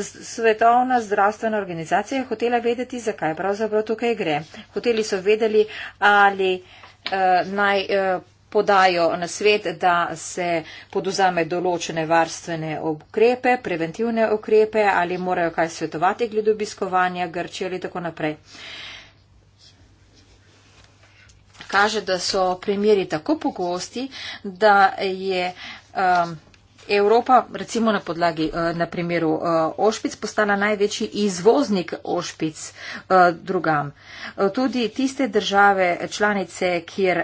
svetovna zdravstvena organizacija je hotela vedeti, zakaj pravzaprav tukaj gre. Hoteli so vedeli, ali uh, naj. Uh, podajo na svet, da se poduzame določene varstvene ukrepe, preventivne ukrepe ali morajo kaj svetovati glede obiskovanja Grčije ali tako naprej. Kaže, da so primeri tako pogosti, da je. Um, Evropa, recimo na podlagi, eh, na primeru eh, Ošpic, postala največji izvoznik Ošpic eh, drugam. Tudi tiste države, članice, kjer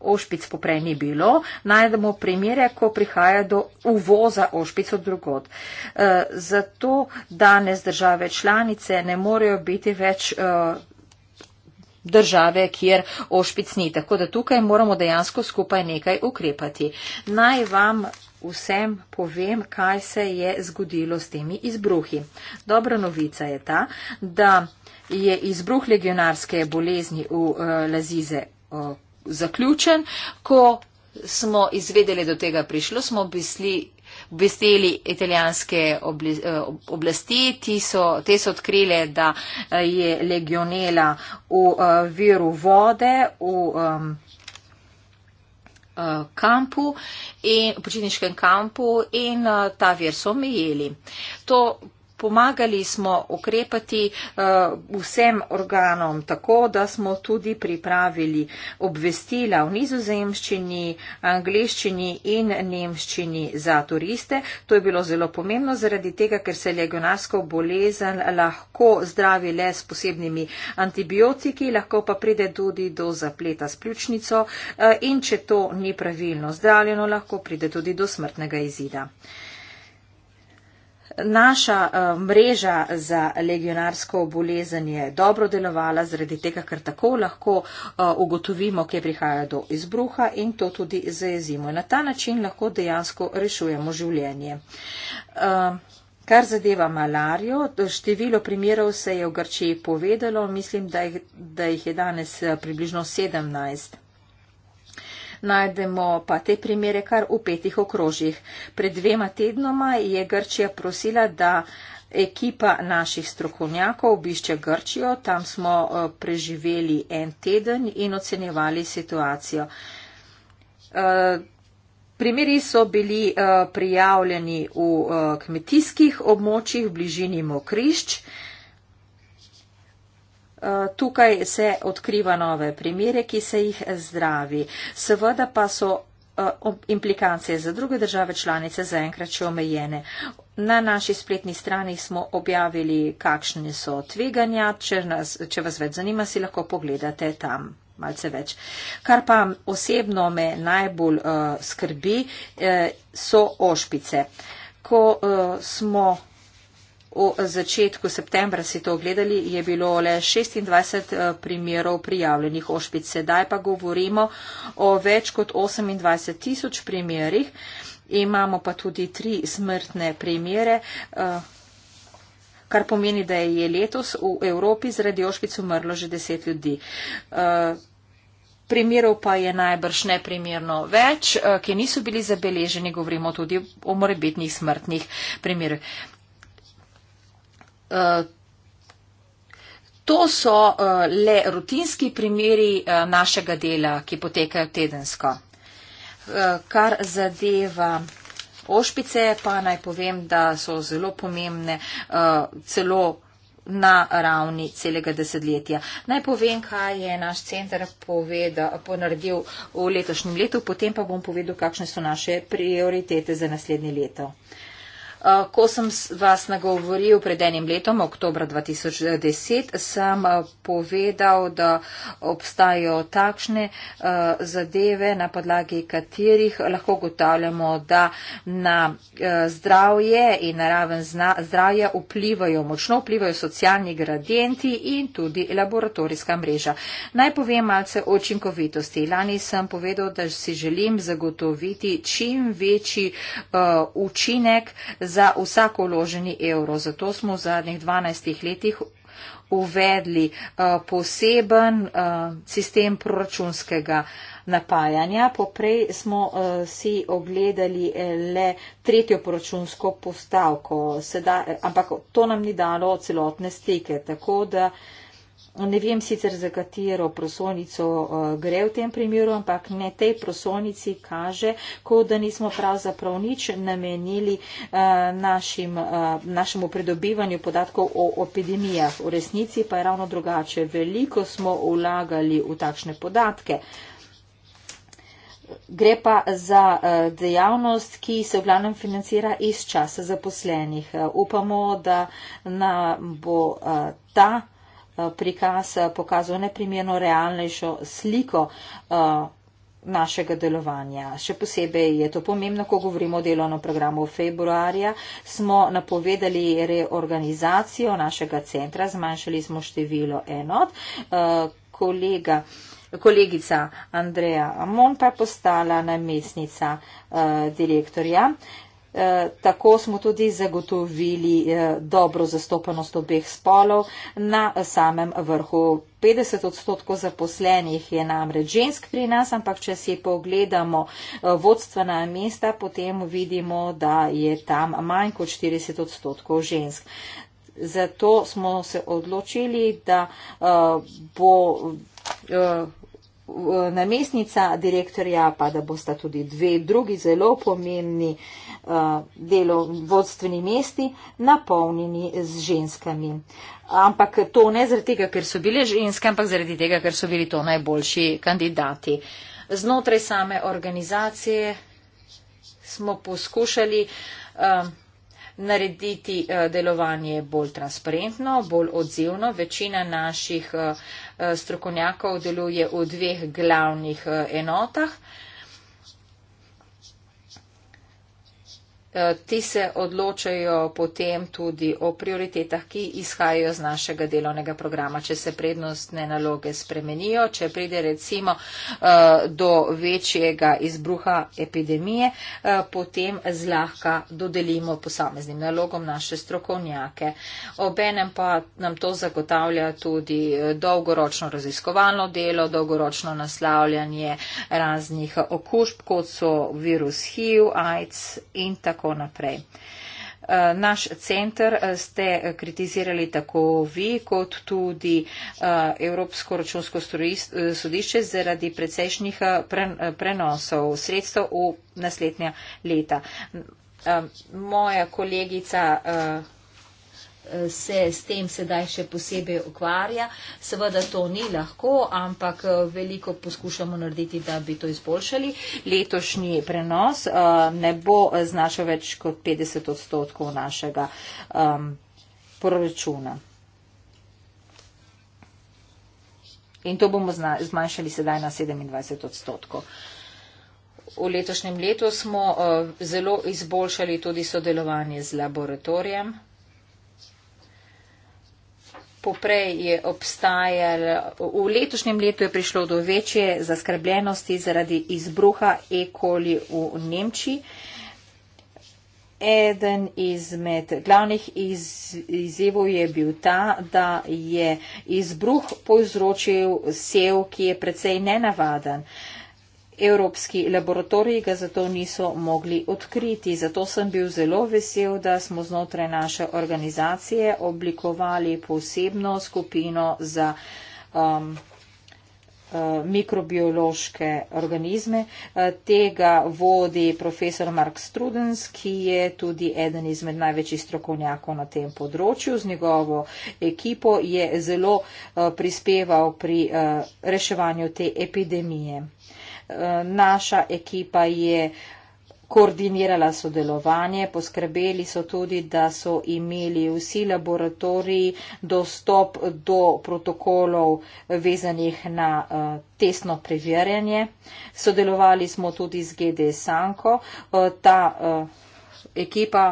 Ošpic poprej ni bilo, najdemo primere, ko prihaja do uvoza Ošpic od drugod. Zato danes države članice ne morejo biti več države, kjer ošpic ni. Tako da tukaj moramo dejansko skupaj nekaj ukrepati. Naj vam vsem povem, kaj se je zgodilo s temi izbruhi. Dobra novica je ta, da je izbruh legionarske bolezni v uh, Lazize uh, zaključen. Ko smo izvedeli, da do tega prišlo, smo obisli, obisteli italijanske obli, uh, oblasti. So, te so odkrile, da uh, je legionela v uh, viru vode. V, um, Eh, kampu, in, počitniškem kampu in uh, ta vir so omejili. To pomagali smo ukrepati uh, vsem organom, tako da smo tudi pripravili obvestila v nizozemščini, angliščini in nemščini za turiste. To je bilo zelo pomembno zaradi tega, ker se legionarsko bolezen lahko zdravi le s posebnimi antibiotiki, lahko pa pride tudi do zapleta s pljučnico uh, in če to ni pravilno zdravljeno, lahko pride tudi do smrtnega izida naša eh, mreža za legionarsko bolezen je dobro delovala, zaradi tega, ker tako lahko eh, ugotovimo, kje prihaja do izbruha in to tudi zajezimo. Na ta način lahko dejansko rešujemo življenje. Eh, kar zadeva malarijo, število primerov se je v Grčiji povedalo, mislim, da jih, da jih je danes približno 17 najdemo pa te primere kar v petih okrožjih. Pred dvema tednoma je Grčija prosila, da ekipa naših strokovnjakov obišče Grčijo. Tam smo eh, preživeli en teden in ocenjevali situacijo. Eh, primeri so bili uh, prijavljeni v uh, kmetijskih območjih v bližini Mokrišč, uh, tukaj se odkriva nove primere, ki se jih zdravi. Seveda pa so eh, implikacije za druge države članice zaenkrat še omejene. Na naši spletni strani smo objavili, kakšne so tveganja. Če, nas, če vas več zanima, si lahko pogledate tam malce več. Kar pa osebno me najbolj uh, skrbi, uh, so ošpice. Ko uh, smo V začetku septembra si to ogledali, je bilo le 26 eh, primerov prijavljenih ošpic. Sedaj pa govorimo o več kot 28 tisoč primerih. Imamo pa tudi tri smrtne primere, eh, kar pomeni, da je letos v Evropi zaradi ošpic umrlo že 10 ljudi. Eh, primerov pa je najbrž neprimerno več, ki niso bili zabeleženi, govorimo tudi o morebitnih smrtnih primerih to so uh, le rutinski primeri uh, našega dela, ki potekajo tedensko. Uh, kar zadeva ošpice, pa naj povem, da so zelo pomembne uh, celo na ravni celega desetletja. Naj povem, kaj je naš center ponaredil v letošnjem letu, potem pa bom povedal, kakšne so naše prioritete za naslednje leto. Uh, Eh, ko sem vas nagovoril pred enim letom, oktober 2010, sem eh, povedal, da obstajajo takšne eh, zadeve, na podlagi katerih lahko gotavljamo, da na zdravje in na raven zdravja vplivajo, močno vplivajo socialni gradienti in tudi laboratorijska mreža. Naj povem malce o učinkovitosti. Lani sem povedal, da si želim zagotoviti čim večji učinek za vsak uloženi evro. Zato smo v zadnjih 12 letih uvedli eh, poseben eh, sistem proračunskega napajanja. Poprej smo eh, si ogledali le tretjo proračunsko postavko, ampak to nam ni dalo celotne stike. Tako da Ne vem sicer, za katero prosonico eh, gre v tem primeru, ampak ne tej prosonici kaže, kot da nismo pravzaprav nič namenili eh, našim, eh, našemu predobivanju podatkov o epidemijah. V resnici pa je ravno drugače. Veliko smo vlagali v takšne podatke. Gre pa za dejavnost, ki se v glavnem financira iz časa zaposlenih. Upamo, da nam bo ta prikaz eh, pokazal neprimerno realnejšo sliko eh, našega delovanja. Še posebej je to pomembno, ko govorimo o delovnem programu februarja. Smo napovedali reorganizacijo našega centra, zmanjšali smo število enot. Eh, kolega, kolegica Andreja Amon pa je postala namestnica direktorja. Eh, tako smo tudi zagotovili eh, dobro zastopanost obeh spolov na eh, samem vrhu. 50 odstotkov zaposlenih je namreč žensk pri nas, ampak če si pogledamo vodstvena mesta, potem vidimo, da je tam manj kot 40 odstotkov žensk. Zato smo se odločili, da bo namestnica direktorja, pa da bosta tudi dve drugi zelo pomembni Eh, delo, vodstveni mesti napolnjeni z ženskami. Ampak to ne zaradi tega, ker so bile ženske, ampak zaradi tega, ker so bili to najboljši kandidati. Znotraj same organizacije smo poskušali eh, narediti eh, delovanje bolj transparentno, bolj odzivno. Večina naših strokovnjakov deluje v dveh glavnih enotah. Eh, ti se odločajo potem tudi o prioritetah, ki izhajajo z našega delovnega programa, če se prednostne naloge spremenijo, če pride recimo eh, do večjega izbruha epidemije, eh, potem zlahka dodelimo posameznim nalogom naše strokovnjake. Obenem pa nam to zagotavlja tudi dolgoročno raziskovalno delo, dolgoročno naslavljanje raznih okužb, kot so virus HIV, AIDS in tako tako naprej. Eh, naš centr eh, ste kritizirali tako vi, kot tudi eh, Evropsko računsko sodišče zaradi precejšnjih prenosov sredstev v naslednja leta. Moja kolegica se s tem sedaj še posebej ukvarja. Seveda to ni lahko, ampak eh, veliko poskušamo narediti, da bi to izboljšali. Letošnji prenos eh, ne bo eh, znašal več kot 50 odstotkov našega ehm, proračuna. In to bomo zmanjšali sedaj na 27 odstotkov. V letošnjem letu smo zelo izboljšali tudi sodelovanje z laboratorijem poprej je obstajal, v letošnjem letu je prišlo do večje zaskrbljenosti zaradi izbruha E. coli v Nemčiji. Eden izmed glavnih izzivov je bil ta, da je izbruh povzročil sev, ki je precej nenavaden. Uh, Evropski laboratoriji ga zato niso mogli odkriti. Zato sem bil zelo vesel, da smo znotraj naše organizacije oblikovali posebno skupino za um, uh, mikrobiološke organizme. Uh, tega vodi profesor Mark Strudens, ki je tudi eden izmed največjih strokovnjakov na tem področju. Z njegovo ekipo je zelo uh, prispeval pri reševanju te epidemije. Naša ekipa je koordinirala sodelovanje, poskrbeli so tudi, da so imeli vsi laboratoriji dostop do protokolov vezanih na eh, tesno preverjanje. Sodelovali smo tudi z GD Sanko. Eh, ta eh, ekipa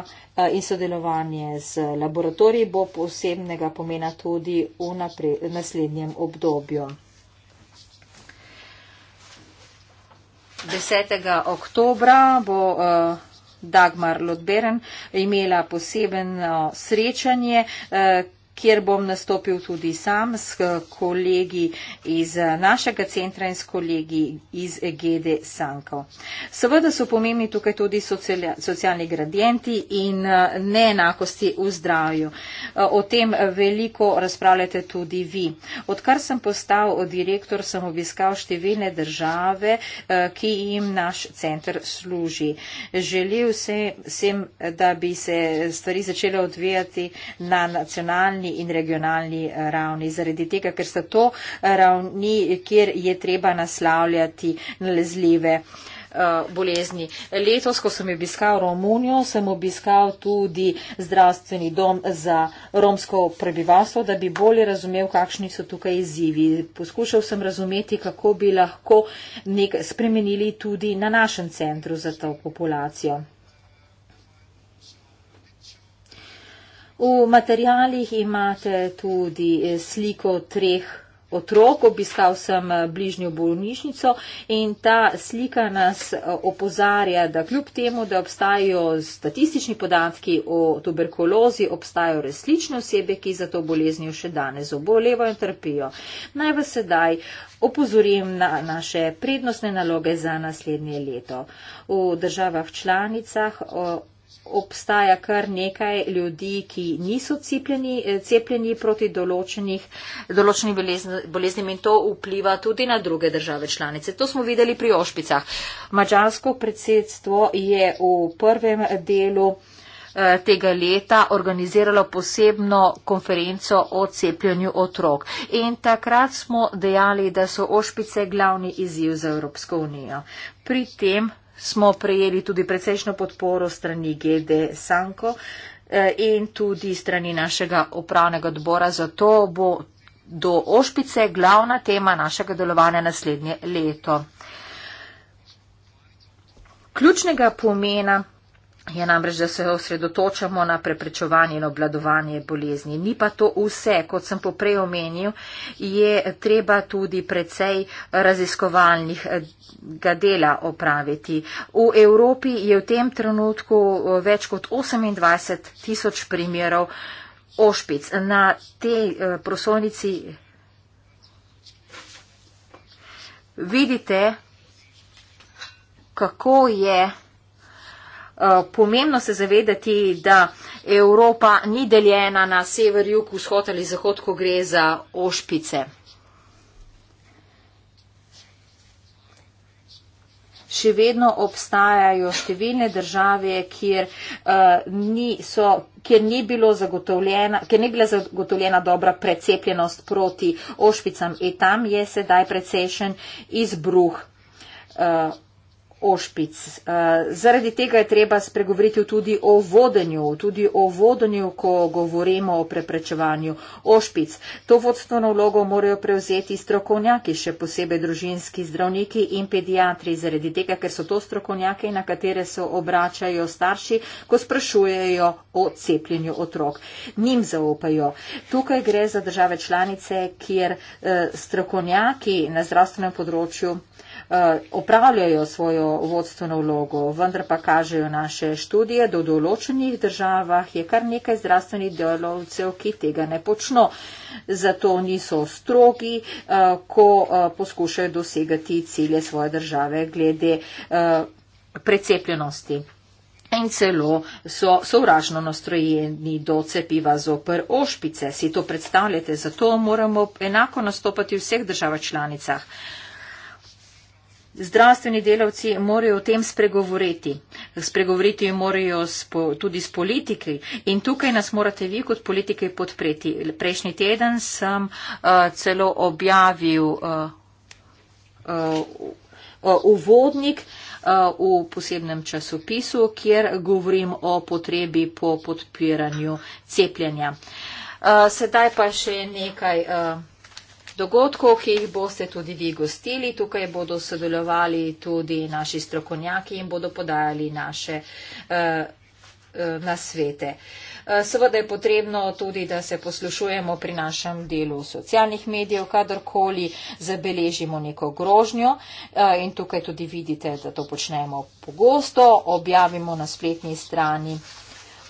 in sodelovanje z laboratoriji bo posebnega pomena tudi v naprej, naslednjem obdobju. 10. oktobra bo uh, Dagmar Lodberen imela posebno srečanje, uh, kjer bom nastopil tudi sam s kolegi iz našega centra in s kolegi iz Gede Sankov. Seveda so pomembni tukaj tudi socialni gradienti in eh, neenakosti v zdravju. Eh, o tem veliko razpravljate tudi vi. Odkar sem postal direktor, sem obiskal številne države, eh, ki jim naš centr služi. Želel sem, da bi se stvari začele odvijati na nacionalni lokalni in regionalni eh, ravni, zaradi tega, ker so to eh, ravni, kjer je treba naslavljati nalezljive eh, bolezni. Letos, ko sem obiskal Romunijo, sem obiskal tudi zdravstveni dom za romsko prebivalstvo, da bi bolje razumel, kakšni so tukaj izzivi. Poskušal sem razumeti, kako bi lahko nekaj spremenili tudi na našem centru za to populacijo. V materijalih imate tudi eh, sliko treh otrok, obiskal sem eh, bližnjo bolnišnico in ta slika nas eh, opozarja, da kljub temu, da obstajajo statistični podatki o tuberkulozi, obstajajo resnične osebe, ki za to boleznijo še danes obolevo in trpijo. Naj vas sedaj opozorim na naše prednostne naloge za naslednje leto. V državah članicah obstaja kar nekaj ljudi, ki niso cepljeni, eh, cepljeni proti določenim boleznim in to vpliva tudi na druge države članice. To smo videli pri ošpicah. Mačarsko predsedstvo je v prvem delu eh, tega leta organiziralo posebno konferenco o cepljenju otrok. In takrat smo dejali, da so ošpice glavni izziv za Evropsko unijo. Pri tem smo prejeli tudi precejšno podporo strani Gede Sanko eh, in tudi strani našega upravnega odbora. Zato bo do ošpice glavna tema našega delovanja naslednje leto. Ključnega pomena je namreč, da se osredotočamo na preprečevanje in obladovanje bolezni. Ni pa to vse, kot sem poprej omenil, je treba tudi precej raziskovalnih dela opraviti. V Evropi je v tem trenutku eh, več kot 28 tisoč primerov ošpic. Na tej eh, prosolnici vidite, kako je Eh, pomembno se zavedati, da Evropa ni deljena na sever, jug, vzhod ali zahod, ko gre za ošpice. Še vedno obstajajo številne države, kjer, uh, ni, so, kjer, ni bilo kjer ni bila zagotovljena dobra precepljenost proti ošpicam in tam je sedaj precejšen izbruh uh, ošpic. Uh, zaradi tega je treba spregovoriti tudi o vodenju, tudi o vodenju, ko govorimo o preprečevanju ošpic. To vodstveno vlogo morajo prevzeti strokovnjaki, še posebej družinski zdravniki in pediatri, zaradi tega, ker so to strokovnjake, na katere se obračajo starši, ko sprašujejo o cepljenju otrok. Nim zaupajo. Tukaj gre za države članice, kjer uh, strokovnjaki na zdravstvenem področju Eh, opravljajo svojo vodstveno vlogo, vendar pa kažejo naše študije, da v določenih državah je kar nekaj zdravstvenih delovcev, ki tega ne počno. Zato niso strogi, eh, ko eh, poskušajo dosegati cilje svoje države glede precepljenosti. In celo so sovražno nastrojeni do cepiva zopr ošpice. Si to predstavljate? Zato moramo enako nastopati v vseh državah članicah. Zdravstveni delavci morajo o tem spregovoriti. Spregovoriti morajo spo, tudi s politiki in tukaj nas morate vi kot politiki podpreti. Prejšnji teden sem uh, celo objavil uh, uh, uvodnik v posebnem časopisu, kjer govorim o potrebi po podpiranju cepljenja. Sedaj pa še nekaj dogodkov, ki jih boste tudi vi gostili. Tukaj bodo sodelovali tudi naši strokovnjaki in bodo podajali naše eh, eh, nasvete. Eh, seveda je potrebno tudi, da se poslušujemo pri našem delu socialnih medijev, kadarkoli zabeležimo neko grožnjo in tukaj tudi vidite, da to počnemo pogosto, objavimo na spletni strani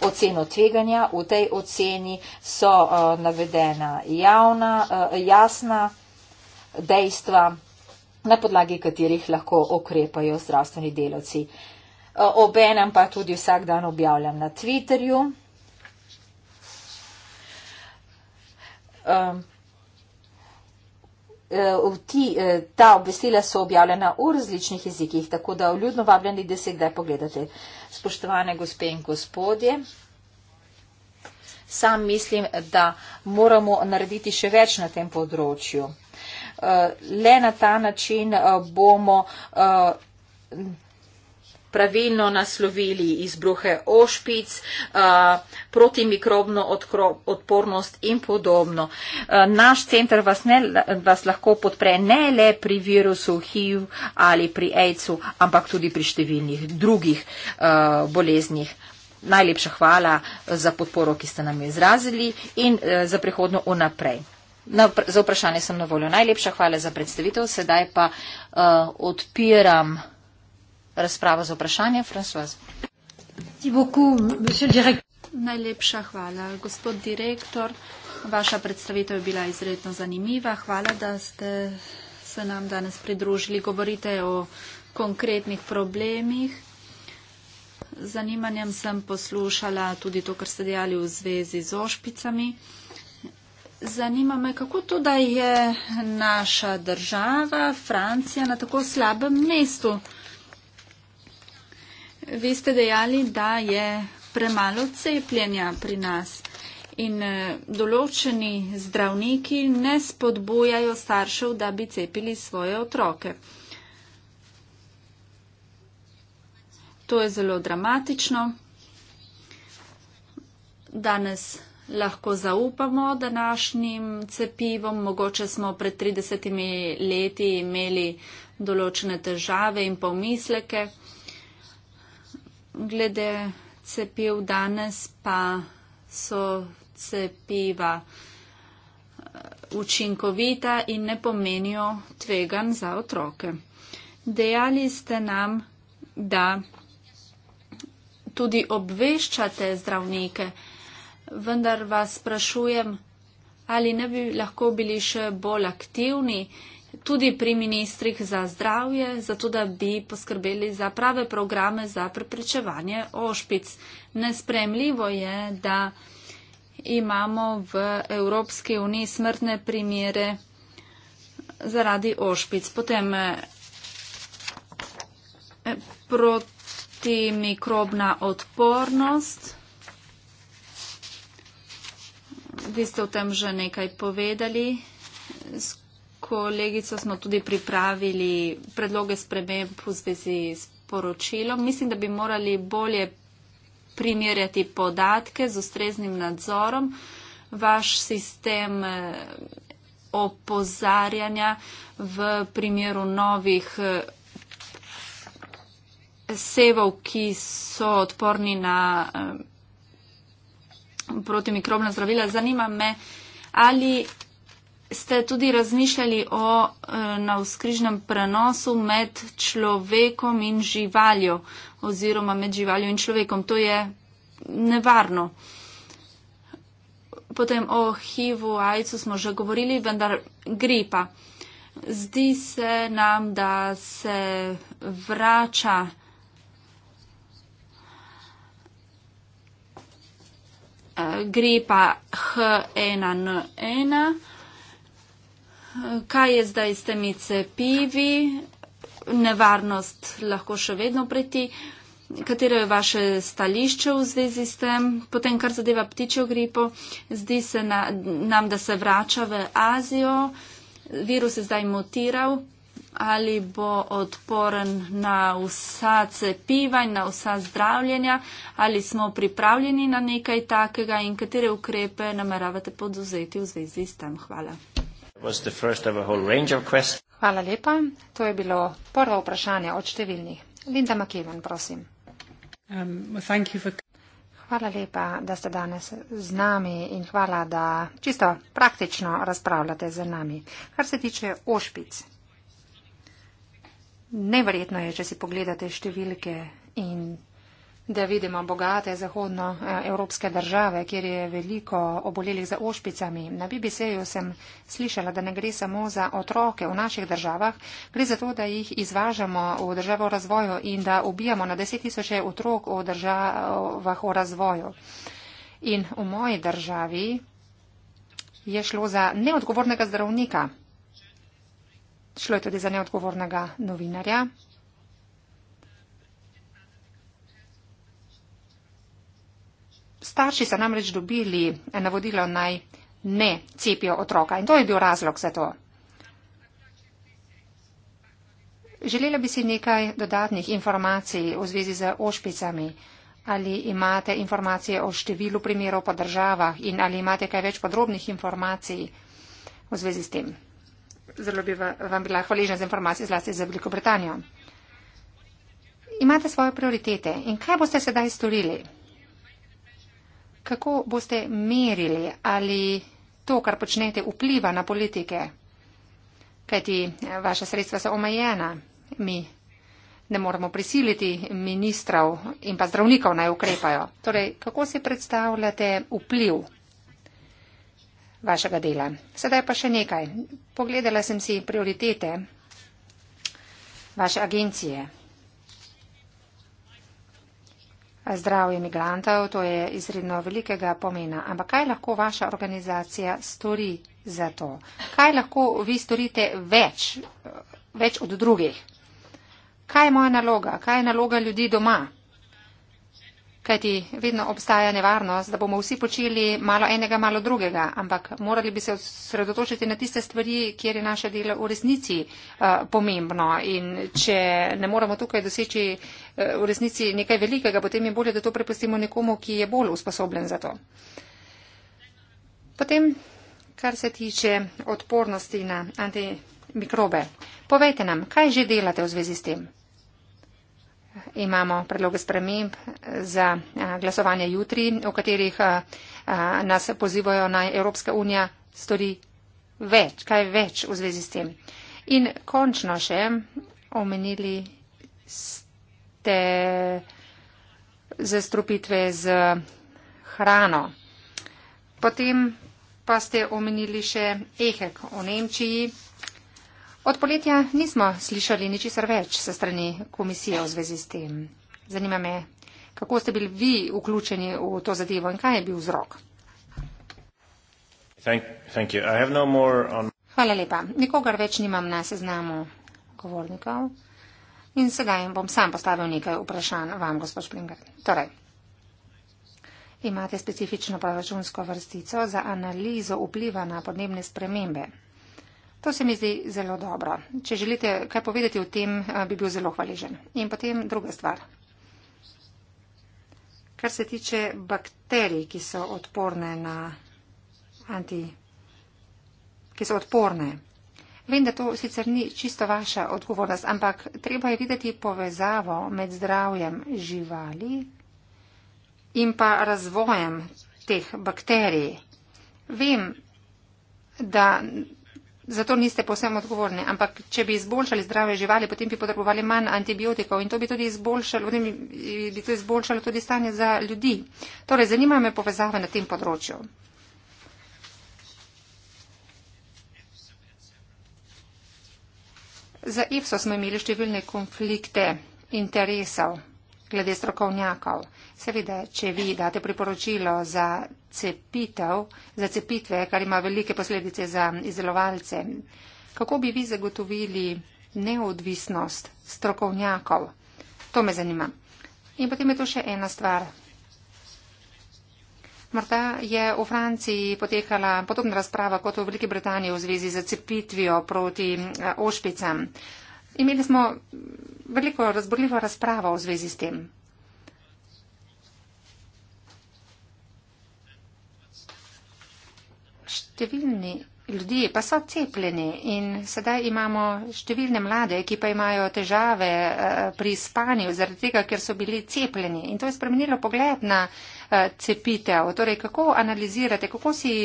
oceno tveganja. V tej oceni so uh, navedena javna, uh, jasna dejstva, na podlagi katerih lahko okrepajo zdravstveni deloci. Uh, obenem pa tudi vsak dan objavljam na Twitterju. Um, Eh, ti, eh, ta obvestila so objavljena v različnih jezikih, tako da vljudno vabljeni, da se kdaj pogledate. Spoštovane gospe in gospodje, sam mislim, da moramo narediti še več na tem področju. Eh, le na ta način bomo pravilno naslovili izbruhe ošpic, protimikrobno odpornost in podobno. Naš center vas, ne, vas lahko podpre ne le pri virusu HIV ali pri AIDS-u, ampak tudi pri številnih drugih boleznih. Najlepša hvala za podporo, ki ste nam jo izrazili in e, za prihodno vnaprej. Na, za vprašanje sem na voljo. Najlepša hvala za predstavitev. Sedaj pa uh, odpiram razprava z vprašanjem. François. Najlepša hvala, gospod direktor. Vaša predstavitev je bila izredno zanimiva. Hvala, da ste se nam danes pridružili. Govorite o konkretnih problemih. Zanimanjem sem poslušala tudi to, kar ste dejali v zvezi z ošpicami. Zanima me, kako to, da je naša država, Francija, na tako slabem mestu. Vi ste dejali, da je premalo cepljenja pri nas in eh, določeni zdravniki ne spodbujajo staršev, da bi cepili svoje otroke. To je zelo dramatično. Danes lahko zaupamo današnjim cepivom. Mogoče smo pred 30 leti imeli določene težave in pomisleke. Pa glede cepiv danes pa so cepiva eh, učinkovita in ne pomenijo tvegan za otroke. Dejali ste nam, da tudi obveščate zdravnike, vendar vas sprašujem, ali ne bi lahko bili še bolj aktivni, tudi pri ministrih za zdravje, zato da bi poskrbeli za prave programe za preprečevanje ošpic. Nespremljivo je, da imamo v Evropski uniji smrtne primere zaradi ošpic. Potem eh, protimikrobna odpornost. Vi ste o tem že nekaj povedali kolegico smo tudi pripravili predloge sprememb v zvezi s poročilom. Mislim, da bi morali bolje primerjati podatke z ustreznim nadzorom. Vaš sistem eh, opozarjanja v primeru novih eh, sevov, ki so odporni na eh, protimikrobna zdravila. Zanima me, ali ste tudi razmišljali o e, eh, navskrižnem prenosu med človekom in živaljo oziroma med živaljo in človekom. To je nevarno. Potem o HIV-u, AIDS-u smo že govorili, vendar gripa. Zdi se nam, da se vrača eh, gripa H1N1. Kaj je zdaj s temi cepivi? Nevarnost lahko še vedno preti. Katero je vaše stališče v zvezi s tem? Potem, kar zadeva ptičjo gripo, zdi se na, nam, da se vrača v Azijo. Virus je zdaj mutiral. Ali bo odporen na vsa cepiva in na vsa zdravljenja? Ali smo pripravljeni na nekaj takega in katere ukrepe nameravate poduzeti v zvezi s tem? Hvala. Hvala lepa. To je bilo prvo vprašanje od številnih. Linda McKeven, prosim. Um, hvala lepa, da ste danes z nami in hvala, da čisto praktično razpravljate z nami. Kar se tiče ošpic, neverjetno je, če si pogledate številke in da vidimo bogate zahodnoevropske države, kjer je veliko obolelih za ošpicami. Na BBC-ju sem slišala, da ne gre samo za otroke v naših državah, gre za to, da jih izvažamo v državo v razvoju in da ubijamo na deset tisoče otrok v državah v razvoju. In v moji državi je šlo za neodgovornega zdravnika. Šlo je tudi za neodgovornega novinarja. Starši so namreč dobili navodilo naj ne cepijo otroka in to je bil razlog za to. Želela bi si nekaj dodatnih informacij v zvezi z ošpicami. Ali imate informacije o številu primerov po državah in ali imate kaj več podrobnih informacij v zvezi s tem? Zelo bi vam bila hvaležna za informacije zlasti za Veliko Britanijo. Imate svoje prioritete in kaj boste sedaj storili? Kako boste merili, ali to, kar počnete, vpliva na politike? Kajti eh, vaša sredstva so omejena. Mi ne moramo prisiliti ministrov in pa zdravnikov naj ukrepajo. Torej, kako si predstavljate vpliv vašega dela? Sedaj pa še nekaj. Pogledala sem si prioritete vaše agencije. zdravje migrantov, to je izredno velikega pomena. Ampak kaj lahko vaša organizacija stori za to? Kaj lahko vi storite več, več od drugih? Kaj je moja naloga? Kaj je naloga ljudi doma? kajti vedno obstaja nevarnost, da bomo vsi počeli malo enega, malo drugega, ampak morali bi se osredotočiti na tiste stvari, kjer je naše delo v resnici uh, pomembno. In če ne moremo tukaj doseči uh, v resnici nekaj velikega, potem je bolje, da to prepustimo nekomu, ki je bolj usposobljen za to. Potem, kar se tiče odpornosti na antimikrobe. Povejte nam, kaj že delate v zvezi s tem? imamo predloge sprememb za glasovanje jutri, v katerih nas pozivajo naj Evropska unija stori več, kaj več v zvezi s tem. In končno še omenili ste zastrupitve z hrano. Potem pa ste omenili še EHEK v Nemčiji. Od poletja nismo slišali ničesar več se strani komisije v zvezi s tem. Zanima me, kako ste bili vi vključeni v to zadevo in kaj je bil vzrok? Thank, thank no on... Hvala lepa. Nikogar več nimam na seznamu govornikov. In sedaj bom sam postavil nekaj vprašanj vam, gospod Springer. Torej, imate specifično proračunsko vrstico za analizo vpliva na podnebne spremembe. To se mi zdi zelo dobro. Če želite kaj povedati o tem, eh, bi bil zelo hvaležen. In potem druga stvar. Kar se tiče bakterij, ki so odporne na anti, ki so odporne. Vem, da to sicer ni čisto vaša odgovornost, ampak treba je videti povezavo med zdravjem živali in pa razvojem teh bakterij. Vem, da zato niste posebno odgovorni. Ampak če bi izboljšali zdrave živali, potem bi potrebovali manj antibiotikov in to bi tudi izboljšalo, bi to izboljšalo tudi stanje za ljudi. Torej, zanima me povezava na tem področju. Za IFSO smo imeli številne konflikte interesov glede strokovnjakov. Seveda, če vi date priporočilo za cepitev, za cepitve, kar ima velike posledice za izdelovalce, kako bi vi zagotovili neodvisnost strokovnjakov? To me zanima. In potem je tu še ena stvar. Morda je v Franciji potekala podobna razprava kot v Veliki Britaniji v zvezi z cepitvijo proti eh, ošpicam. Uh, Imeli smo veliko razborljivo razpravo v zvezi s tem. Številni ljudi pa so cepljeni in sedaj imamo številne mlade, ki pa imajo težave eh, pri spanju zaradi tega, ker so bili cepljeni. In to je spremenilo pogled na eh, cepitev. Torej, kako analizirate, kako, si,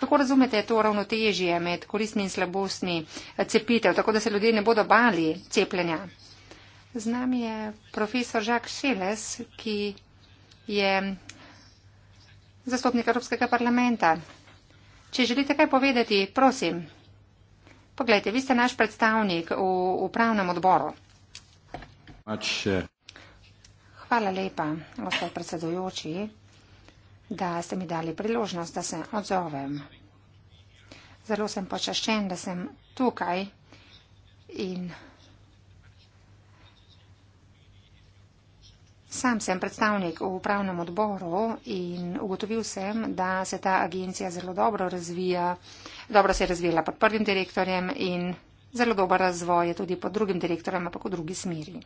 kako razumete to ravnotežje med koristmi in slabostmi eh, cepitev, tako da se ljudje ne bodo bali cepljenja? Z nami je profesor Jacques Šeles, ki je zastopnik Evropskega parlamenta. Če želite kaj povedati, prosim. Poglejte, vi ste naš predstavnik v upravnem odboru. Pač, eh, Hvala lepa, gospod predsedujoči, da ste mi dali priložnost, da se odzovem. Zelo sem počaščen, da sem tukaj in Sam sem predstavnik v upravnem odboru in ugotovil sem, da se ta agencija zelo dobro razvija. Dobro se je razvijala pod prvim direktorjem in zelo dober razvoj je tudi pod drugim direktorjem, ampak v drugi smeri.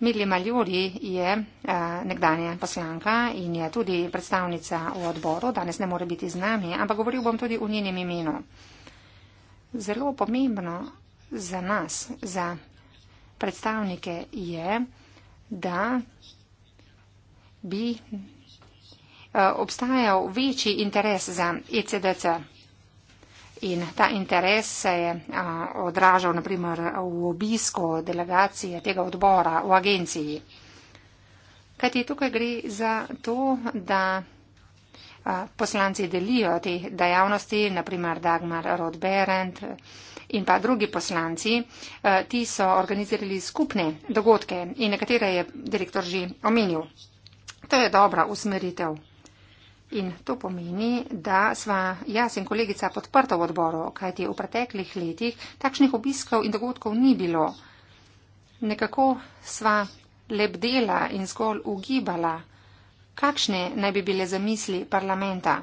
Mili Maljuri je eh, nekdanja poslanka in je tudi predstavnica v odboru. Danes ne more biti z nami, ampak govoril bom tudi v njenem imenu. Zelo pomembno za nas, za predstavnike je, da bi eh, obstajal večji interes za ECDC. In ta interes se je eh, odražal naprimer v obisko delegacije tega odbora v agenciji. Kaj ti tukaj gre za to, da eh, poslanci delijo te dejavnosti, naprimer Dagmar Rodberend, in pa drugi poslanci, eh, ti so organizirali skupne dogodke in nekatere je direktor že omenil. To je dobra usmeritev. In to pomeni, da sva jaz in kolegica podprta v odboru, kajti v preteklih letih takšnih obiskov in dogodkov ni bilo. Nekako sva lebdela in zgolj ugibala, kakšne naj bi bile zamisli parlamenta.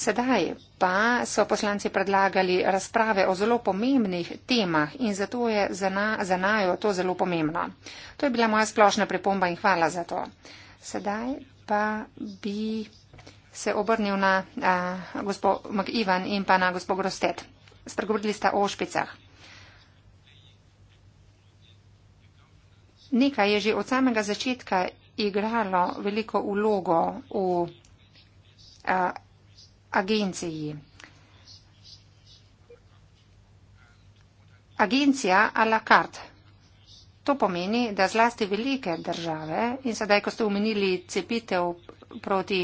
Sedaj pa so poslanci predlagali razprave o zelo pomembnih temah in zato je za, na, za najo to zelo pomembno. To je bila moja splošna pripomba in hvala za to. Sedaj pa bi se obrnil na gospod Ivan in pa na gospod Grostet. Spregovorili sta o špicah. Nekaj je že od samega začetka igralo veliko ulogo v. A, agenciji. Agencija a la carte. To pomeni, da zlasti velike države in sedaj, ko ste omenili cepitev proti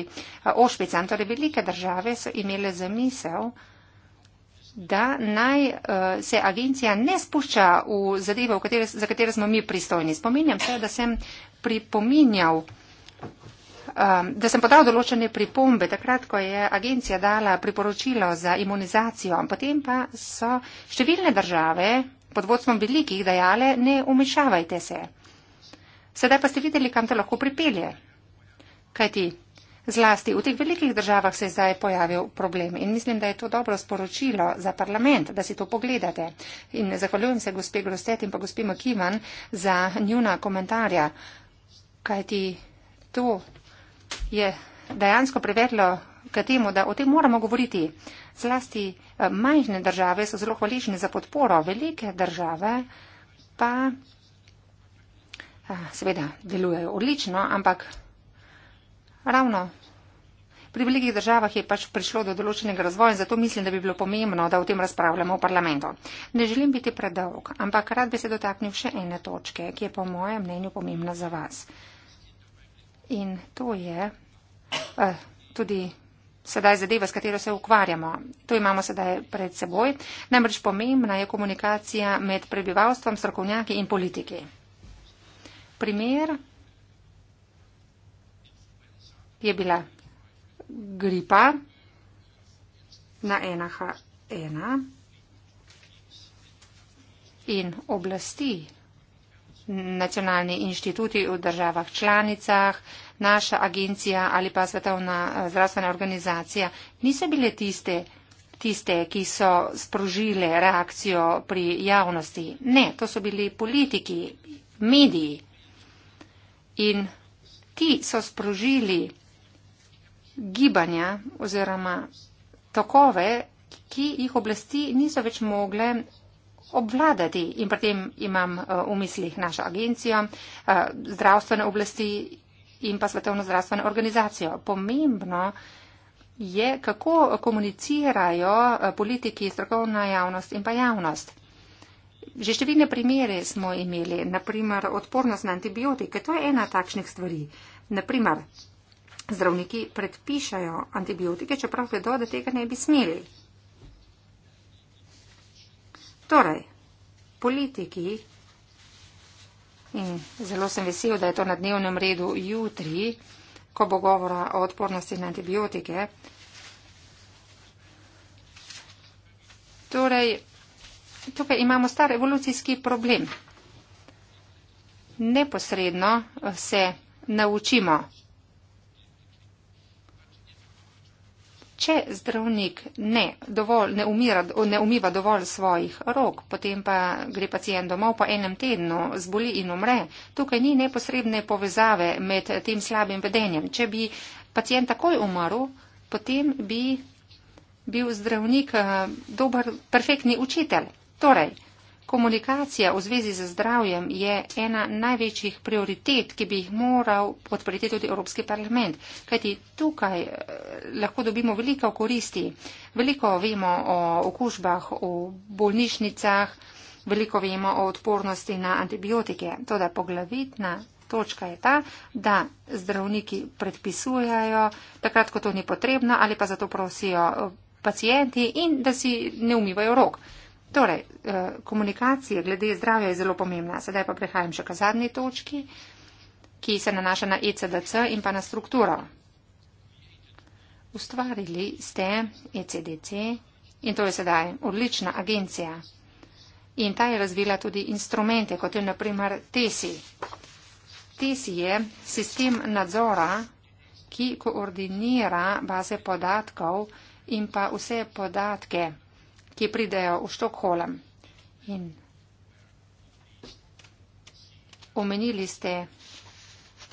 ošpicam, torej velike države so imele zamisel, da naj e, se agencija ne spušča v zadeve, v katere, za katere smo mi pristojni. Spominjam se, da sem pripominjal um, da sem podal določene pripombe, takrat, ko je agencija dala priporočilo za imunizacijo, potem pa so številne države pod vodstvom velikih dajale, ne umišavajte se. Sedaj pa ste videli, kam to lahko pripelje. Kajti zlasti v teh velikih državah se je zdaj pojavil problem in mislim, da je to dobro sporočilo za parlament, da si to pogledate. In zahvaljujem se gospe Grostet in pa gospe Makivan za njuna komentarja. Kajti to je dejansko privedlo k temu, da o tem moramo govoriti. Zlasti eh, majhne države so zelo hvaležne za podporo, velike države pa eh, seveda delujejo odlično, ampak ravno pri velikih državah je pač prišlo do določenega razvoja in zato mislim, da bi bilo pomembno, da o tem razpravljamo v parlamentu. Ne želim biti predolg, ampak rad bi se dotaknil še ene točke, ki je po mojem mnenju pomembna za vas. In to je uh, tudi sedaj zadeva, s katero se ukvarjamo. To imamo sedaj pred seboj. Namreč pomembna je komunikacija med prebivalstvom, strokovnjaki in politiki. Primer je bila gripa na NH1 in oblasti nacionalni inštituti v državah članicah, naša agencija ali pa svetovna eh, zdravstvena organizacija, niso bile tiste, tiste, ki so sprožile reakcijo pri javnosti. Ne, to so bili politiki, mediji. In ti so sprožili gibanja oziroma tokove, ki jih oblasti niso več mogle obvladati in pri tem imam eh, v mislih našo agencijo, eh, zdravstvene oblasti in pa svetovno zdravstveno organizacijo. Pomembno je, kako komunicirajo eh, politiki, strokovna javnost in pa javnost. Že številne primere smo imeli, naprimer odpornost na antibiotike, to je ena takšnih stvari. Naprimer, zdravniki predpišajo antibiotike, čeprav vedo, da tega ne bi smeli. Torej, politiki in zelo sem vesel, da je to na dnevnem redu jutri, ko bo govora o odpornosti na antibiotike. Torej, tukaj imamo star evolucijski problem. Neposredno se naučimo Če zdravnik ne, dovolj, ne, umira, ne umiva dovolj svojih rok, potem pa gre pacijent domov po enem tednu, zboli in umre, tukaj ni neposredne povezave med tem slabim vedenjem. Če bi pacijent takoj umrl, potem bi bil zdravnik eh, dober, perfektni učitelj. Torej, Komunikacija v zvezi z zdravjem je ena največjih prioritet, ki bi jih moral podpreti tudi Evropski parlament, kajti tukaj eh, lahko dobimo veliko koristi. Veliko vemo o okužbah v bolnišnicah, veliko vemo o odpornosti na antibiotike. Toda poglavitna točka je ta, da zdravniki predpisujajo takrat, ko to ni potrebno ali pa zato prosijo eh, pacijenti in da si ne umivajo rok. Torej, eh, komunikacija glede zdravja je zelo pomembna. Sedaj pa prehajam še k zadnji točki, ki se nanaša na ECDC in pa na strukturo. Ustvarili ste ECDC in to je sedaj odlična agencija. In ta je razvila tudi instrumente, kot je naprimer TESI. TESI je sistem nadzora, ki koordinira baze podatkov in pa vse podatke ki pridejo v Štokholm. In omenili ste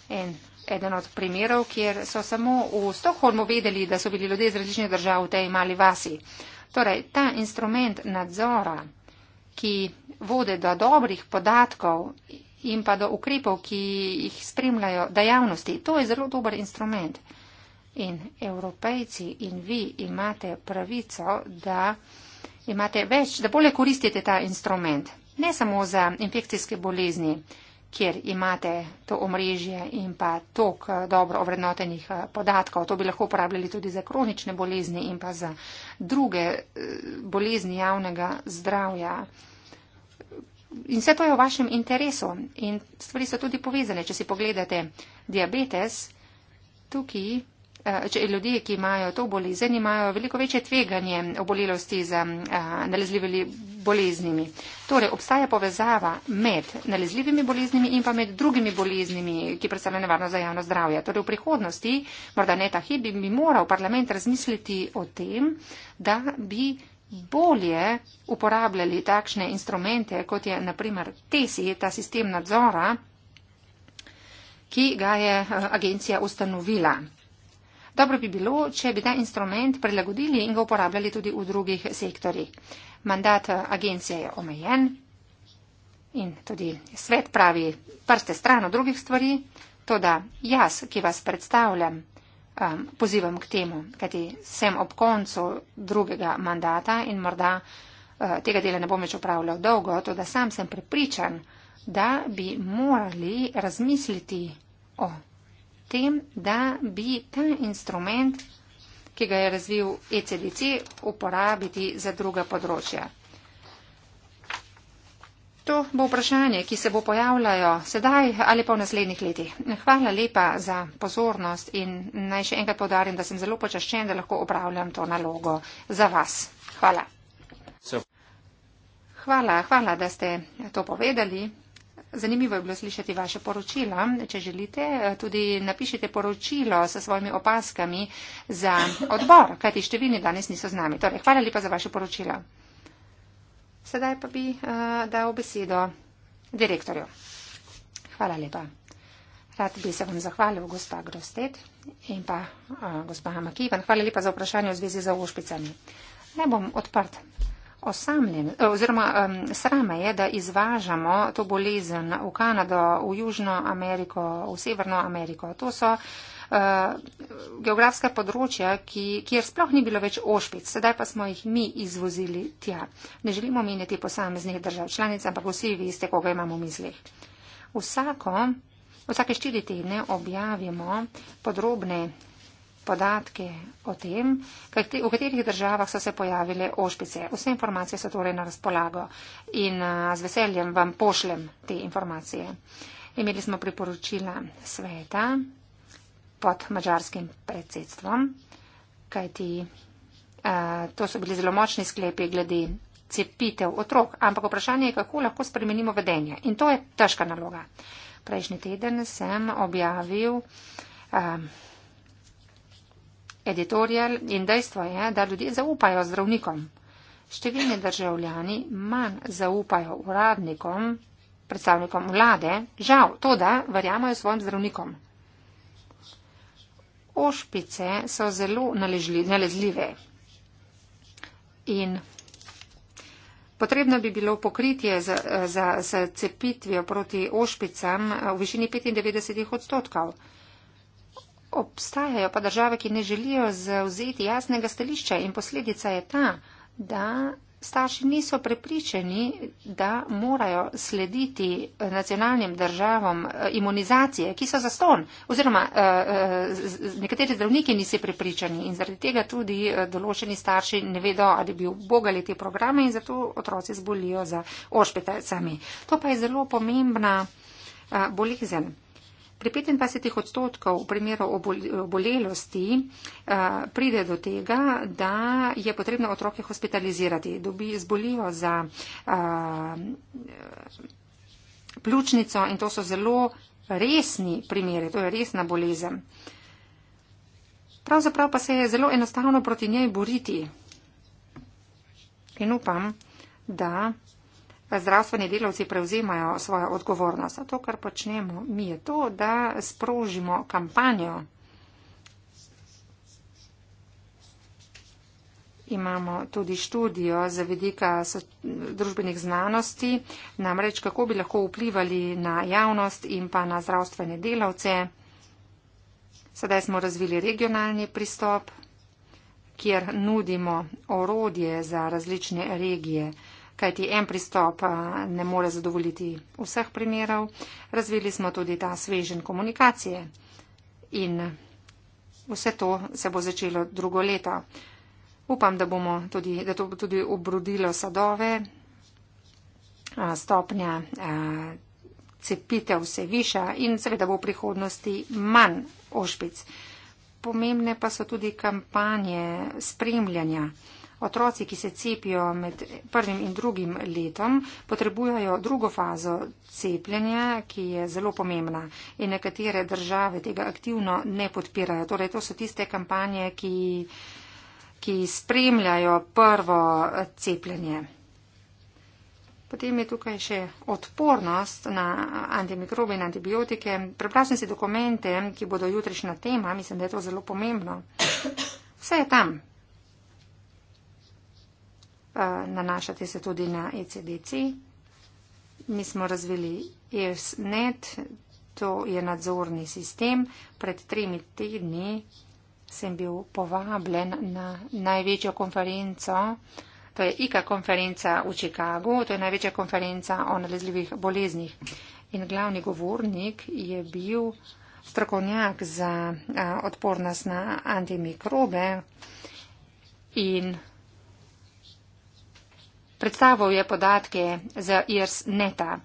en, eden od primerov, kjer so samo v Štokholmu vedeli, da so bili ljudje iz različnih držav v tej mali vasi. Torej, ta instrument nadzora, ki vode do dobrih podatkov in pa do ukrepov, ki jih spremljajo dejavnosti, to je zelo dober instrument. In evropejci in vi imate pravico, da imate več, da bolje koristite ta instrument. Ne samo za infekcijske bolezni, kjer imate to omrežje in pa tok eh, dobro ovrednotenih eh, podatkov. To bi lahko uporabljali tudi za kronične bolezni in pa za druge eh, bolezni javnega zdravja. In vse to je v vašem interesu. In stvari so tudi povezane. Če si pogledate diabetes, tukaj Eh, če ljudje, ki imajo to bolezen, imajo veliko večje tveganje obolelosti za eh, nalezljivimi boleznimi. Torej, obstaja povezava med nalezljivimi boleznimi in pa med drugimi boleznimi, ki predstavlja nevarno za javno zdravje. Torej, v prihodnosti, morda ne ta hip, bi mi moral parlament razmisliti o tem, da bi bolje uporabljali takšne instrumente, kot je naprimer TESI, ta sistem nadzora, ki ga je eh, agencija ustanovila. Dobro bi bilo, če bi ta instrument prilagodili in ga uporabljali tudi v drugih sektorjih. Mandat eh, agencije je omejen in tudi svet pravi prste stran od drugih stvari, to da jaz, ki vas predstavljam, um, pozivam k temu, kajti sem ob koncu drugega mandata in morda uh, tega dela ne bom več upravljal dolgo, to da sam sem prepričan, da bi morali razmisliti o tem, da bi ta instrument, ki ga je razvil ECDC, uporabiti za druga področja. To bo vprašanje, ki se bo pojavljalo sedaj ali pa v naslednjih letih. Hvala lepa za pozornost in naj še enkrat podarim, da sem zelo počaščen, da lahko upravljam to nalogo za vas. Hvala. Hvala, hvala, da ste to povedali. Zanimivo je bilo slišati vaše poročila. Če želite, tudi napišite poročilo sa svojimi opaskami za odbor, kajti številni danes niso z nami. Torej, hvala lepa za vaše poročilo. Sedaj pa bi uh, dal besedo direktorju. Hvala lepa. Rad bi se vam zahvalil, gospa Grosted in pa uh, gospa Hamakivan. Hvala lepa za vprašanje v zvezi z ošpicami. Ne bom odprt Osamljen, eh, oziroma um, srame je, da izvažamo to bolezen v Kanado, v Južno Ameriko, v Severno Ameriko. To so uh, geografska področja, ki, kjer sploh ni bilo več ošpic, sedaj pa smo jih mi izvozili tja. Ne želimo meniti posameznih držav članic, ampak vsi vi ste, koga imamo v mislih. Vsako, vsake štiri tedne objavimo podrobne podatke o tem, v katerih državah so se pojavile ošpice. Vse informacije so torej na razpolago in z veseljem vam pošljem te informacije. Imeli smo priporočila sveta pod mačarskim predsedstvom, kajti uh, to so bili zelo močni sklepi glede cepitev otrok, ampak vprašanje je, kako lahko spremenimo vedenje. In to je težka naloga. Prejšnji teden sem objavil uh, editorial in dejstvo je, da ljudje zaupajo zdravnikom. Številni državljani manj zaupajo uradnikom, predstavnikom vlade, žal to, da verjamajo svojim zdravnikom. Ošpice so zelo nalezljive in potrebno bi bilo pokritje za, za, za cepitvijo proti ošpicam v višini 95 odstotkov obstajajo pa države, ki ne želijo zauzeti jasnega stališča in posledica je ta, da starši niso prepričani, da morajo slediti nacionalnim državam eh, imunizacije, ki so zaston oziroma eh, eh, nekateri zdravniki niso prepričani in zaradi tega tudi določeni starši ne vedo, ali bi obogali te programe in zato otroci zbolijo za ošpitecami. To pa je zelo pomembna bolezen. Pri 25 odstotkov v primeru obolelosti eh, pride do tega, da je potrebno otroke hospitalizirati, dobi zbolijo za eh, pljučnico in to so zelo resni primere, to je resna bolezen. Pravzaprav pa se je zelo enostavno proti njej boriti. In upam, da zdravstveni delavci prevzemajo svojo odgovornost. A to, kar počnemo mi, je to, da sprožimo kampanjo. Imamo tudi študijo za vedika družbenih znanosti, namreč kako bi lahko vplivali na javnost in pa na zdravstvene delavce. Sedaj smo razvili regionalni pristop, kjer nudimo orodje za različne regije kajti en pristop eh, ne more zadovoljiti vseh primerov. Razvili smo tudi ta svežen komunikacije in vse to se bo začelo drugo leto. Upam, da, bomo tudi, da to bo tudi obrodilo sadove, eh, stopnja eh, cepitev vse viša in seveda bo v prihodnosti manj ošpic. Pomembne pa so tudi kampanje spremljanja. Otroci, ki se cepijo med prvim in drugim letom, potrebujejo drugo fazo cepljenja, ki je zelo pomembna in nekatere države tega aktivno ne podpirajo. Torej, to so tiste kampanje, ki, ki spremljajo prvo cepljenje. Potem je tukaj še odpornost na antimikrobe in antibiotike. Preplačam si dokumente, ki bodo jutrišnja tema, mislim, da je to zelo pomembno. Vse je tam. Eh, nanašati se tudi na ECDC. Mi smo razvili ESNET, to je nadzorni sistem. Pred tremi tedni sem bil povabljen na največjo konferenco, to je IKA konferenca v Čikagu, to je največja konferenca o nalezljivih boleznih. In glavni govornik je bil strokovnjak za a, eh, odpornost na antimikrobe in Predstavil je podatke za IRS-neta.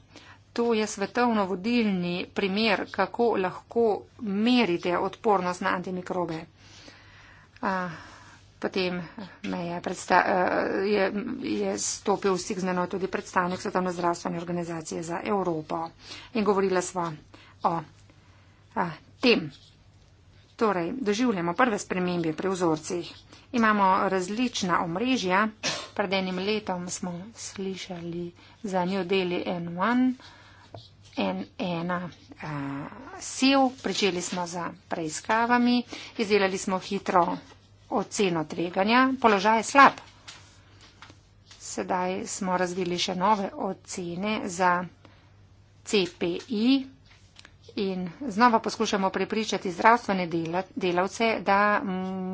To je svetovno vodilni primer, kako lahko merite odpornost na antimikrobe. A, potem me je, predsta, a, je, je stopil v stik z menoj tudi predstavnik Svetovne zdravstvene organizacije za Evropo in govorila sva o a, tem. Torej, doživljamo prve spremembe pri vzorcih. Imamo različna omrežja. Pred enim letom smo slišali za njo deli N1, N1 uh, eh, SEO, pričeli smo z preiskavami, izdelali smo hitro oceno tveganja, položaj je slab. Sedaj smo razvili še nove ocene za CPI, In znova poskušamo prepričati zdravstvene delavce, da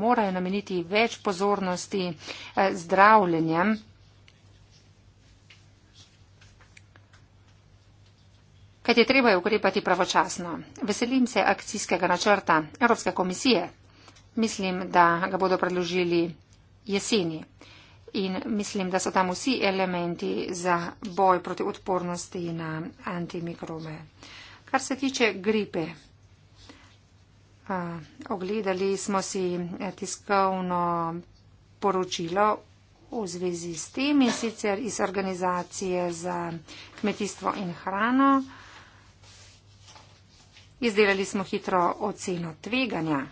morajo nameniti več pozornosti eh, zdravljenjem. Kaj je treba ukrepati pravočasno? Veselim se akcijskega načrta Evropske komisije. Mislim, da ga bodo predložili jeseni. In mislim, da so tam vsi elementi za boj proti odpornosti na antimikrobe. Kar se tiče gripe, eh, ogledali smo si eh, tiskovno poročilo v zvezi s tem in sicer iz organizacije za kmetijstvo in hrano. Izdelali smo hitro oceno tveganja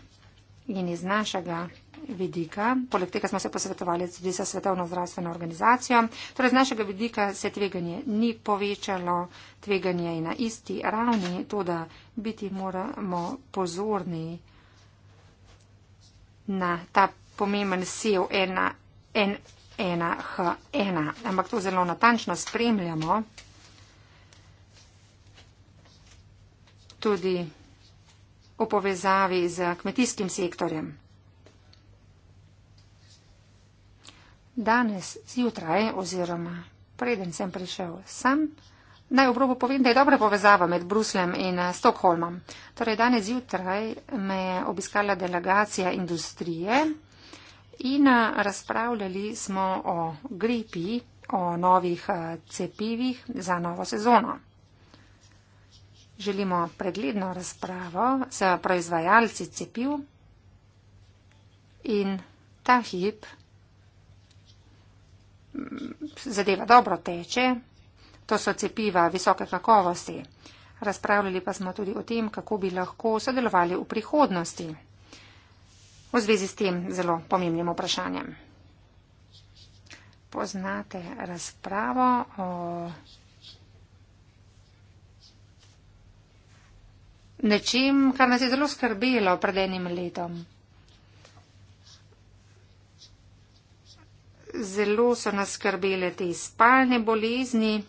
in iz našega vidika, poleg tega smo se posvetovali tudi za Svetovno zdravstveno organizacijo, torej z našega vidika se tveganje ni povečalo, tveganje je na isti ravni, to da biti moramo pozorni na ta pomemben SEO N1H1, ampak to zelo natančno spremljamo. Tudi v povezavi z kmetijskim sektorjem. danes zjutraj oziroma preden sem prišel sam, naj obrobo povem, da je dobra povezava med Bruslem in eh, Stokholmom. Torej, danes zjutraj me je obiskala delegacija industrije in eh, razpravljali smo o gripi, o novih eh, cepivih za novo sezono. Želimo pregledno razpravo s proizvajalci cepiv in ta hip zadeva dobro teče. To so cepiva visoke kakovosti. Razpravljali pa smo tudi o tem, kako bi lahko sodelovali v prihodnosti v zvezi s tem zelo pomembnim vprašanjem. Poznate razpravo o nečem, kar nas je zelo skrbelo pred enim letom. zelo so nas skrbele te spalne bolezni,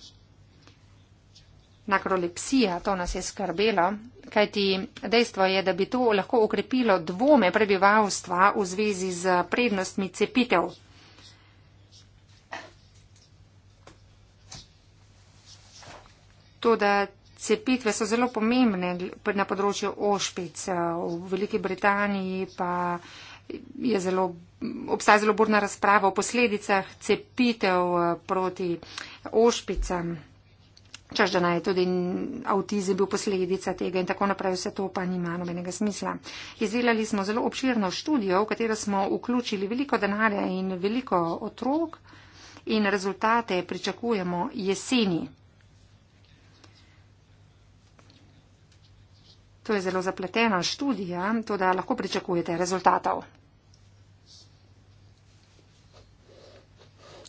nakrolepsija, to nas je skrbelo, kajti dejstvo je, da bi to lahko okrepilo dvome prebivalstva v zvezi z prednostmi cepitev. To, da cepitve so zelo pomembne na področju ošpic v Veliki Britaniji, pa uh, je zelo, obstaja zelo burna razprava o posledicah cepitev eh, proti ošpicam. Čaž, da naj tudi avtizem bil posledica tega in tako naprej, vse to pa nima nobenega smisla. Izdelali smo zelo obširno študijo, v katero smo vključili veliko denarja in veliko otrok in rezultate pričakujemo jeseni. To je zelo zapletena študija, to da lahko pričakujete rezultatov.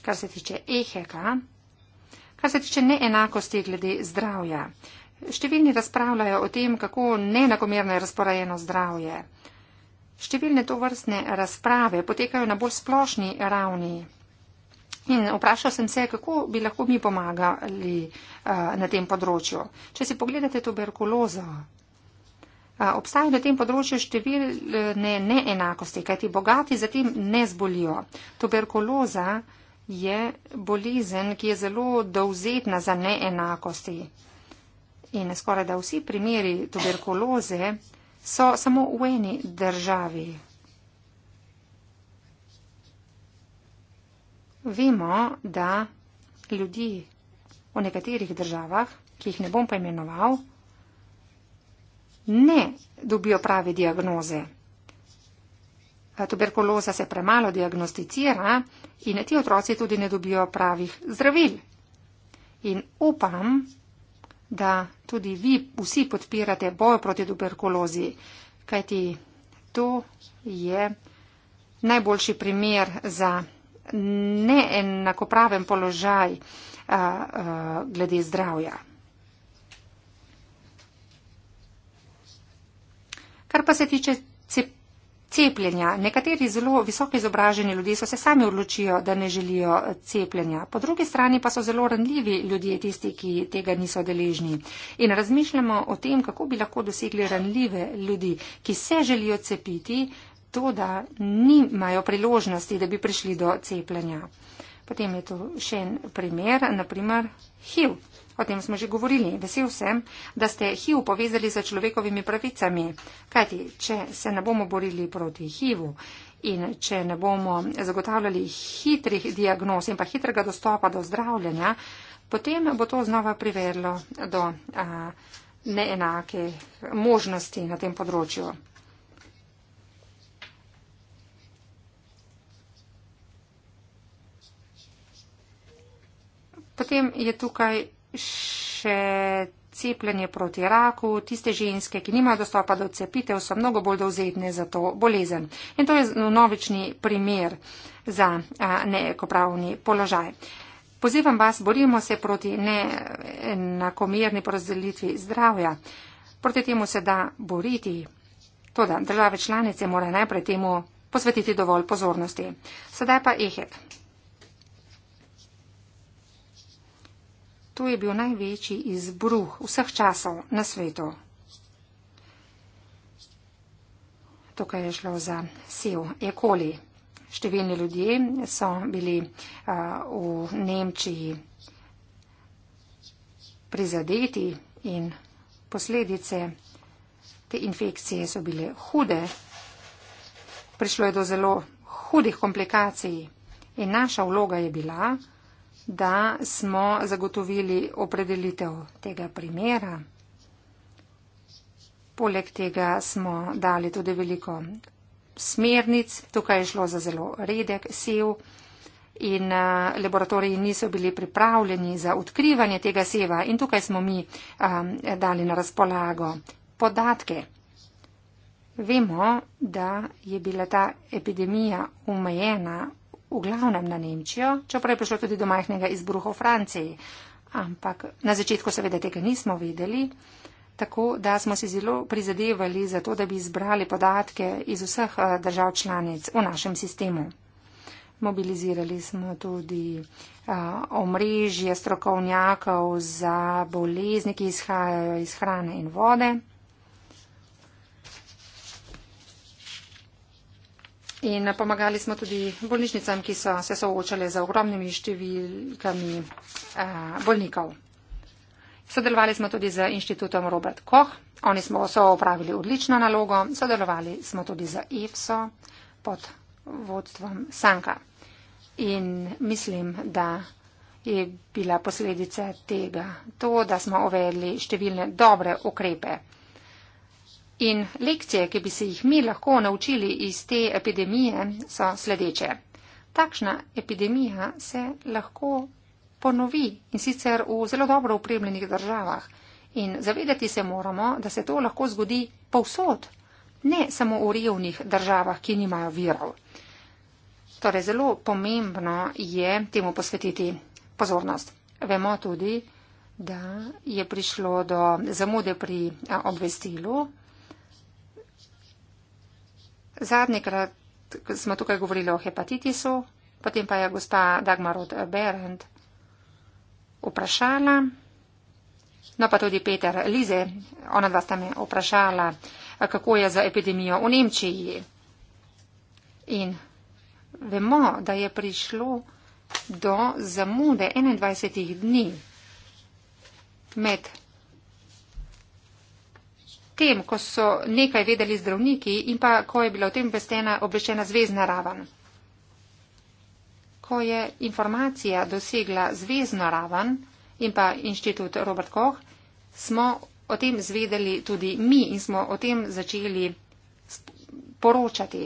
Kar se tiče eheka, kar se tiče neenakosti glede zdravja. Številni razpravljajo o tem, kako neenakomerno je razporajeno zdravje. Številne to vrstne razprave potekajo na bolj splošni ravni. In vprašal sem se, kako bi lahko mi pomagali uh, na tem področju. Če si pogledate tuberkulozo, Obstajajo na tem področju številne neenakosti, kajti bogati zatem ne zbolijo. Tuberkuloza je bolezen, ki je zelo dovzetna za neenakosti. In skoraj da vsi primeri tuberkuloze so samo v eni državi. Vemo, da ljudi v nekaterih državah, ki jih ne bom pa imenoval, ne dobijo prave diagnoze. Eh, tuberkuloza se premalo diagnosticira in ti otroci tudi ne dobijo pravih zdravil. In upam, da tudi vi vsi podpirate boj proti tuberkulozi, kajti to je najboljši primer za neenakopraven položaj a, eh, a, eh, glede zdravja. Kar pa se tiče cepljenja, nekateri zelo visoko izobraženi ljudje so se sami odločili, da ne želijo eh, cepljenja. Po drugi strani pa so zelo randljivi ljudje tisti, ki tega niso deležni. In razmišljamo o tem, kako bi lahko dosegli randljive ljudi, ki se želijo cepiti, to, da nimajo priložnosti, da bi prišli do cepljenja. Potem je tu še en primer, naprimer HIV. O tem smo že govorili. Vesel sem, da ste HIV povezali za človekovimi pravicami. Kajti, če se ne bomo borili proti HIV-u in če ne bomo zagotavljali hitrih diagnoz in pa hitrega dostopa do zdravljenja, potem bo to znova privedlo do a, neenake možnosti na tem področju. Potem je tukaj še cepljenje proti raku, tiste ženske, ki nimajo dostopa do cepitev, so mnogo bolj dovzetne za to bolezen. In to je novični primer za neekopravni položaj. Pozivam vas, borimo se proti neenakomerni porazdelitvi zdravja. Proti temu se da boriti. Toda, države članice morajo najprej temu posvetiti dovolj pozornosti. Sedaj pa ehek. To je bil največji izbruh vseh časov na svetu. Tukaj je šlo za sev ekoli. Številni ljudje so bili uh, v Nemčiji prizadeti in posledice te infekcije so bile hude. Prišlo je do zelo hudih komplikacij in naša vloga je bila, da smo zagotovili opredelitev tega primera. Poleg tega smo dali tudi veliko smernic, tukaj je šlo za zelo redek sev in laboratoriji niso bili pripravljeni za odkrivanje tega seva in tukaj smo mi um, dali na razpolago podatke. Vemo, da je bila ta epidemija omejena v glavnem na Nemčijo, čeprav je prišlo tudi do majhnega izbruha v Franciji. Ampak na začetku seveda tega nismo vedeli, tako da smo si zelo prizadevali za to, da bi zbrali podatke iz vseh eh, držav članic v našem sistemu. Mobilizirali smo tudi uh, omrežje strokovnjakov za bolezni, ki izhajajo iz hrane in vode. In pomagali smo tudi bolnišnicam, ki so se soočale z ogromnimi številkami eh, bolnikov. Sodelovali smo tudi z inštitutom Robert Koch, oni smo so opravili odlično nalogo, sodelovali smo tudi z EFSO pod vodstvom Sanka. In mislim, da je bila posledica tega to, da smo uvedli številne dobre ukrepe. In lekcije, ki bi se jih mi lahko naučili iz te epidemije, so sledeče. Takšna epidemija se lahko ponovi in sicer v zelo dobro upremljenih državah. In zavedati se moramo, da se to lahko zgodi povsod, ne samo v revnih državah, ki nimajo virov. Torej, zelo pomembno je temu posvetiti pozornost. Vemo tudi, da je prišlo do zamude pri obvestilu, Zadnji krat smo tukaj govorili o hepatitisu, potem pa je gospa Dagmarod Berend vprašala, no pa tudi Peter Lize, ona dva sta me vprašala, kako je za epidemijo v Nemčiji. In vemo, da je prišlo do zamude 21 dni med tem, ko so nekaj vedeli zdravniki in pa ko je bila o tem obveščena, obveščena zvezdna raven. Ko je informacija dosegla zvezdno raven in pa inštitut Robert Koch, smo o tem zvedeli tudi mi in smo o tem začeli poročati.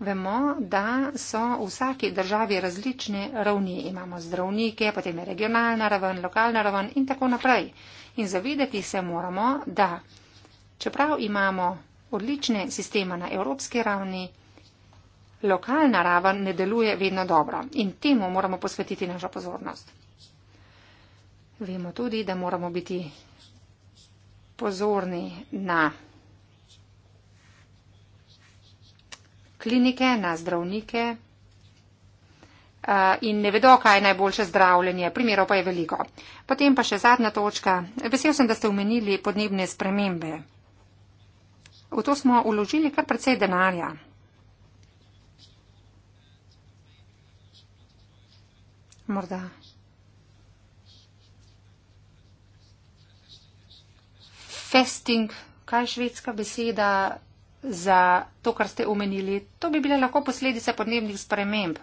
Vemo, da so v vsaki državi različne ravni. Imamo zdravnike, potem je regionalna raven, lokalna raven in tako naprej. In zavedeti se moramo, da Čeprav imamo odlične sisteme na evropski ravni, lokalna raven ne deluje vedno dobro in temu moramo posvetiti našo pozornost. Vemo tudi, da moramo biti pozorni na klinike, na zdravnike in ne vedo, kaj je najboljše zdravljenje. Primerov pa je veliko. Potem pa še zadnja točka. Vesel sem, da ste omenili podnebne spremembe. V to smo uložili kar precej denarja. Morda. Festing, kaj je švedska beseda za to, kar ste omenili? To bi bile lahko posledice podnebnih sprememb.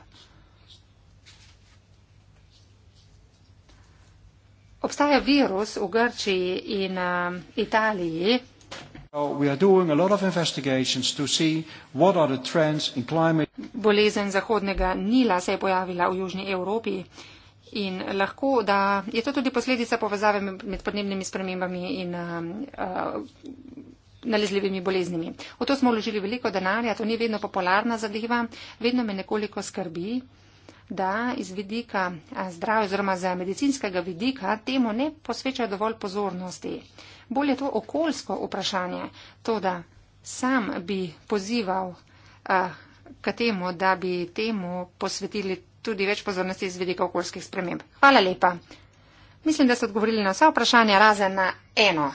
Obstaja virus v Grčiji in uh, Italiji, Bolezen Zahodnega Nila se je pojavila v Južni Evropi in lahko, da je to tudi posledica povezave med podnebnimi spremembami in uh, nalezljivimi boleznimi. V to smo vložili veliko denarja, to ni vedno popularna zadeva, vedno me nekoliko skrbi da iz vidika zdrav oziroma z medicinskega vidika temu ne posvečajo dovolj pozornosti. Bolje to okoljsko vprašanje, to, da sam bi pozival k temu, da bi temu posvetili tudi več pozornosti iz vidika okoljskih sprememb. Hvala lepa. Mislim, da ste odgovorili na vsa vprašanja razen na eno.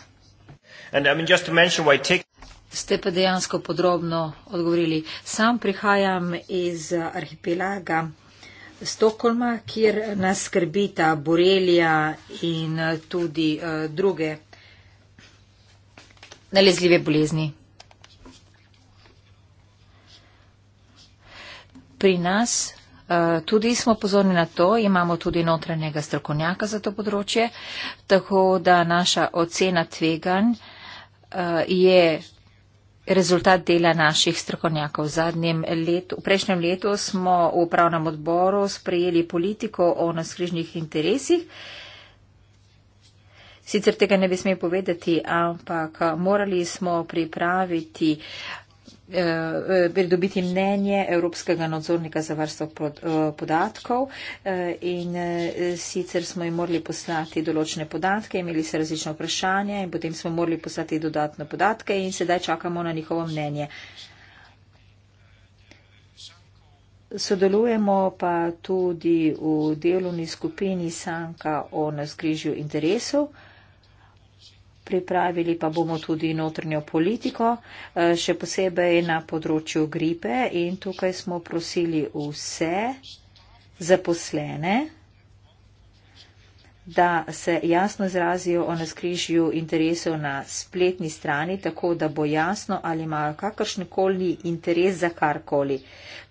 Ste pa dejansko podrobno odgovorili. Sam prihajam iz arhipelaga Stokholma, kjer nas skrbita borelija in eh, tudi uh, druge nalezljive bolezni. Pri nas uh, tudi smo pozorni na to, imamo tudi notranjega strokovnjaka za to področje, tako da naša ocena tveganj uh, je rezultat dela naših strokovnjakov. V, letu, v prejšnjem letu smo v upravnem odboru sprejeli politiko o naskrižnih interesih. Sicer tega ne bi smeli povedati, ampak morali smo pripraviti uh, Eh, pridobiti mnenje Evropskega nadzornika za varstvo eh, podatkov eh, in sicer smo jim morali poslati določene podatke, imeli se različne vprašanja in potem smo morali poslati dodatne podatke in sedaj čakamo na njihovo mnenje. Sodelujemo pa tudi v delovni skupini Sanka o naskrižju interesov pripravili pa bomo tudi notrnjo politiko, eh, še posebej na področju gripe in tukaj smo prosili vse zaposlene, da se jasno izrazijo o naskrižju interesov na spletni strani, tako da bo jasno, ali imajo kakršnikoli interes za karkoli.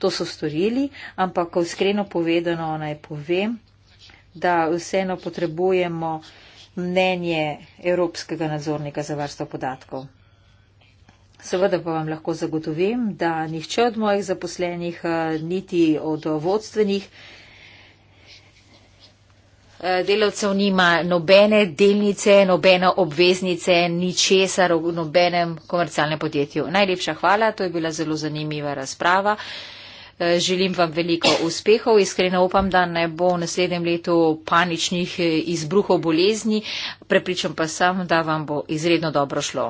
To so storili, ampak iskreno povedano naj povem, da vseeno potrebujemo mnenje Evropskega nadzornika za varstvo podatkov. Seveda pa vam lahko zagotovim, da nihče od mojih zaposlenih, eh, niti od vodstvenih eh, delavcev nima nobene delnice, nobene obveznice, ničesar v nobenem komercialnem podjetju. Najlepša hvala, to je bila zelo zanimiva razprava. Želim vam veliko uspehov. Iskreno upam, da ne bo v naslednjem letu paničnih eh, izbruhov bolezni. Prepričam pa sem, da vam bo izredno dobro šlo.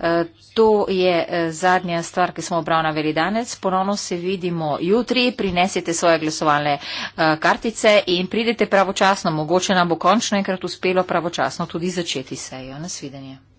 Eh, to je eh, zadnja stvar, ki smo obravnavali danes. Ponovno se vidimo jutri, prinesite svoje glasovalne kartice in pridite pravočasno. Mogoče nam bo končno enkrat uspelo pravočasno tudi začeti sejo. Nasvidenje.